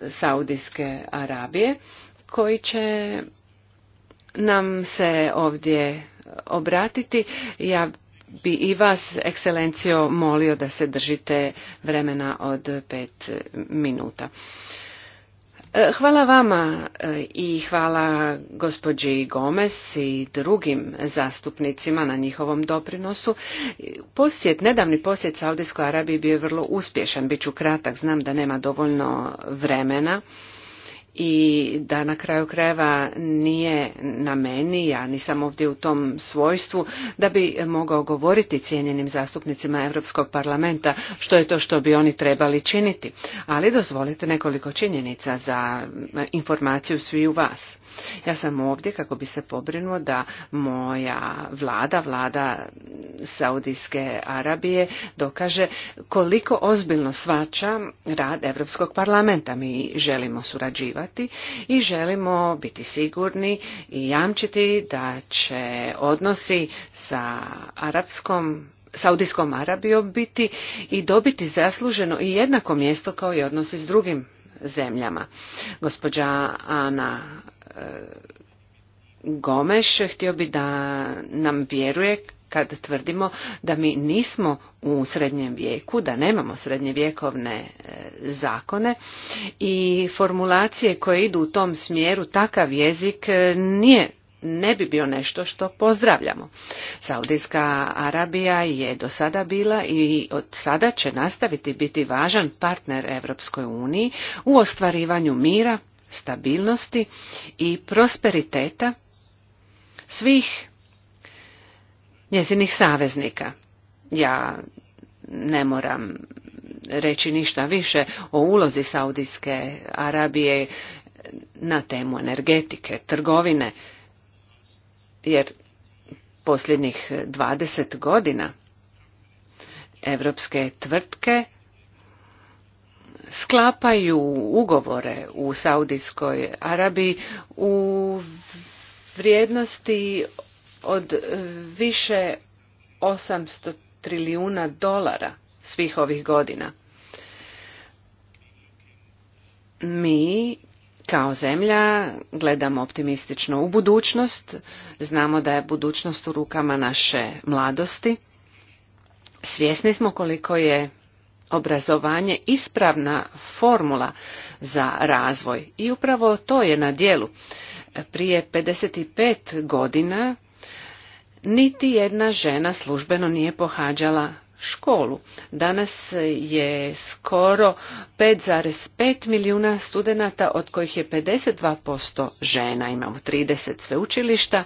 Saudijske Arabije koji će nam se ovdje obratiti. Ja bi i vas, ekscelencijo, molio da se držite vremena od pet minuta. E, hvala vama e, i hvala gospođi Gomez i drugim zastupnicima na njihovom doprinosu. Posjet, nedavni posjet Saudijskoj Arabiji bio je vrlo uspješan, bit ću kratak, znam da nema dovoljno vremena i da na kraju krajeva nije na meni, ja nisam ovdje u tom svojstvu, da bi mogao govoriti cijenjenim zastupnicima Europskog parlamenta što je to što bi oni trebali činiti. Ali dozvolite nekoliko činjenica za informaciju svi u vas. Ja sam ovdje kako bi se pobrinuo da moja vlada, vlada Saudijske Arabije, dokaže koliko ozbiljno svača rad Europskog parlamenta. Mi želimo surađivati i želimo biti sigurni i jamčiti da će odnosi sa arapskom Saudijskom Arabijom biti i dobiti zasluženo i jednako mjesto kao i odnosi s drugim zemljama. Gospođa Ana Gomeš htio bi da nam vjeruje kad tvrdimo da mi nismo u srednjem vijeku, da nemamo srednjevjekovne e, zakone i formulacije koje idu u tom smjeru, takav jezik e, nije ne bi bio nešto što pozdravljamo. Saudijska Arabija je do sada bila i od sada će nastaviti biti važan partner Europskoj uniji u ostvarivanju mira, stabilnosti i prosperiteta svih njezinih saveznika. Ja ne moram reći ništa više o ulozi Saudijske Arabije na temu energetike, trgovine, jer posljednjih 20 godina evropske tvrtke sklapaju ugovore u Saudijskoj Arabiji u vrijednosti od više 800 trilijuna dolara svih ovih godina. Mi kao zemlja gledamo optimistično u budućnost, znamo da je budućnost u rukama naše mladosti. Svjesni smo koliko je obrazovanje ispravna formula za razvoj i upravo to je na dijelu. Prije 55 godina niti jedna žena službeno nije pohađala školu. Danas je skoro 5,5 milijuna studenata, od kojih je 52% žena. Imamo 30 sveučilišta,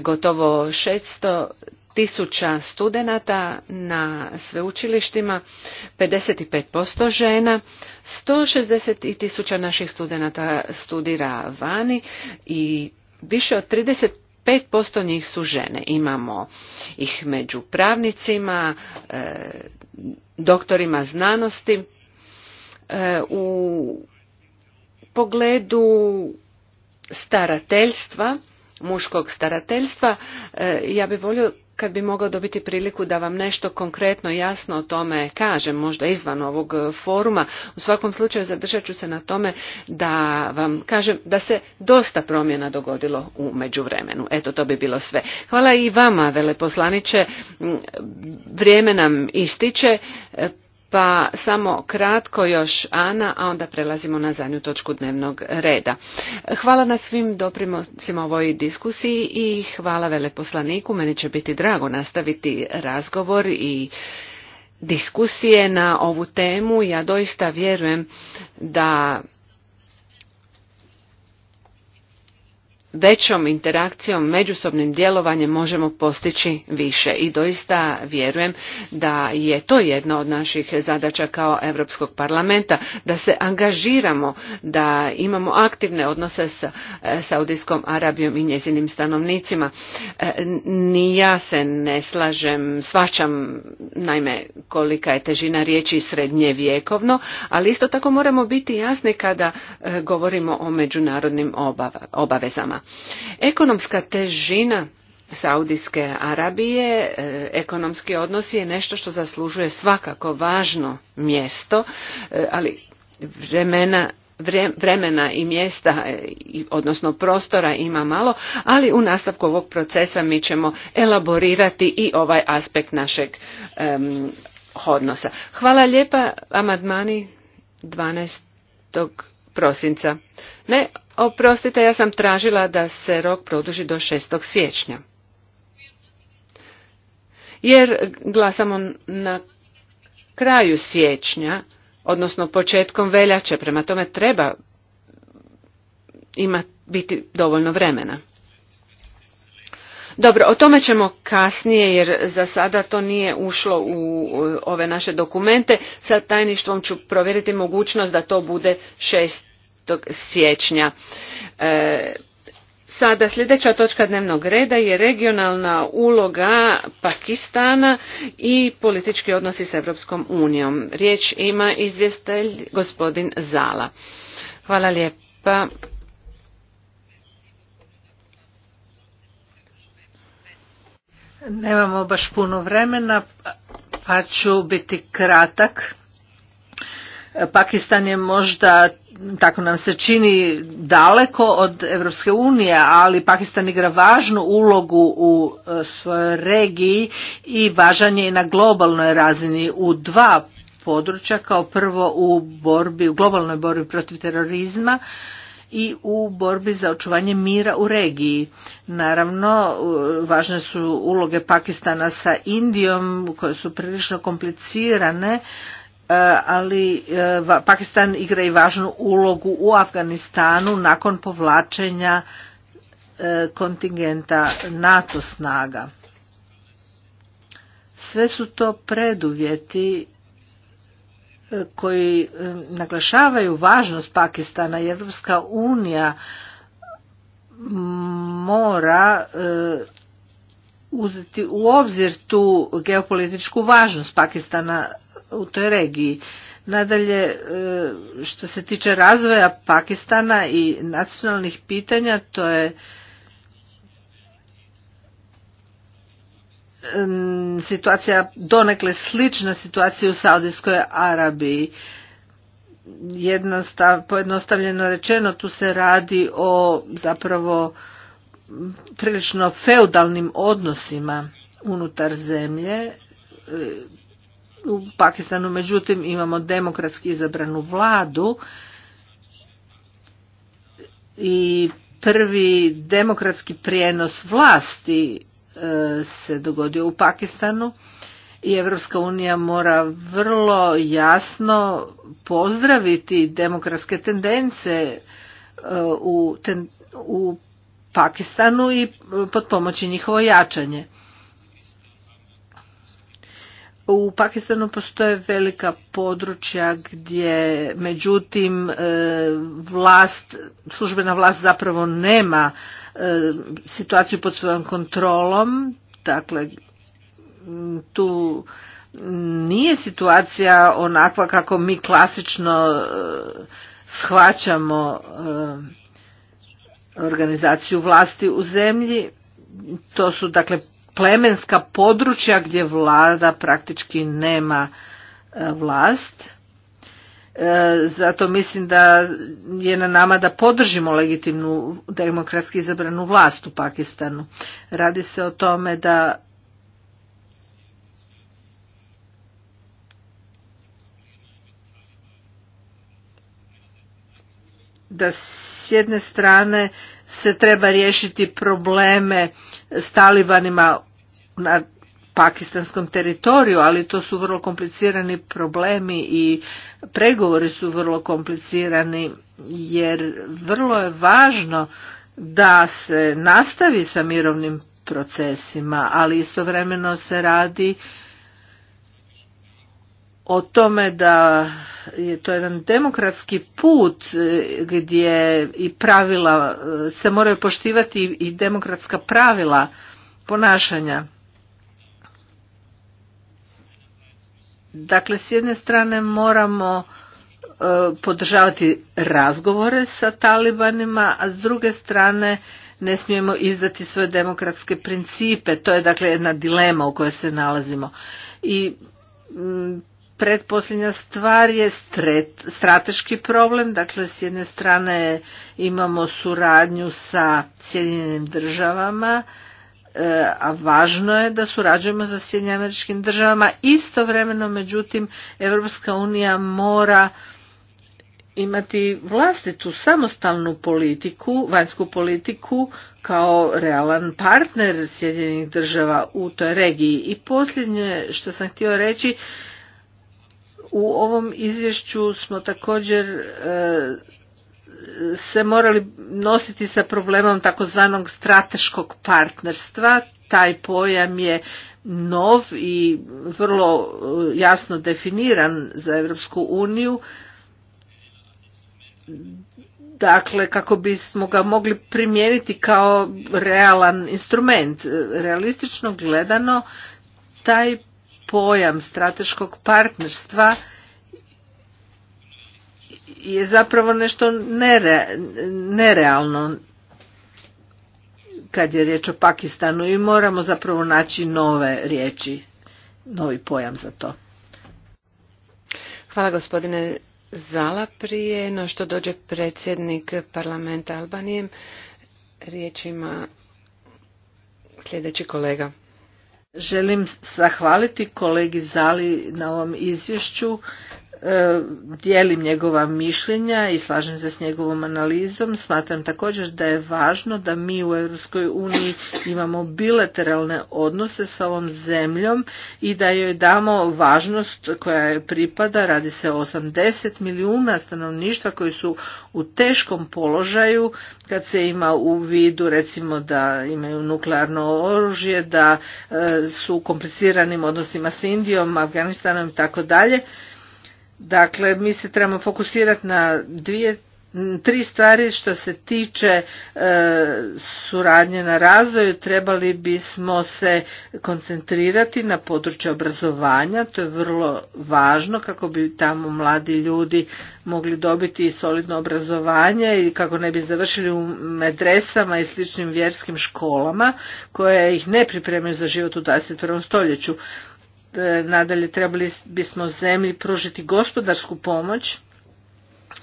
gotovo 600 tisuća studenata na sveučilištima, 55% žena, 160 tisuća naših studenata studira vani i više od 35% njih su žene. Imamo ih među pravnicima, e, doktorima znanosti. E, u pogledu starateljstva, muškog starateljstva, e, ja bih volio kad bi mogao dobiti priliku da vam nešto konkretno jasno o tome kažem, možda izvan ovog e, foruma. U svakom slučaju zadržat ću se na tome da vam kažem da se dosta promjena dogodilo u međuvremenu. Eto, to bi bilo sve. Hvala i vama, veleposlaniče. Vrijeme nam ističe. E, pa samo kratko još Ana, a onda prelazimo na zadnju točku dnevnog reda. Hvala na svim doprinosima ovoj diskusiji i hvala veleposlaniku. Meni će biti drago nastaviti razgovor i diskusije na ovu temu. Ja doista vjerujem da većom interakcijom, međusobnim djelovanjem možemo postići više i doista vjerujem da je to jedna od naših zadaća kao Europskog parlamenta, da se angažiramo, da imamo aktivne odnose sa e, Saudijskom Arabijom i njezinim stanovnicima. E, ni ja se ne slažem, svačam naime kolika je težina riječi srednje vijekovno, ali isto tako moramo biti jasni kada e, govorimo o međunarodnim obavezama. Ekonomska težina Saudijske Arabije, e, ekonomski odnos je nešto što zaslužuje svakako važno mjesto, e, ali vremena vremena i mjesta, e, odnosno prostora ima malo, ali u nastavku ovog procesa mi ćemo elaborirati i ovaj aspekt našeg um, odnosa. Hvala lijepa, amadmani 12 prosinca. Ne, oprostite, ja sam tražila da se rok produži do 6. siječnja. Jer glasamo na kraju siječnja, odnosno početkom veljače, prema tome treba ima biti dovoljno vremena. Dobro, o tome ćemo kasnije jer za sada to nije ušlo u ove naše dokumente. Sa tajništvom ću provjeriti mogućnost da to bude šest siječnja. E, sada sljedeća točka dnevnog reda je regionalna uloga Pakistana i politički odnosi s Europskom unijom. Riječ ima izvjestelj gospodin Zala. Hvala lijepa. Nemamo baš puno vremena, pa ću biti kratak. Pakistan je možda tako nam se čini daleko od Europske unije, ali Pakistan igra važnu ulogu u e, svojoj regiji i važan je i na globalnoj razini u dva područja, kao prvo u borbi, u globalnoj borbi protiv terorizma i u borbi za očuvanje mira u regiji. Naravno, važne su uloge Pakistana sa Indijom koje su prilično komplicirane, Eh, ali eh, Pakistan igra i važnu ulogu u Afganistanu nakon povlačenja eh, kontingenta NATO snaga. Sve su to preduvjeti koji naglašavaju važnost Pakistana i Evropska unija mora uzeti u obzir tu geopolitičku važnost Pakistana u toj regiji. Nadalje, e, što se tiče razvoja Pakistana i nacionalnih pitanja, to je situacija donekle slična situaciji u Saudijskoj Arabiji. pojednostavljeno rečeno, tu se radi o zapravo prilično feudalnim odnosima unutar zemlje u Pakistanu, međutim imamo demokratski izabranu vladu i prvi demokratski prijenos vlasti e, se dogodio u Pakistanu i Evropska unija mora vrlo jasno pozdraviti demokratske tendence e, u, u Pakistanu i potpomoći njihovo jačanje u Pakistanu postoje velika područja gdje međutim e, vlast, službena vlast zapravo nema e, situaciju pod svojom kontrolom, dakle tu nije situacija onakva kako mi klasično e, shvaćamo organizaciju vlasti u zemlji, to su dakle plemenska područja gdje vlada praktički nema e, vlast. E, zato mislim da je na nama da podržimo legitimnu demokratski izabranu vlast u Pakistanu. Radi se o tome da da s jedne strane se treba riješiti probleme s talibanima na pakistanskom teritoriju, ali to su vrlo komplicirani problemi i pregovori su vrlo komplicirani jer vrlo je važno da se nastavi sa mirovnim procesima, ali istovremeno se radi o tome da je to jedan demokratski put e, gdje i pravila e, se moraju poštivati i demokratska pravila ponašanja. Dakle, s jedne strane moramo e, podržavati razgovore sa talibanima, a s druge strane ne smijemo izdati svoje demokratske principe. To je dakle jedna dilema u kojoj se nalazimo. I predposljednja stvar je strateški problem. Dakle, s jedne strane imamo suradnju sa Sjedinjenim državama, E, a važno je da surađujemo sa Sjedinjenim američkim državama. Istovremeno, međutim, Europska unija mora imati vlastitu samostalnu politiku, vanjsku politiku kao realan partner Sjedinjenih država u toj regiji. I posljednje što sam htio reći, u ovom izvješću smo također e, se morali nositi sa problemom takozvanog strateškog partnerstva. Taj pojam je nov i vrlo e, jasno definiran za Europsku uniju. Dakle, kako bismo ga mogli primijeniti kao realan instrument. Realistično gledano, taj pojam strateškog partnerstva je zapravo nešto nerealno kad je riječ o Pakistanu i moramo zapravo naći nove riječi, novi pojam za to. Hvala gospodine Zala. Prije no što dođe predsjednik parlamenta Albanije, riječ ima sljedeći kolega. Želim zahvaliti kolegi Zali na ovom izvješću. E, dijelim njegova mišljenja i slažem se s njegovom analizom. Smatram također da je važno da mi u Europskoj uniji imamo bilateralne odnose sa ovom zemljom i da joj damo važnost koja joj pripada. Radi se o 80 milijuna stanovništva koji su u teškom položaju kad se ima u vidu recimo da imaju nuklearno oružje, da e, su u kompliciranim odnosima s Indijom, Afganistanom i tako dalje Dakle, mi se trebamo fokusirati na dvije tri stvari što se tiče e, suradnje na razvoju trebali bismo se koncentrirati na područje obrazovanja to je vrlo važno kako bi tamo mladi ljudi mogli dobiti solidno obrazovanje i kako ne bi završili u medresama i sličnim vjerskim školama koje ih ne pripremaju za život u 21. stoljeću E, nadalje trebali bismo zemlji pružiti gospodarsku pomoć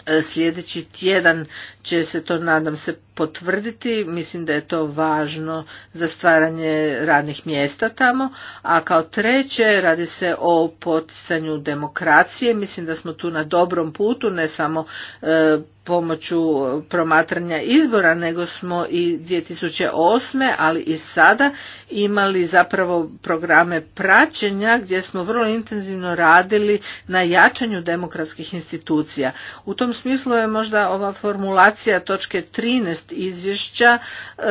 e, sljedeći tjedan će se to nadam se potvrditi, mislim da je to važno za stvaranje radnih mjesta tamo, a kao treće radi se o poticanju demokracije, mislim da smo tu na dobrom putu, ne samo e, pomoću promatranja izbora, nego smo i 2008. ali i sada imali zapravo programe praćenja gdje smo vrlo intenzivno radili na jačanju demokratskih institucija. U tom smislu je možda ova formulacija točke 13 izvješća e,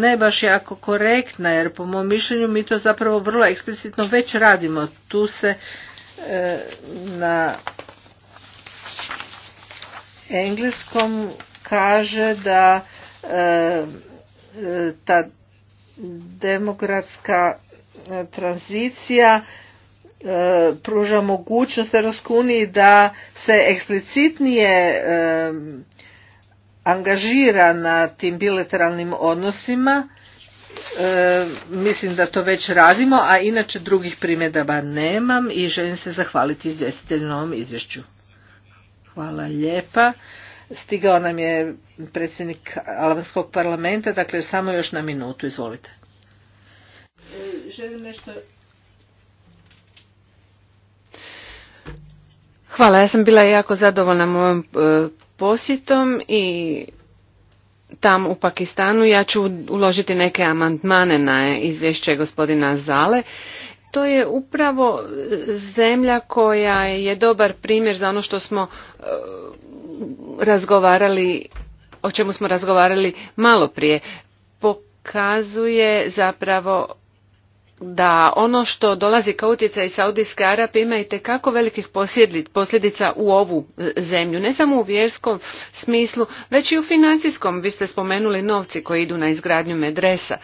ne baš jako korektna jer po mom mišljenju mi to zapravo vrlo eksplicitno već radimo. Tu se e, na engleskom kaže da e, ta demokratska tranzicija pruža mogućnost Europskoj da se eksplicitnije angažira na tim bilateralnim odnosima. E, mislim da to već radimo, a inače drugih primjedaba nemam i želim se zahvaliti izvjestitelju na ovom izvješću. Hvala lijepa. Stigao nam je predsjednik Albanskog parlamenta, dakle samo još na minutu, izvolite. želim nešto... Hvala, ja sam bila jako zadovoljna mojom e, posjetom i tam u Pakistanu ja ću uložiti neke amandmane na izvješće gospodina Zale. To je upravo zemlja koja je dobar primjer za ono što smo e, razgovarali, o čemu smo razgovarali malo prije. Pokazuje zapravo da ono što dolazi kao utjecaj iz Saudijske Arabije ima i velikih posljedica u ovu e, zemlju, ne samo u vjerskom smislu, već i u financijskom. Vi ste spomenuli novci koji idu na izgradnju medresa.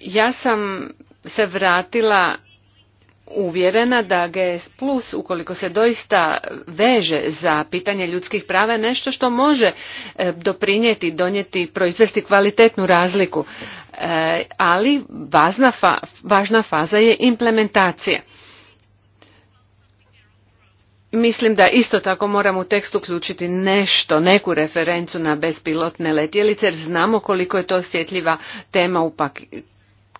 Ja sam se vratila uvjerena da GS plus ukoliko se doista veže za pitanje ljudskih prava je nešto što može e, doprinijeti, donijeti, proizvesti kvalitetnu razliku. E, ali važna, važna faza je implementacija. Mislim da isto tako moramo u tekst uključiti nešto, neku referencu na bespilotne letjelice jer znamo koliko je to osjetljiva tema u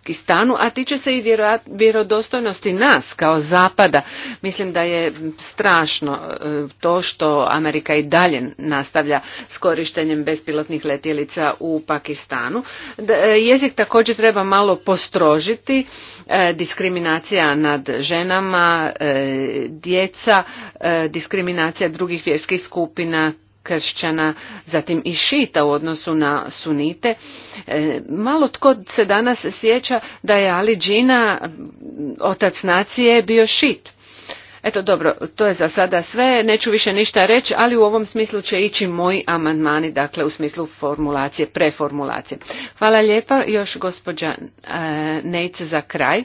Pakistanu, a tiče se i vjerodostojnosti nas kao Zapada. Mislim da je strašno e, to što Amerika i dalje nastavlja s korištenjem bespilotnih letjelica u Pakistanu. E, jezik također treba malo postrožiti, e, diskriminacija nad ženama, djeca, diskriminacija drugih vjerskih skupina, kršćana, zatim i šita u odnosu na sunite. E, malo tko se danas sjeća da je Ali Džina, otac nacije, bio šit. Eto dobro, to je za sada sve, neću više ništa reći, ali u ovom smislu će ići moji amandmani, dakle u smislu formulacije, preformulacije. Hvala lijepa, još gospođa Nejce za kraj.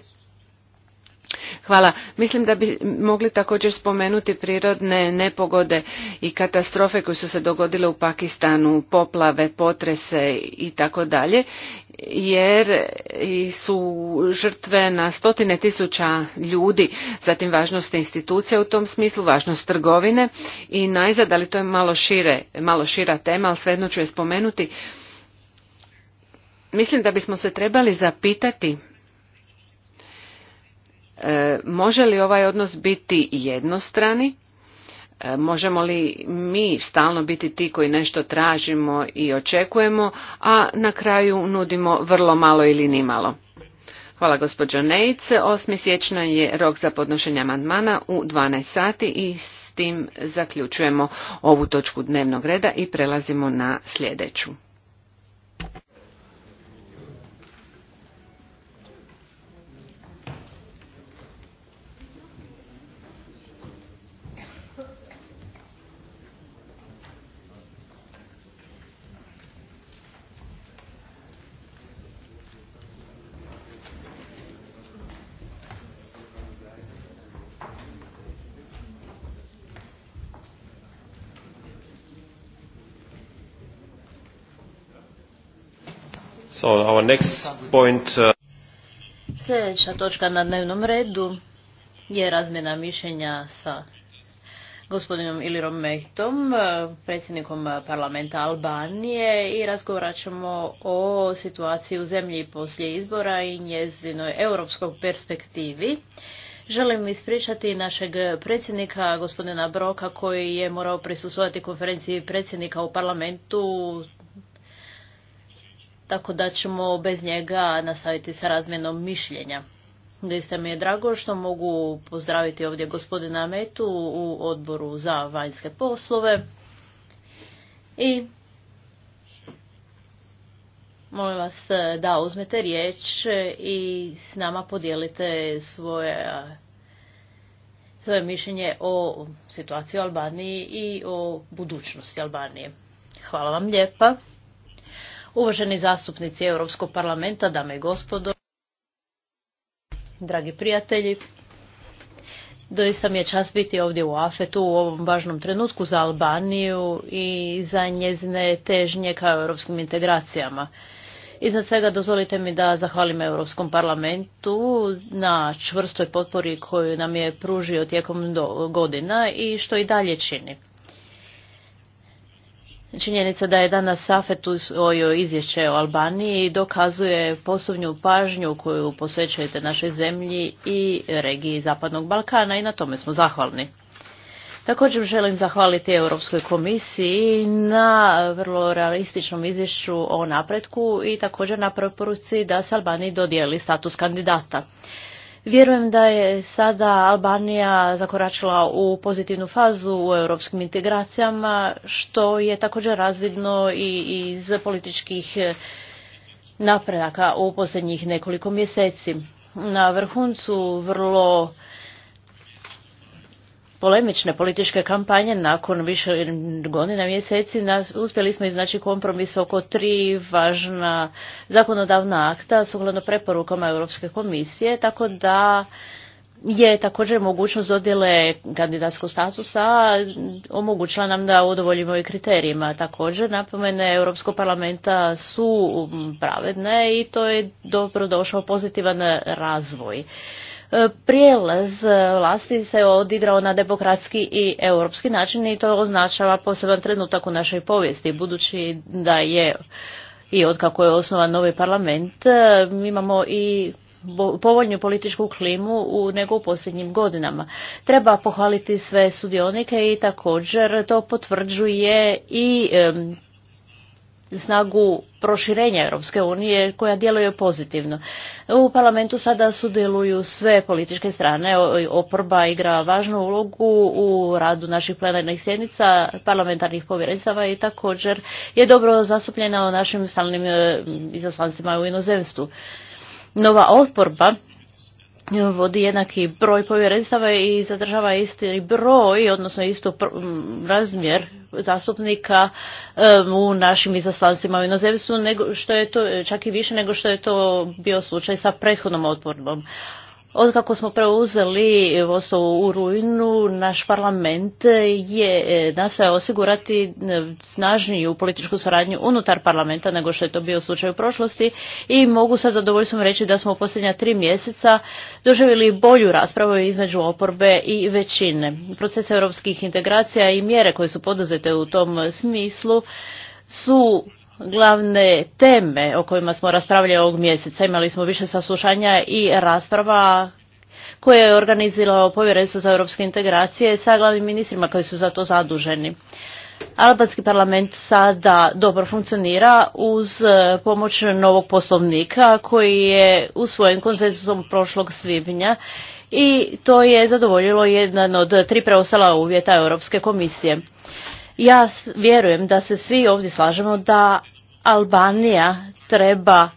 Hvala. Mislim da bi mogli također spomenuti prirodne nepogode i katastrofe koje su se dogodile u Pakistanu, poplave, potrese i tako dalje, jer su žrtve na stotine tisuća ljudi, zatim važnost institucija u tom smislu, važnost trgovine i najzad, ali to je malo, šire, malo šira tema, ali svejedno ću je spomenuti, mislim da bismo se trebali zapitati E, može li ovaj odnos biti jednostrani? E, možemo li mi stalno biti ti koji nešto tražimo i očekujemo, a na kraju nudimo vrlo malo ili nimalo? Hvala gospođo Nejce, 8. siječnja je rok za podnošenje amandmana u 12 sati i s tim zaključujemo ovu točku dnevnog reda i prelazimo na sljedeću. our next uh, Sljedeća točka na dnevnom redu je razmjena mišljenja sa gospodinom Ilirom Mehtom, uh, predsjednikom parlamenta Albanije i razgovarat ćemo o situaciji u zemlji poslije izbora i njezinoj europskoj perspektivi. Želim ispričati našeg predsjednika, gospodina Broka, koji je morao prisustvovati konferenciji predsjednika u parlamentu tako da ćemo bez njega nastaviti sa razmjenom mišljenja. Doista mi je drago što mogu pozdraviti ovdje gospodina Metu u odboru za vanjske poslove. I molim vas da uzmete riječ i s nama podijelite svoje, svoje mišljenje o situaciji u Albaniji i o budućnosti Albanije. Hvala vam lijepa. Uvaženi zastupnici Europskog parlamenta, dame i gospodo, dragi prijatelji, Doista mi je čast biti ovdje u Afetu u ovom važnom trenutku za Albaniju i za njezine težnje ka europskim integracijama. Iznad svega dozvolite mi da zahvalim Europskom parlamentu na čvrstoj potpori koju nam je pružio tijekom godina i što i dalje čini. Činjenica da je danas Safet usvojio izvješće o Albaniji dokazuje posebnu pažnju koju posvećujete našoj zemlji i regiji Zapadnog Balkana i na tome smo zahvalni. Također želim zahvaliti Europskoj komisiji na vrlo realističnom izvješću o napretku i također na preporuci da se Albaniji dodijeli status kandidata. Vjerujem da je sada Albanija zakoračila u pozitivnu fazu u europskim integracijama, što je također razvidno i iz političkih napredaka u posljednjih nekoliko mjeseci. Na vrhuncu vrlo polemične političke kampanje nakon više godina mjeseci uspjeli smo iznaći kompromis oko tri važna zakonodavna akta sukladno preporukama Europske komisije, tako da je također mogućnost dodjele kandidatskog statusa omogućila nam da udovoljimo i kriterijima. Također napomene Europskog parlamenta su pravedne i to je dobro došao pozitivan razvoj prijelaz vlasti se odigrao na demokratski i europski način i to označava poseban trenutak u našoj povijesti, budući da je i od kako je osnovan novi parlament, e, imamo i povoljnju političku klimu u, nego u posljednjim godinama. Treba pohvaliti sve sudionike i također to potvrđuje i snagu proširenja Europske unije koja djeluje pozitivno. U parlamentu sada sudjeluju sve političke strane, oporba igra važnu ulogu u radu naših plenarnih sjednica, parlamentarnih povjerenstava i također je dobro zastupljena o našim stalnim e, izaslanstvima u inozemstvu. Nova oporba vodi jednaki broj povjerenstava i zadržava isti broj, odnosno isto razmjer zastupnika u našim izaslancima u inozemstvu, što je to, čak i više nego što je to bio slučaj sa prethodnom odborbom. Od kako smo preuzeli vodstvo u rujnu, naš parlament je nastojao e, osigurati e, snažniju političku suradnju unutar parlamenta nego što je to bio slučaj u prošlosti i mogu sa zadovoljstvom reći da smo u posljednja tri mjeseca doživjeli bolju raspravu između oporbe i većine. Proces europskih integracija i mjere koje su poduzete u tom smislu su glavne teme o kojima smo raspravljali ovog mjeseca. Imali smo više saslušanja i rasprava koje je organiziralo povjerenstvo za europske integracije sa glavnim ministrima koji su za to zaduženi. Albanski parlament sada dobro funkcionira uz pomoć novog poslovnika koji je usvojen konsenzusom prošlog svibnja i to je zadovoljilo jedan od tri preostala uvjeta Europske komisije. Ja vjerujem da se svi ovdje slažemo da Albanija treba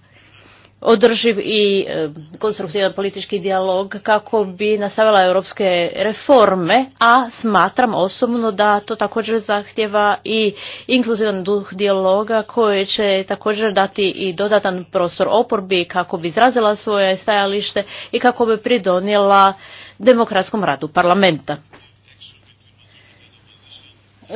održiv i e, konstruktivan politički dijalog kako bi nastavila europske reforme, a smatram osobno da to također zahtjeva i inkluzivan duh dijaloga koji će također dati i dodatan prostor oporbi kako bi izrazila svoje stajalište i kako bi pridonijela demokratskom radu parlamenta.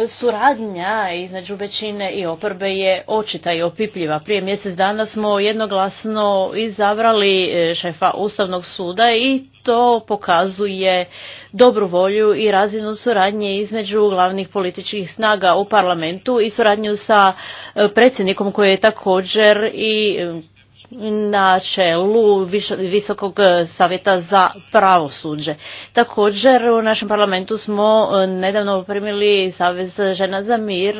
Suradnja između većine i oporbe je očita i opipljiva. Prije mjesec dana smo jednoglasno izabrali e, šefa Ustavnog suda i to pokazuje dobru volju i razinu suradnje između glavnih političkih snaga u parlamentu i suradnju sa e, predsjednikom koji je također i e, na čelu Visokog e, savjeta za pravosuđe. Također u našem parlamentu smo e, nedavno primili Savez žena za mir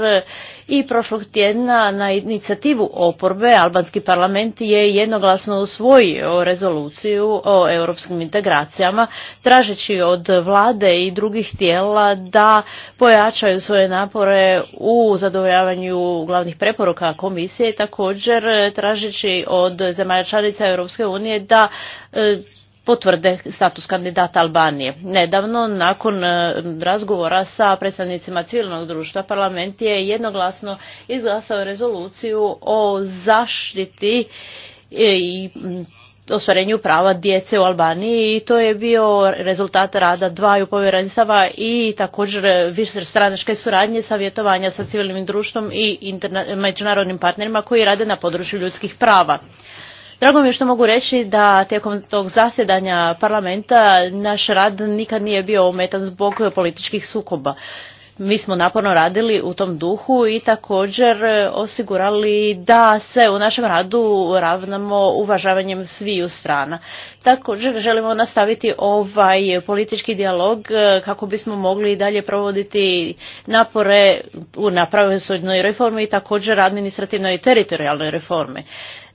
i prošlog tjedna na inicijativu oporbe albanski parlament je jednoglasno usvojio rezoluciju o europskim integracijama tražeći od vlade i drugih tijela da pojačaju svoje napore u zadovoljavanju glavnih preporuka komisije također tražeći od zemalja članica Europske unije da e, potvrde status kandidata Albanije. Nedavno, nakon e, razgovora sa predstavnicima civilnog društva, parlament je jednoglasno izglasao rezoluciju o zaštiti i ostvarenju prava djece u Albaniji i to je bio rezultat rada dvaju povjerenstava i također višestranačke suradnje, savjetovanja sa civilnim društvom i međunarodnim partnerima koji rade na području ljudskih prava. Drago mi je što mogu reći da tijekom tog zasjedanja parlamenta naš rad nikad nije bio ometan zbog političkih sukoba. Mi smo naporno radili u tom duhu i također osigurali da se u našem radu ravnamo uvažavanjem sviju strana. Također želimo nastaviti ovaj politički dijalog kako bismo mogli dalje provoditi napore na pravosudnoj reformi i također administrativnoj i teritorijalnoj reformi.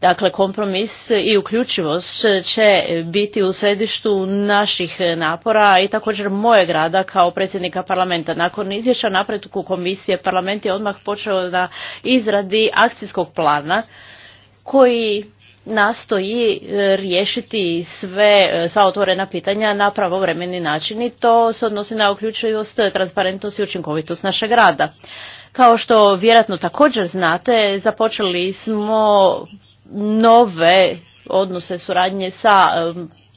Dakle, kompromis i uključivost će biti u središtu naših napora i također moje grada kao predsjednika parlamenta. Nakon izvješća napretku komisije, parlament je odmah počeo na izradi akcijskog plana koji nastoji e, riješiti sve, e, sva otvorena pitanja na pravovremeni način i to se odnosi na uključivost, transparentnost i učinkovitost našeg rada. Kao što vjerojatno također znate, započeli smo nove odnose suradnje sa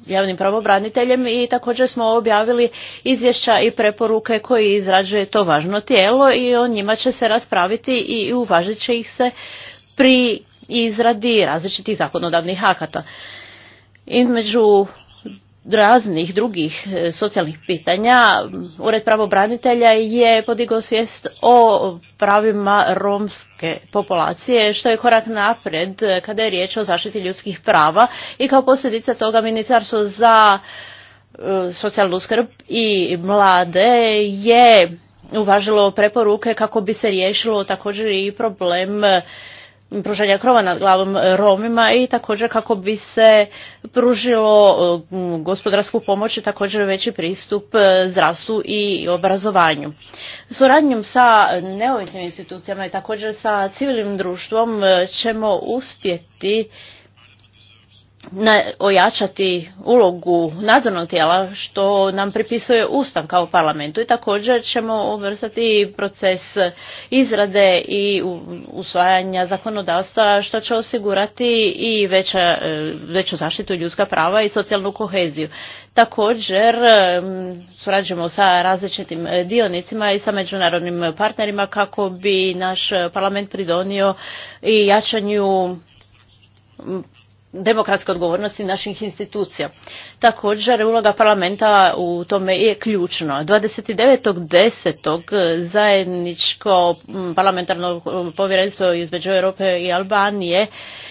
javnim pravobraniteljem i također smo objavili izvješća i preporuke koje izrađuje to važno tijelo i o njima će se raspraviti i uvažit će ih se pri izradi različitih zakonodavnih akata. Između raznih drugih e, socijalnih pitanja, Ured pravobranitelja je podigao svijest o pravima romske populacije, što je korak napred e, kada je riječ o zaštiti ljudskih prava i kao posljedica toga Ministarstvo za e, socijalnu skrb i mlade je uvažilo preporuke kako bi se riješilo također i problem pružanja krova nad glavom e, Romima i također kako bi se pružilo e, gospodarsku pomoć i također veći pristup e, zdravstvu i obrazovanju. Suradnjom sa neovisnim institucijama i također sa civilnim društvom ćemo uspjeti ojačati ulogu nadzornog tijela što nam pripisuje Ustav kao parlamentu i također ćemo uvrstati proces izrade i usvajanja zakonodavstva što će osigurati i veća, e, veću zaštitu ljudska prava i socijalnu koheziju. Također surađujemo sa različitim e, dionicima i sa međunarodnim partnerima kako bi naš parlament pridonio i jačanju demokratske odgovornosti naših institucija. Također, uloga parlamenta u tome je ključno. 29.10. zajedničko parlamentarno povjerenstvo između Europe i Albanije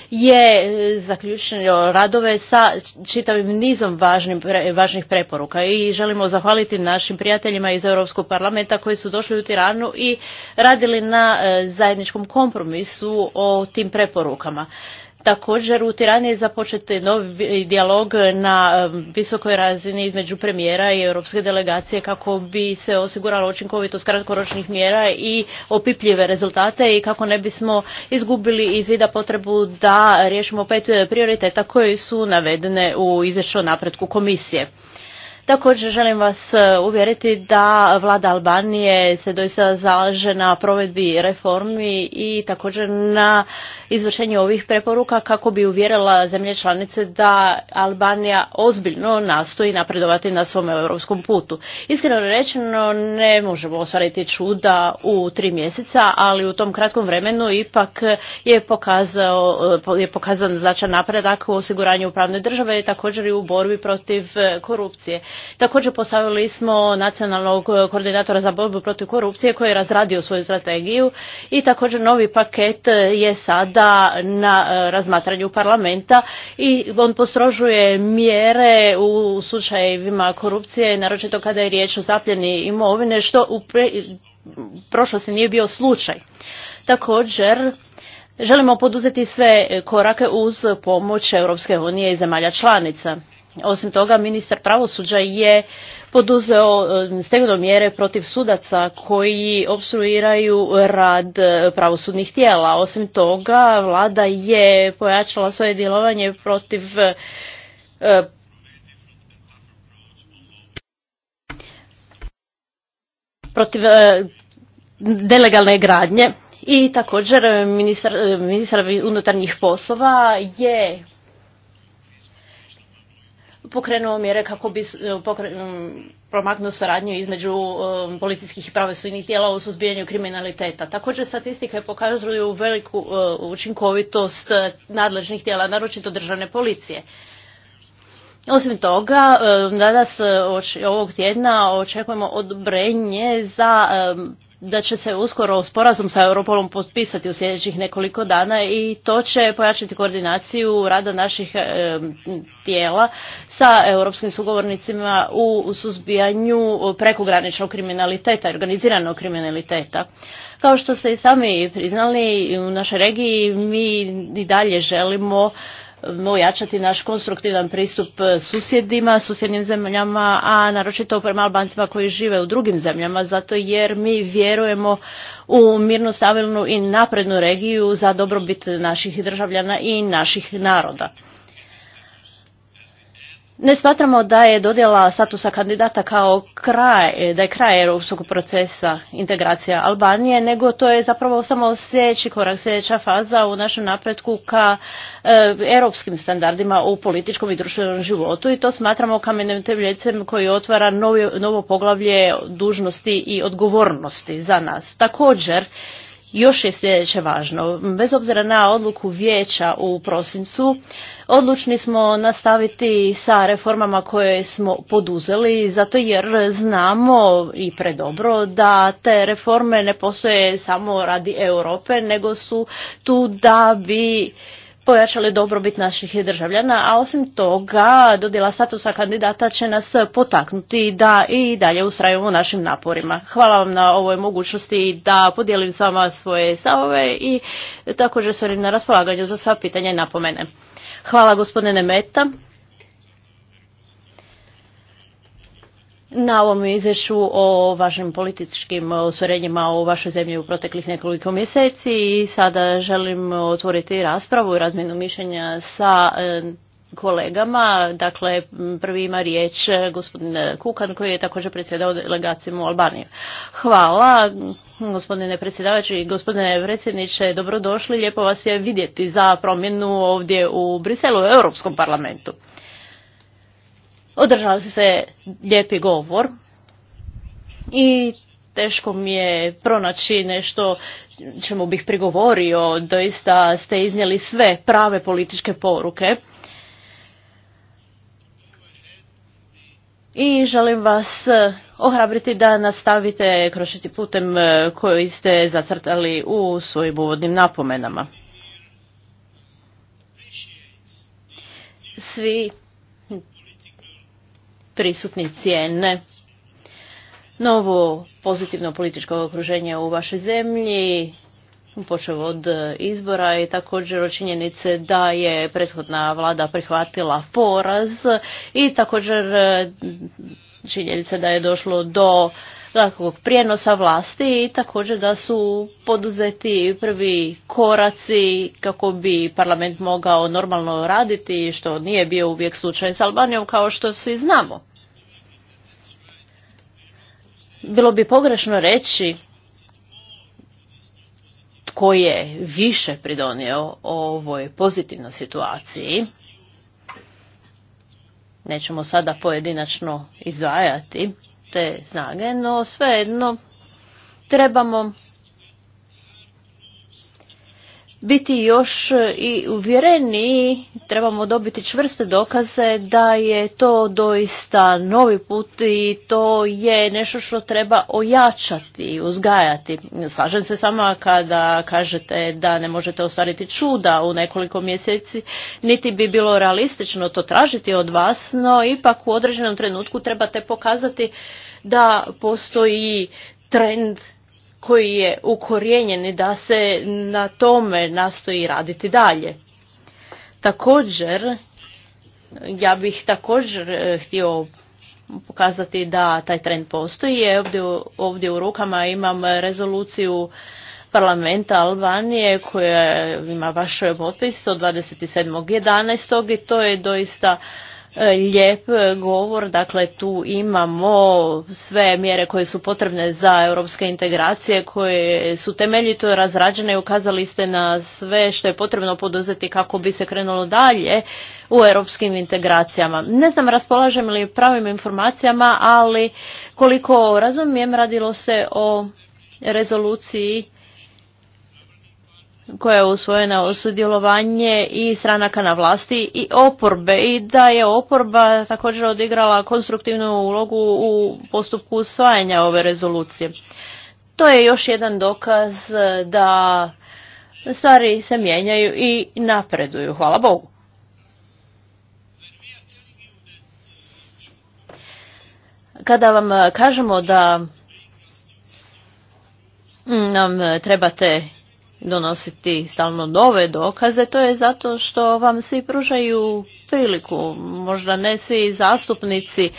je e, zaključilo radove sa čitavim nizom važnih preporuka i želimo zahvaliti našim prijateljima iz Europskog parlamenta koji su došli u Tiranu i radili na e, zajedničkom kompromisu o tim preporukama. Također u Tirani je započeti novi dijalog na visokoj razini između premijera i europske delegacije kako bi se osiguralo učinkovitost kratkoročnih mjera i opipljive rezultate i kako ne bismo izgubili iz potrebu da riješimo pet prioriteta koje su navedene u izvješću o napretku komisije. Također želim vas e, uvjeriti da vlada Albanije se doista zalaže na provedbi reformi i također na izvršenju ovih preporuka kako bi uvjerila zemlje članice da Albanija ozbiljno nastoji napredovati na svom europskom putu. Iskreno rečeno ne možemo ostvariti čuda u tri mjeseca, ali u tom kratkom vremenu ipak je, pokazao, e, je pokazan značajan napredak u osiguranju pravne države i također i u borbi protiv e, korupcije. Također postavili smo nacionalnog koordinatora za borbu protiv korupcije koji je razradio svoju strategiju i također novi paket je sada na e, razmatranju parlamenta i on postrožuje mjere u slučajevima korupcije, naročito kada je riječ o zapljeni imovine, što u prošlosti nije bio slučaj. Također, želimo poduzeti sve korake uz pomoć Europske unije i zemalja članica. Osim toga, ministar pravosuđa je poduzeo e, stegovne mjere protiv sudaca koji obstruiraju rad e, pravosudnih tijela. Osim toga, vlada je pojačala svoje djelovanje protiv e, protiv nelegalne gradnje i također ministar unutarnjih poslova je pokrenuo mjere kako bi e, promaknuo suradnju između e, policijskih i pravosudnih tijela u suzbijanju kriminaliteta. Također statistike pokazuju veliku e, učinkovitost nadležnih tijela, naročito državne policije. Osim toga, danas ovog tjedna očekujemo odobrenje za da će se uskoro sporazum sa Europolom potpisati u sljedećih nekoliko dana i to će pojačiti koordinaciju rada naših e, tijela sa europskim sugovornicima u suzbijanju prekograničnog kriminaliteta i organiziranog kriminaliteta. Kao što ste i sami priznali, u našoj regiji mi i dalje želimo ojačati naš konstruktivan pristup e, susjedima, susjednim zemljama, a naročito prema Albancima koji žive u drugim zemljama, zato jer mi vjerujemo u mirnu, stabilnu i naprednu regiju za dobrobit naših državljana i naših naroda. Ne smatramo da je dodjela statusa kandidata kao kraj, da je kraj europskog procesa integracija Albanije, nego to je zapravo samo sljedeći korak, sljedeća faza u našem napretku ka e, europskim standardima u političkom i društvenom životu i to smatramo kamenim koji otvara novo poglavlje dužnosti i odgovornosti za nas. Također, još je sljedeće važno, bez obzira na odluku vijeća u prosincu, Odlučni smo nastaviti sa reformama koje smo poduzeli, zato jer znamo i predobro da te reforme ne postoje samo radi Europe, nego su tu da bi pojačali dobrobit naših državljana, a osim toga dodjela statusa kandidata će nas potaknuti da i dalje ustrajemo u našim naporima. Hvala vam na ovoj mogućnosti da podijelim s vama svoje savove i također su na raspolaganju za sva pitanja i napomene. Hvala gospodine Meta. Na ovom izvješću o vašim političkim osvorenjima u vašoj zemlji u proteklih nekoliko mjeseci i sada želim otvoriti raspravu i razmjenu mišljenja sa e, kolegama. Dakle, prvi ima riječ gospodin Kukan koji je također predsjedao delegacijom u Albaniji. Hvala gospodine predsjedavajući i gospodine predsjedniče, dobrodošli. Lijepo vas je vidjeti za promjenu ovdje u Briselu, u Europskom parlamentu. Održali se lijepi govor i teško mi je pronaći nešto čemu bih prigovorio. Doista ste iznijeli sve prave političke poruke. i želim vas e, ohrabriti da nastavite krošiti putem e, koji ste zacrtali u svojim uvodnim napomenama. Svi prisutni cijene novo pozitivno političko okruženje u vašoj zemlji, počeo od e, izbora i također od činjenice da je prethodna vlada prihvatila poraz i također e, činjenice da je došlo do takvog prijenosa vlasti i također da su poduzeti prvi koraci kako bi parlament mogao normalno raditi, što nije bio uvijek slučaj s Albanijom, kao što svi znamo. Bilo bi pogrešno reći tko je više pridonio ovoj pozitivnoj situaciji. Nećemo sada pojedinačno izdvajati te snage, no svejedno trebamo biti još e, i uvjereni, trebamo dobiti čvrste dokaze da je to doista novi put i to je nešto što treba ojačati i uzgajati. Slažem se sama kada kažete da ne možete ostvariti čuda u nekoliko mjeseci, niti bi bilo realistično to tražiti od vas, no ipak u određenom trenutku trebate pokazati da postoji trend koji je ukorijenjen i da se na tome nastoji raditi dalje. Također, ja bih također e, htio pokazati da taj trend postoji. Ovdje, ovdje u rukama imam rezoluciju parlamenta Albanije koja ima vaš potpis od 27.11. i to je doista lijep e, govor, dakle tu imamo sve mjere koje su potrebne za europske integracije koje su temeljito razrađene i ukazali ste na sve što je potrebno poduzeti kako bi se krenulo dalje u europskim integracijama. Ne znam raspolažem li pravim informacijama, ali koliko razumijem radilo se o rezoluciji koja je usvojena o sudjelovanje i stranaka na vlasti i oporbe i da je oporba također odigrala konstruktivnu ulogu u postupku usvajanja ove rezolucije. To je još jedan dokaz da stvari se mijenjaju i napreduju. Hvala Bogu. Kada vam kažemo da nam trebate donositi stalno nove dokaze, to je zato što vam svi pružaju priliku, možda ne svi zastupnici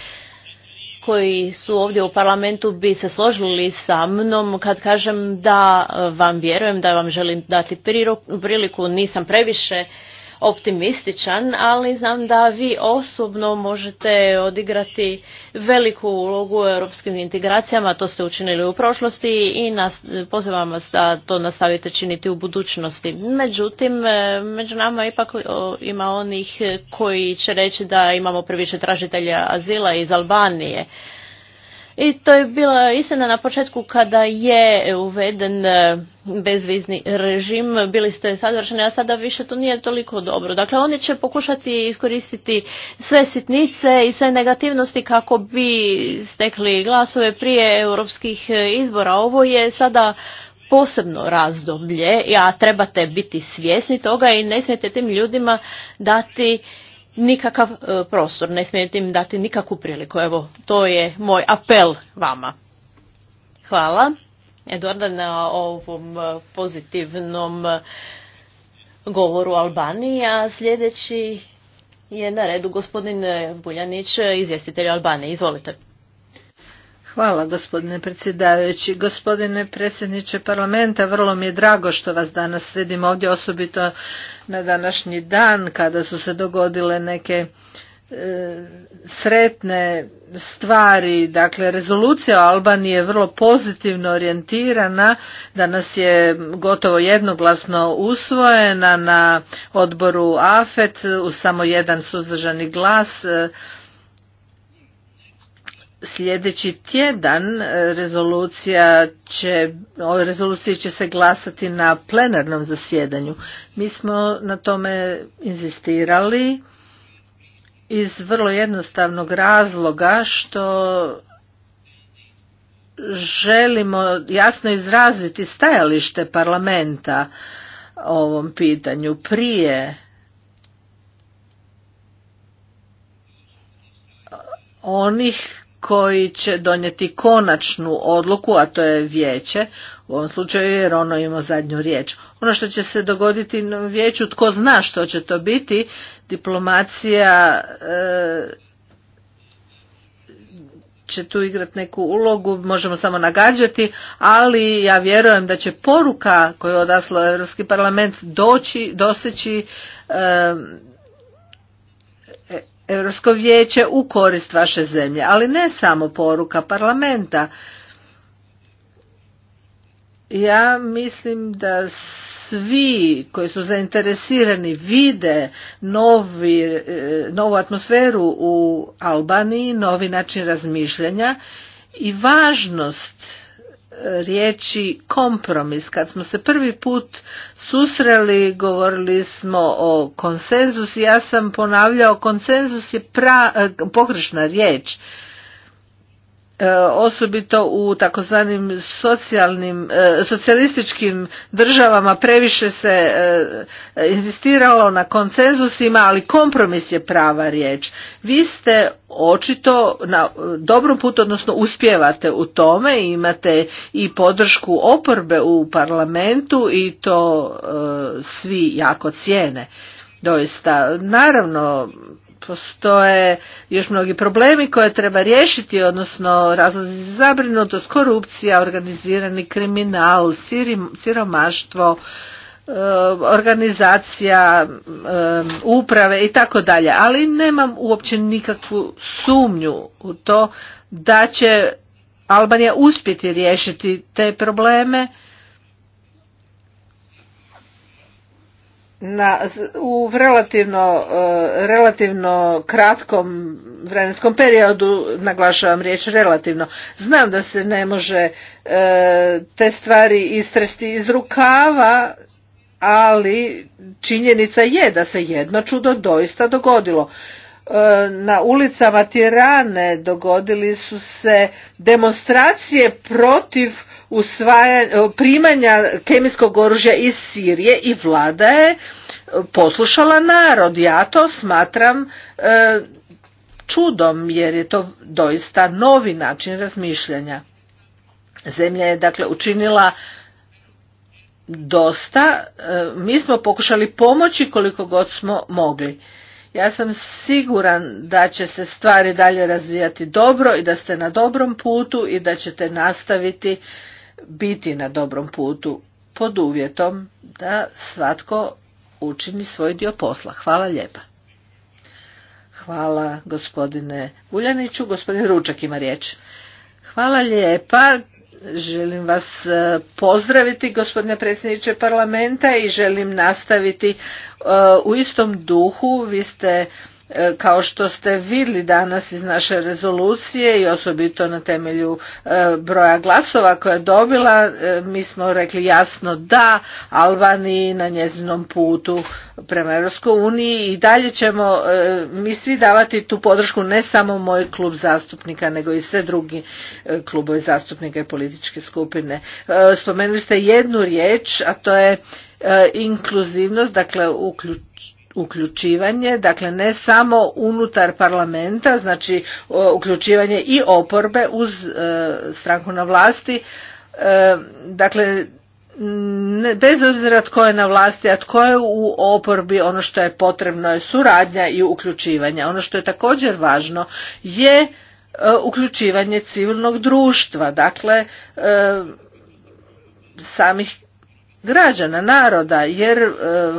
koji su ovdje u parlamentu bi se složili sa mnom kad kažem da vam vjerujem, da vam želim dati priliku, nisam previše optimističan, ali znam da vi osobno možete odigrati veliku ulogu u europskim integracijama, to ste učinili u prošlosti i nas, pozivam vas da to nastavite činiti u budućnosti. Međutim, e, među nama ipak ima onih koji će reći da imamo previše tražitelja azila iz Albanije. I to je bila istina na početku kada je uveden e, bezvizni režim, bili ste sadvršeni, a sada više to nije toliko dobro. Dakle, oni će pokušati iskoristiti sve sitnice i sve negativnosti kako bi stekli glasove prije europskih e, izbora. Ovo je sada posebno razdoblje, a trebate biti svjesni toga i ne smijete tim ljudima dati nikakav e, prostor, ne smijete im dati nikakvu priliku. Evo, to je moj apel vama. Hvala, Eduarda, na ovom e, pozitivnom e, govoru Albaniji, a sljedeći je na redu gospodin Buljanić, izvjestitelj Albanije. Izvolite. Hvala gospodine predsjedavajući. Gospodine predsjedniče parlamenta, vrlo mi je drago što vas danas vidim ovdje, osobito na današnji dan kada su se dogodile neke e, sretne stvari. Dakle, rezolucija o Albaniji je vrlo pozitivno orijentirana, danas je gotovo jednoglasno usvojena na odboru AFET uz samo jedan suzdržani glas. E, sljedeći tjedan e, rezolucija će, o rezoluciji će se glasati na plenarnom zasjedanju. Mi smo na tome inzistirali iz vrlo jednostavnog razloga što želimo jasno izraziti stajalište parlamenta o ovom pitanju prije onih koji će donijeti konačnu odluku, a to je vijeće, u ovom slučaju jer ono ima zadnju riječ. Ono što će se dogoditi na vijeću, tko zna što će to biti, diplomacija e, će tu igrati neku ulogu, možemo samo nagađati, ali ja vjerujem da će poruka koju je odaslo Europski parlament doći, doseći e, Europsko vijeće u korist vaše zemlje, ali ne samo poruka parlamenta. Ja mislim da svi koji su zainteresirani vide novi, e, novu atmosferu u Albaniji, novi način razmišljanja i važnost riječi kompromis. Kad smo se prvi put susreli, govorili smo o konsenzus ja sam ponavljao konsenzus je pra, eh, pogrešna riječ E, osobito u takozvanim socijalnim e, socijalističkim državama previše se e, inzistiralo na konsenzusima, ali kompromis je prava riječ vi ste očito na dobrom putu odnosno uspijevate u tome imate i podršku oporbe u parlamentu i to svi jako cijene doista naravno postoje još mnogi problemi koje treba riješiti, odnosno razlozi za zabrinutost, korupcija, organizirani kriminal, siromaštvo, e, organizacija e, uprave i tako dalje ali nemam uopće nikakvu sumnju u to da će Albanija uspjeti riješiti te probleme na, u relativno, e, relativno kratkom vremenskom periodu, naglašavam riječ relativno, znam da se ne može e, te stvari istresti iz rukava, ali činjenica je da se jedno čudo doista dogodilo. E, na ulicama Tirane dogodili su se demonstracije protiv E, primanja kemijskog oružja iz Sirije i vlada je e, poslušala narod. Ja to smatram e, čudom jer je to doista novi način razmišljanja. Zemlja je dakle učinila dosta, mi smo pokušali pomoći koliko god smo mogli. Ja sam siguran da će se stvari dalje razvijati dobro i da ste na dobrom putu i da ćete nastaviti biti na dobrom putu pod uvjetom da svatko učini svoj dio posla. Hvala lijepa. Hvala gospodine Uljaniću. Gospodin Ručak ima riječ. Hvala lijepa. Želim vas e, pozdraviti gospodine predsjedniče parlamenta i želim nastaviti e, u istom duhu. Vi ste E, kao što ste vidli danas iz naše rezolucije i osobito na temelju e, broja glasova koje je dobila, e, mi smo rekli jasno da Albaniji na njezinom putu prema Europskoj uniji i dalje ćemo mi svi davati tu podršku ne samo moj klub zastupnika nego i sve drugi klubovi zastupnika i političke skupine. Spomenuli ste jednu riječ, a to je inkluzivnost, dakle uključ uključivanje, dakle ne samo unutar parlamenta, znači uključivanje i oporbe uz e, stranku na vlasti, e, dakle bez obzira tko je na vlasti, a tko je u oporbi, ono što je potrebno je suradnja i uključivanje. Ono što je također važno je e, uključivanje civilnog društva, dakle samih građana, naroda, jer e,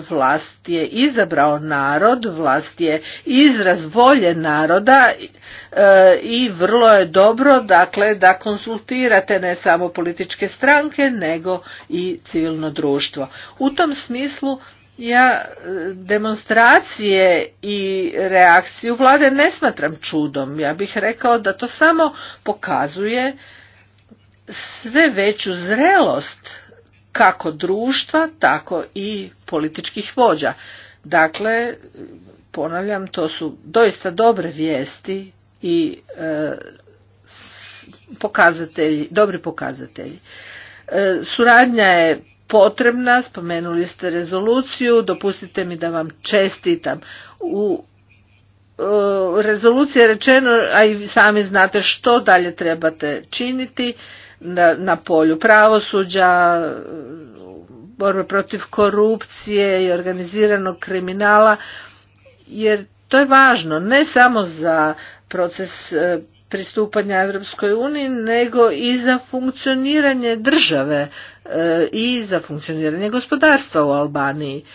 vlast je izabrao narod, vlast je izraz volje naroda e, i vrlo je dobro dakle, da konsultirate ne samo političke stranke, nego i civilno društvo. U tom smislu ja e, demonstracije i reakciju vlade ne smatram čudom. Ja bih rekao da to samo pokazuje sve veću zrelost kako društva, tako i političkih vođa. Dakle, ponavljam, to su doista dobre vijesti i e, pokazatelji, dobri pokazatelji. E, suradnja je potrebna, spomenuli ste rezoluciju, dopustite mi da vam čestitam. U e, rezoluciji je rečeno, a i sami znate što dalje trebate činiti, na, polju pravosuđa, borbe protiv korupcije i organiziranog kriminala, jer to je važno ne samo za proces e, pristupanja Europskoj uniji, nego i za funkcioniranje države e, i za funkcioniranje gospodarstva u Albaniji.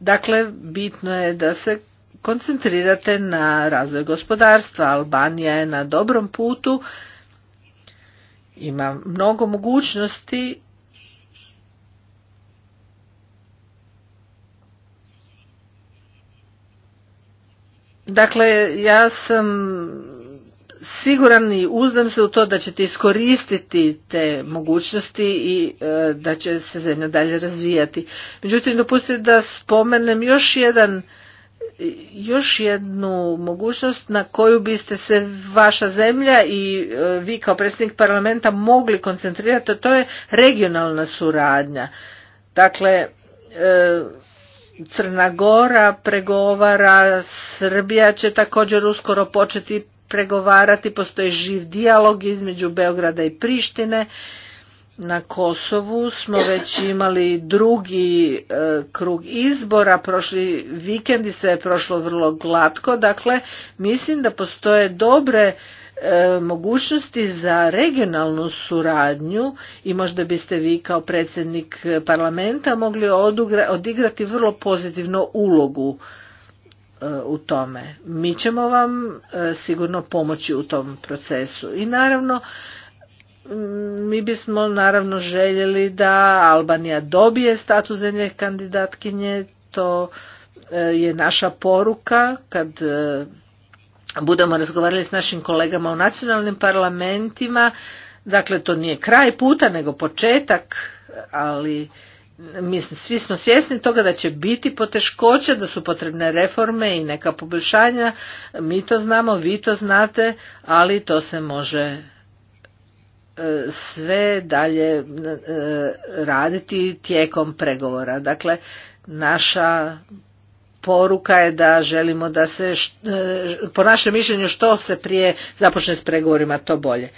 Dakle, bitno je da se koncentrirate na razvoj gospodarstva. Albanija je na dobrom putu ima mnogo mogućnosti Dakle, ja sam siguran i uznam se u to da ćete iskoristiti te mogućnosti i e, da će se zemlja dalje razvijati. Međutim, dopustite da spomenem još jedan još jednu mogućnost na koju biste se vaša zemlja i e, vi kao predsjednik parlamenta mogli koncentrirati, to je regionalna suradnja. Dakle, e, Crna Gora pregovara, Srbija će također uskoro početi pregovarati, postoji živ dijalog između Beograda i Prištine na Kosovu smo već imali drugi e, krug izbora, prošli i se je prošlo vrlo glatko, dakle mislim da postoje dobre e, mogućnosti za regionalnu suradnju i možda biste vi kao predsjednik parlamenta mogli odigrati vrlo pozitivnu ulogu e, u tome. Mi ćemo vam sigurno pomoći u tom procesu i naravno Mm, mi bismo naravno željeli da Albanija dobije status zemlje kandidatkinje, to e, je naša poruka kad e, budemo razgovarali s našim kolegama u nacionalnim parlamentima. Dakle, to nije kraj puta, nego početak, ali e, mislim, svi smo svjesni toga da će biti poteškoće, da su potrebne reforme i neka poboljšanja. Mi to znamo, vi to znate, ali to se može sve dalje e, raditi tijekom pregovora. Dakle, naša poruka je da želimo da se, e, po našem mišljenju, što se prije započne s pregovorima, to bolje.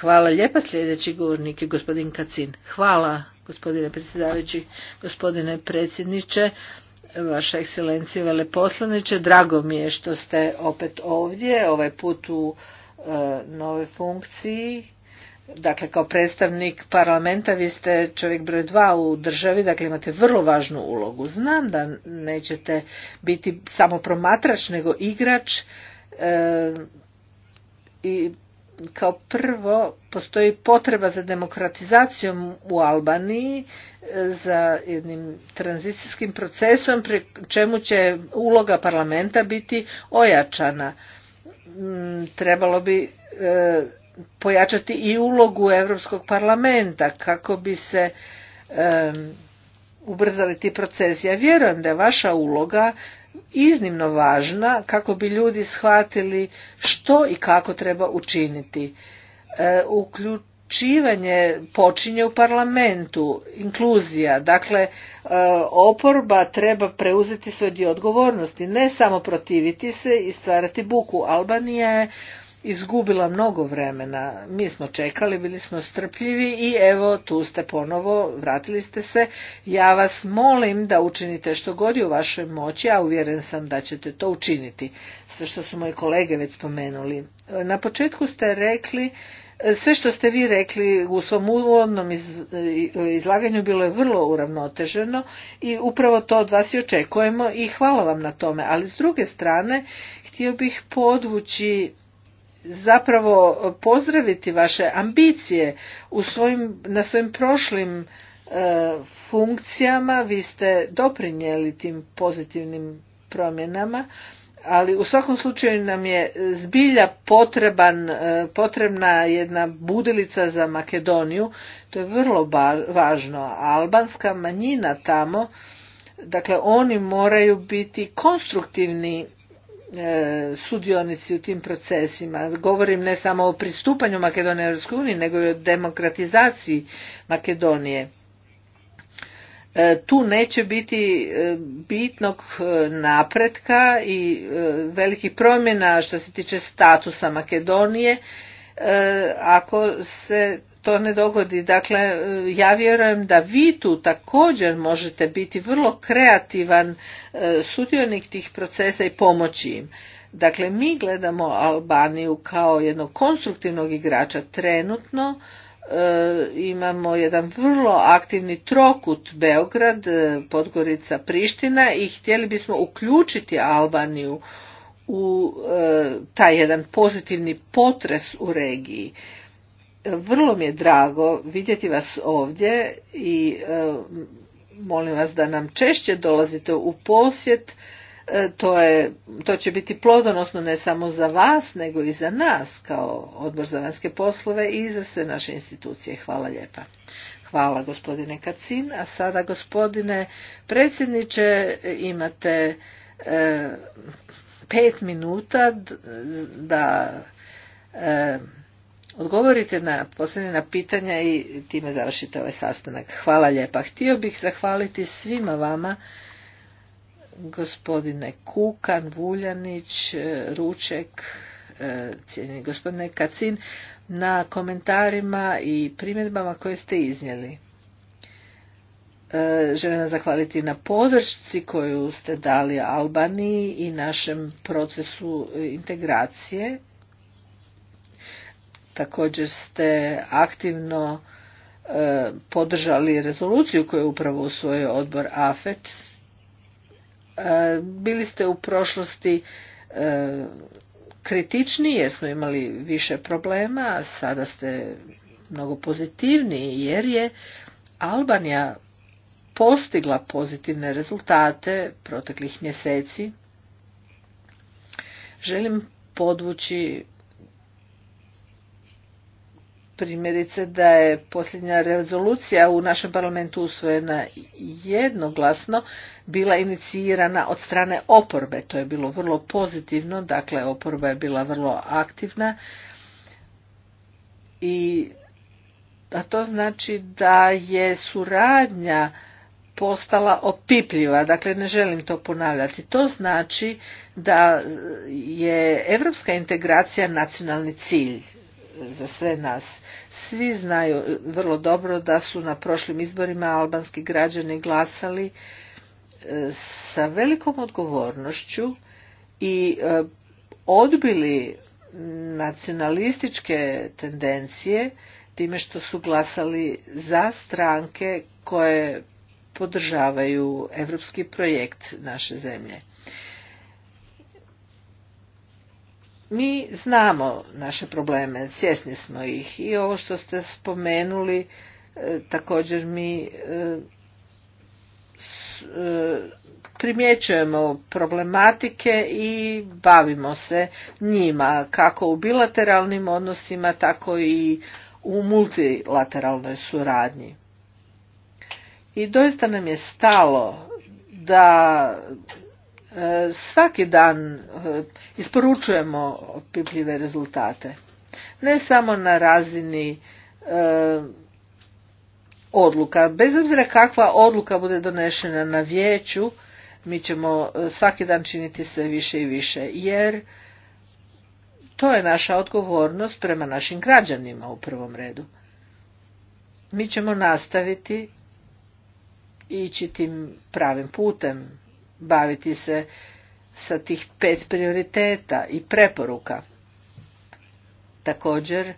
Hvala lijepa. Sljedeći govornik je gospodin Kacin. Hvala gospodine predsjedavajući, gospodine predsjedniče, vaša vele veleposlaniče. Drago mi je što ste opet ovdje, ovaj put u e, nove funkciji Dakle, kao predstavnik parlamenta vi ste čovjek broj dva u državi, dakle imate vrlo važnu ulogu. Znam da nećete biti samo promatrač, nego igrač e, i kao prvo postoji potreba za demokratizacijom u Albaniji e, za jednim tranzicijskim procesom pri čemu će uloga parlamenta biti ojačana. Mm, trebalo bi e, pojačati i ulogu Europskog parlamenta kako bi se ubrzali ti procesi. Ja vjerujem da je vaša uloga iznimno važna kako bi ljudi shvatili što i kako treba učiniti. E, uključivanje počinje u parlamentu, inkluzija, dakle e, oporba treba preuzeti svoj dio odgovornosti, ne samo protiviti se i stvarati buku. Albanija je izgubila mnogo vremena. Mi smo čekali, bili smo strpljivi i evo tu ste ponovo, vratili ste se. Ja vas molim da učinite što god je u vašoj moći, a uvjeren sam da ćete to učiniti. Sve što su moje kolege već spomenuli. Na početku ste rekli, sve što ste vi rekli u svom uvodnom izlaganju bilo je vrlo uravnoteženo i upravo to od vas i očekujemo i hvala vam na tome. Ali s druge strane, htio bih podvući zapravo pozdraviti vaše ambicije u svojim, na svojim prošlim e, funkcijama vi ste doprinijeli tim pozitivnim promjenama ali u svakom slučaju nam je zbilja potreban, e, potrebna jedna budilica za Makedoniju, to je vrlo važno. Albanska manjina tamo, dakle oni moraju biti konstruktivni E, sudionici u tim procesima. Govorim ne samo o pristupanju Makedonije Europskoj uniji, nego i o demokratizaciji Makedonije. E, tu neće biti e, bitnog napretka i velikih promjena što se tiče statusa Makedonije ako se to ne dogodi. Dakle, e, ja vjerujem da vi tu također možete biti vrlo kreativan e, sudionik tih procesa i pomoći im. Dakle, mi gledamo Albaniju kao jednog konstruktivnog igrača trenutno. E, imamo jedan vrlo aktivni trokut Beograd, Podgorica, Priština i htjeli bismo uključiti Albaniju u taj jedan pozitivni potres u regiji vrlo mi je drago vidjeti vas ovdje i e, molim vas da nam češće dolazite u posjet e, to, je, to će biti plodonosno ne samo za vas, nego i za nas kao odbor za vanjske poslove i za sve naše institucije. Hvala lijepa. Hvala gospodine Kacin. A sada gospodine predsjedniče imate e, pet minuta da odgovorite na posljednja pitanja i time završite ovaj sastanak. Hvala lijepa. Htio bih zahvaliti svima vama, gospodine Kukan, Vuljanić, e, Ruček, e, cijenjeni gospodine Kacin, na komentarima i primjedbama koje ste iznijeli. E, želim vam zahvaliti na podršci koju ste dali Albaniji i našem procesu integracije Također ste aktivno e, podržali rezoluciju koju je upravo usvojio odbor AFET. E, bili ste u prošlosti e, kritični jer smo imali više problema, sada ste mnogo pozitivniji jer je Albanija postigla pozitivne rezultate proteklih mjeseci. Želim podvući primjerice da je posljednja rezolucija u našem parlamentu usvojena jednoglasno bila inicirana od strane oporbe. To je bilo vrlo pozitivno, dakle oporba je bila vrlo aktivna i a to znači da je suradnja postala opipljiva, dakle ne želim to ponavljati. To znači da je evropska integracija nacionalni cilj za sve nas. Svi znaju vrlo dobro da su na prošlim izborima albanski građani glasali e, sa velikom odgovornošću i e, odbili nacionalističke tendencije time što su glasali za stranke koje podržavaju europski projekt naše zemlje. Mi znamo naše probleme, svjesni smo ih i ovo što ste spomenuli e, također mi e, e, primjećujemo problematike i bavimo se njima kako u bilateralnim odnosima tako i u multilateralnoj suradnji. I doista nam je stalo da E, svaki dan e, isporučujemo opipljive rezultate. Ne samo na razini e, odluka. Bez obzira kakva odluka bude donešena na vijeću, mi ćemo svaki dan činiti sve više i više, jer to je naša odgovornost prema našim građanima u prvom redu. Mi ćemo nastaviti ići tim pravim putem baviti se sa tih pet prioriteta i preporuka. Također,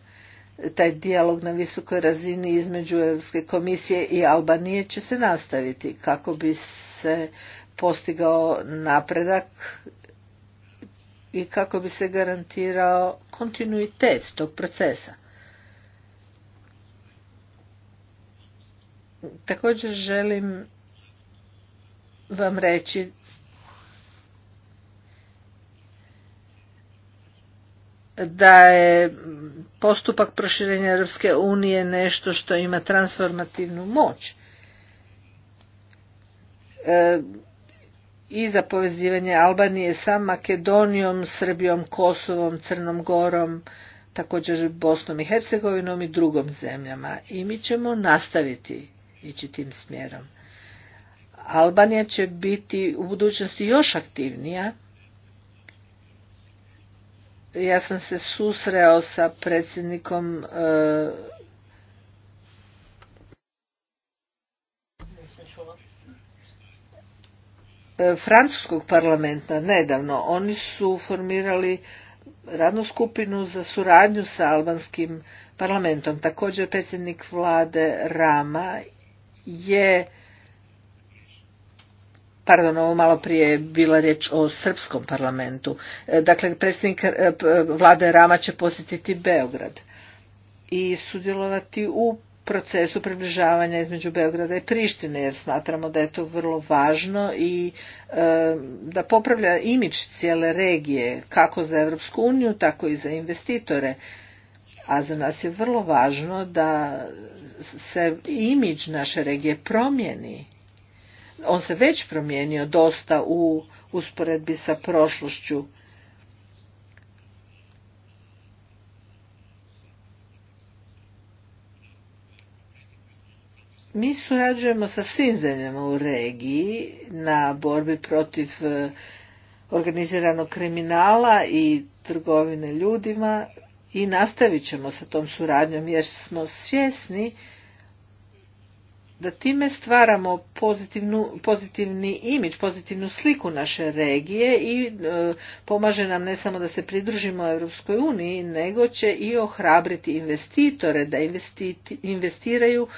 taj dijalog na visokoj razini između Europske komisije i Albanije će se nastaviti kako bi se postigao napredak i kako bi se garantirao kontinuitet tog procesa. Također želim vam reći da je postupak proširenja Europske unije nešto što ima transformativnu moć e, i za povezivanje Albanije sa Makedonijom, Srbijom, Kosovom, Crnom Gorom, također Bosnom i Hercegovinom i drugom zemljama. I mi ćemo nastaviti ići tim smjerom. Albanija će biti u budućnosti još aktivnija. Ja sam se susreo sa predsjednikom e, francuskog parlamenta nedavno oni su formirali radnu skupinu za suradnju sa albanskim parlamentom također predsjednik vlade Rama je pardon, ovo malo prije je bila riječ o srpskom parlamentu. E, dakle, predsjednik e, vlade Rama će posjetiti Beograd i sudjelovati u procesu približavanja između Beograda i Prištine jer smatramo da je to vrlo važno i e, da popravlja imidž cijele regije kako za Europsku uniju tako i za investitore. A za nas je vrlo važno da se imidž naše regije promijeni on se već promijenio dosta u usporedbi sa prošlošću. Mi surađujemo sa svim zemljama u regiji na borbi protiv e, organiziranog kriminala i trgovine ljudima i nastavit ćemo sa tom suradnjom jer smo svjesni da time stvaramo pozitivni imidž, pozitivnu sliku naše regije i e, pomaže nam ne samo da se pridružimo Europskoj uniji, nego će i ohrabriti investitore da investiraju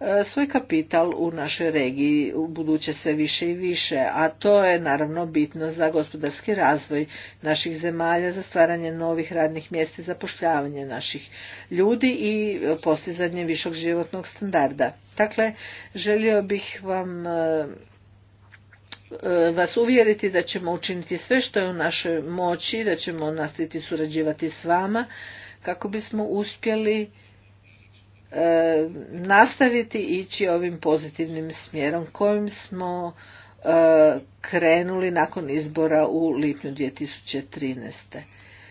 E, svoj kapital u našoj regiji u buduće sve više i više, a to je naravno bitno za gospodarski razvoj naših zemalja, za stvaranje novih radnih mjesta i zapošljavanje naših ljudi i postizanje višog životnog standarda. Dakle, želio bih vam e, e, vas uvjeriti da ćemo učiniti sve što je u našoj moći, da ćemo nastaviti surađivati s vama kako bismo uspjeli E, nastaviti ići ovim pozitivnim smjerom kojim smo e, krenuli nakon izbora u lipnju 2013.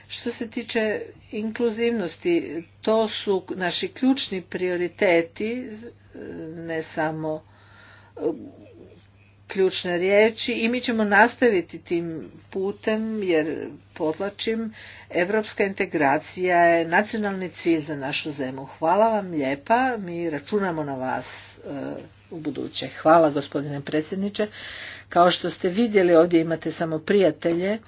Što se tiče inkluzivnosti, to su naši ključni prioriteti, e, ne samo ključne riječi i mi ćemo nastaviti tim putem jer podlačim evropska integracija je nacionalni cilj za našu zemlju. Hvala vam lijepa, mi računamo na vas e, u buduće. Hvala gospodine predsjedniče. Kao što ste vidjeli ovdje imate samo prijatelje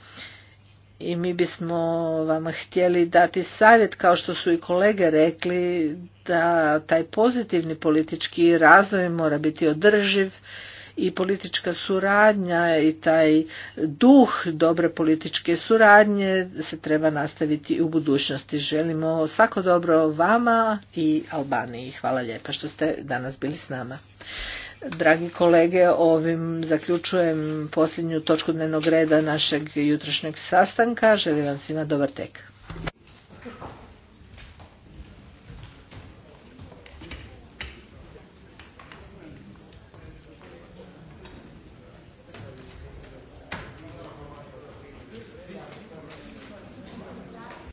i mi bismo vam htjeli dati savjet kao što su i kolege rekli da taj pozitivni politički razvoj mora biti održiv i politička suradnja i taj duh dobre političke suradnje se treba nastaviti i u budućnosti. Želimo svako dobro vama i Albaniji. Hvala lijepa što ste danas bili s nama. Dragi kolege, ovim zaključujem posljednju točku dnevnog reda našeg jutrašnjeg sastanka. Želim vam svima dobar tek.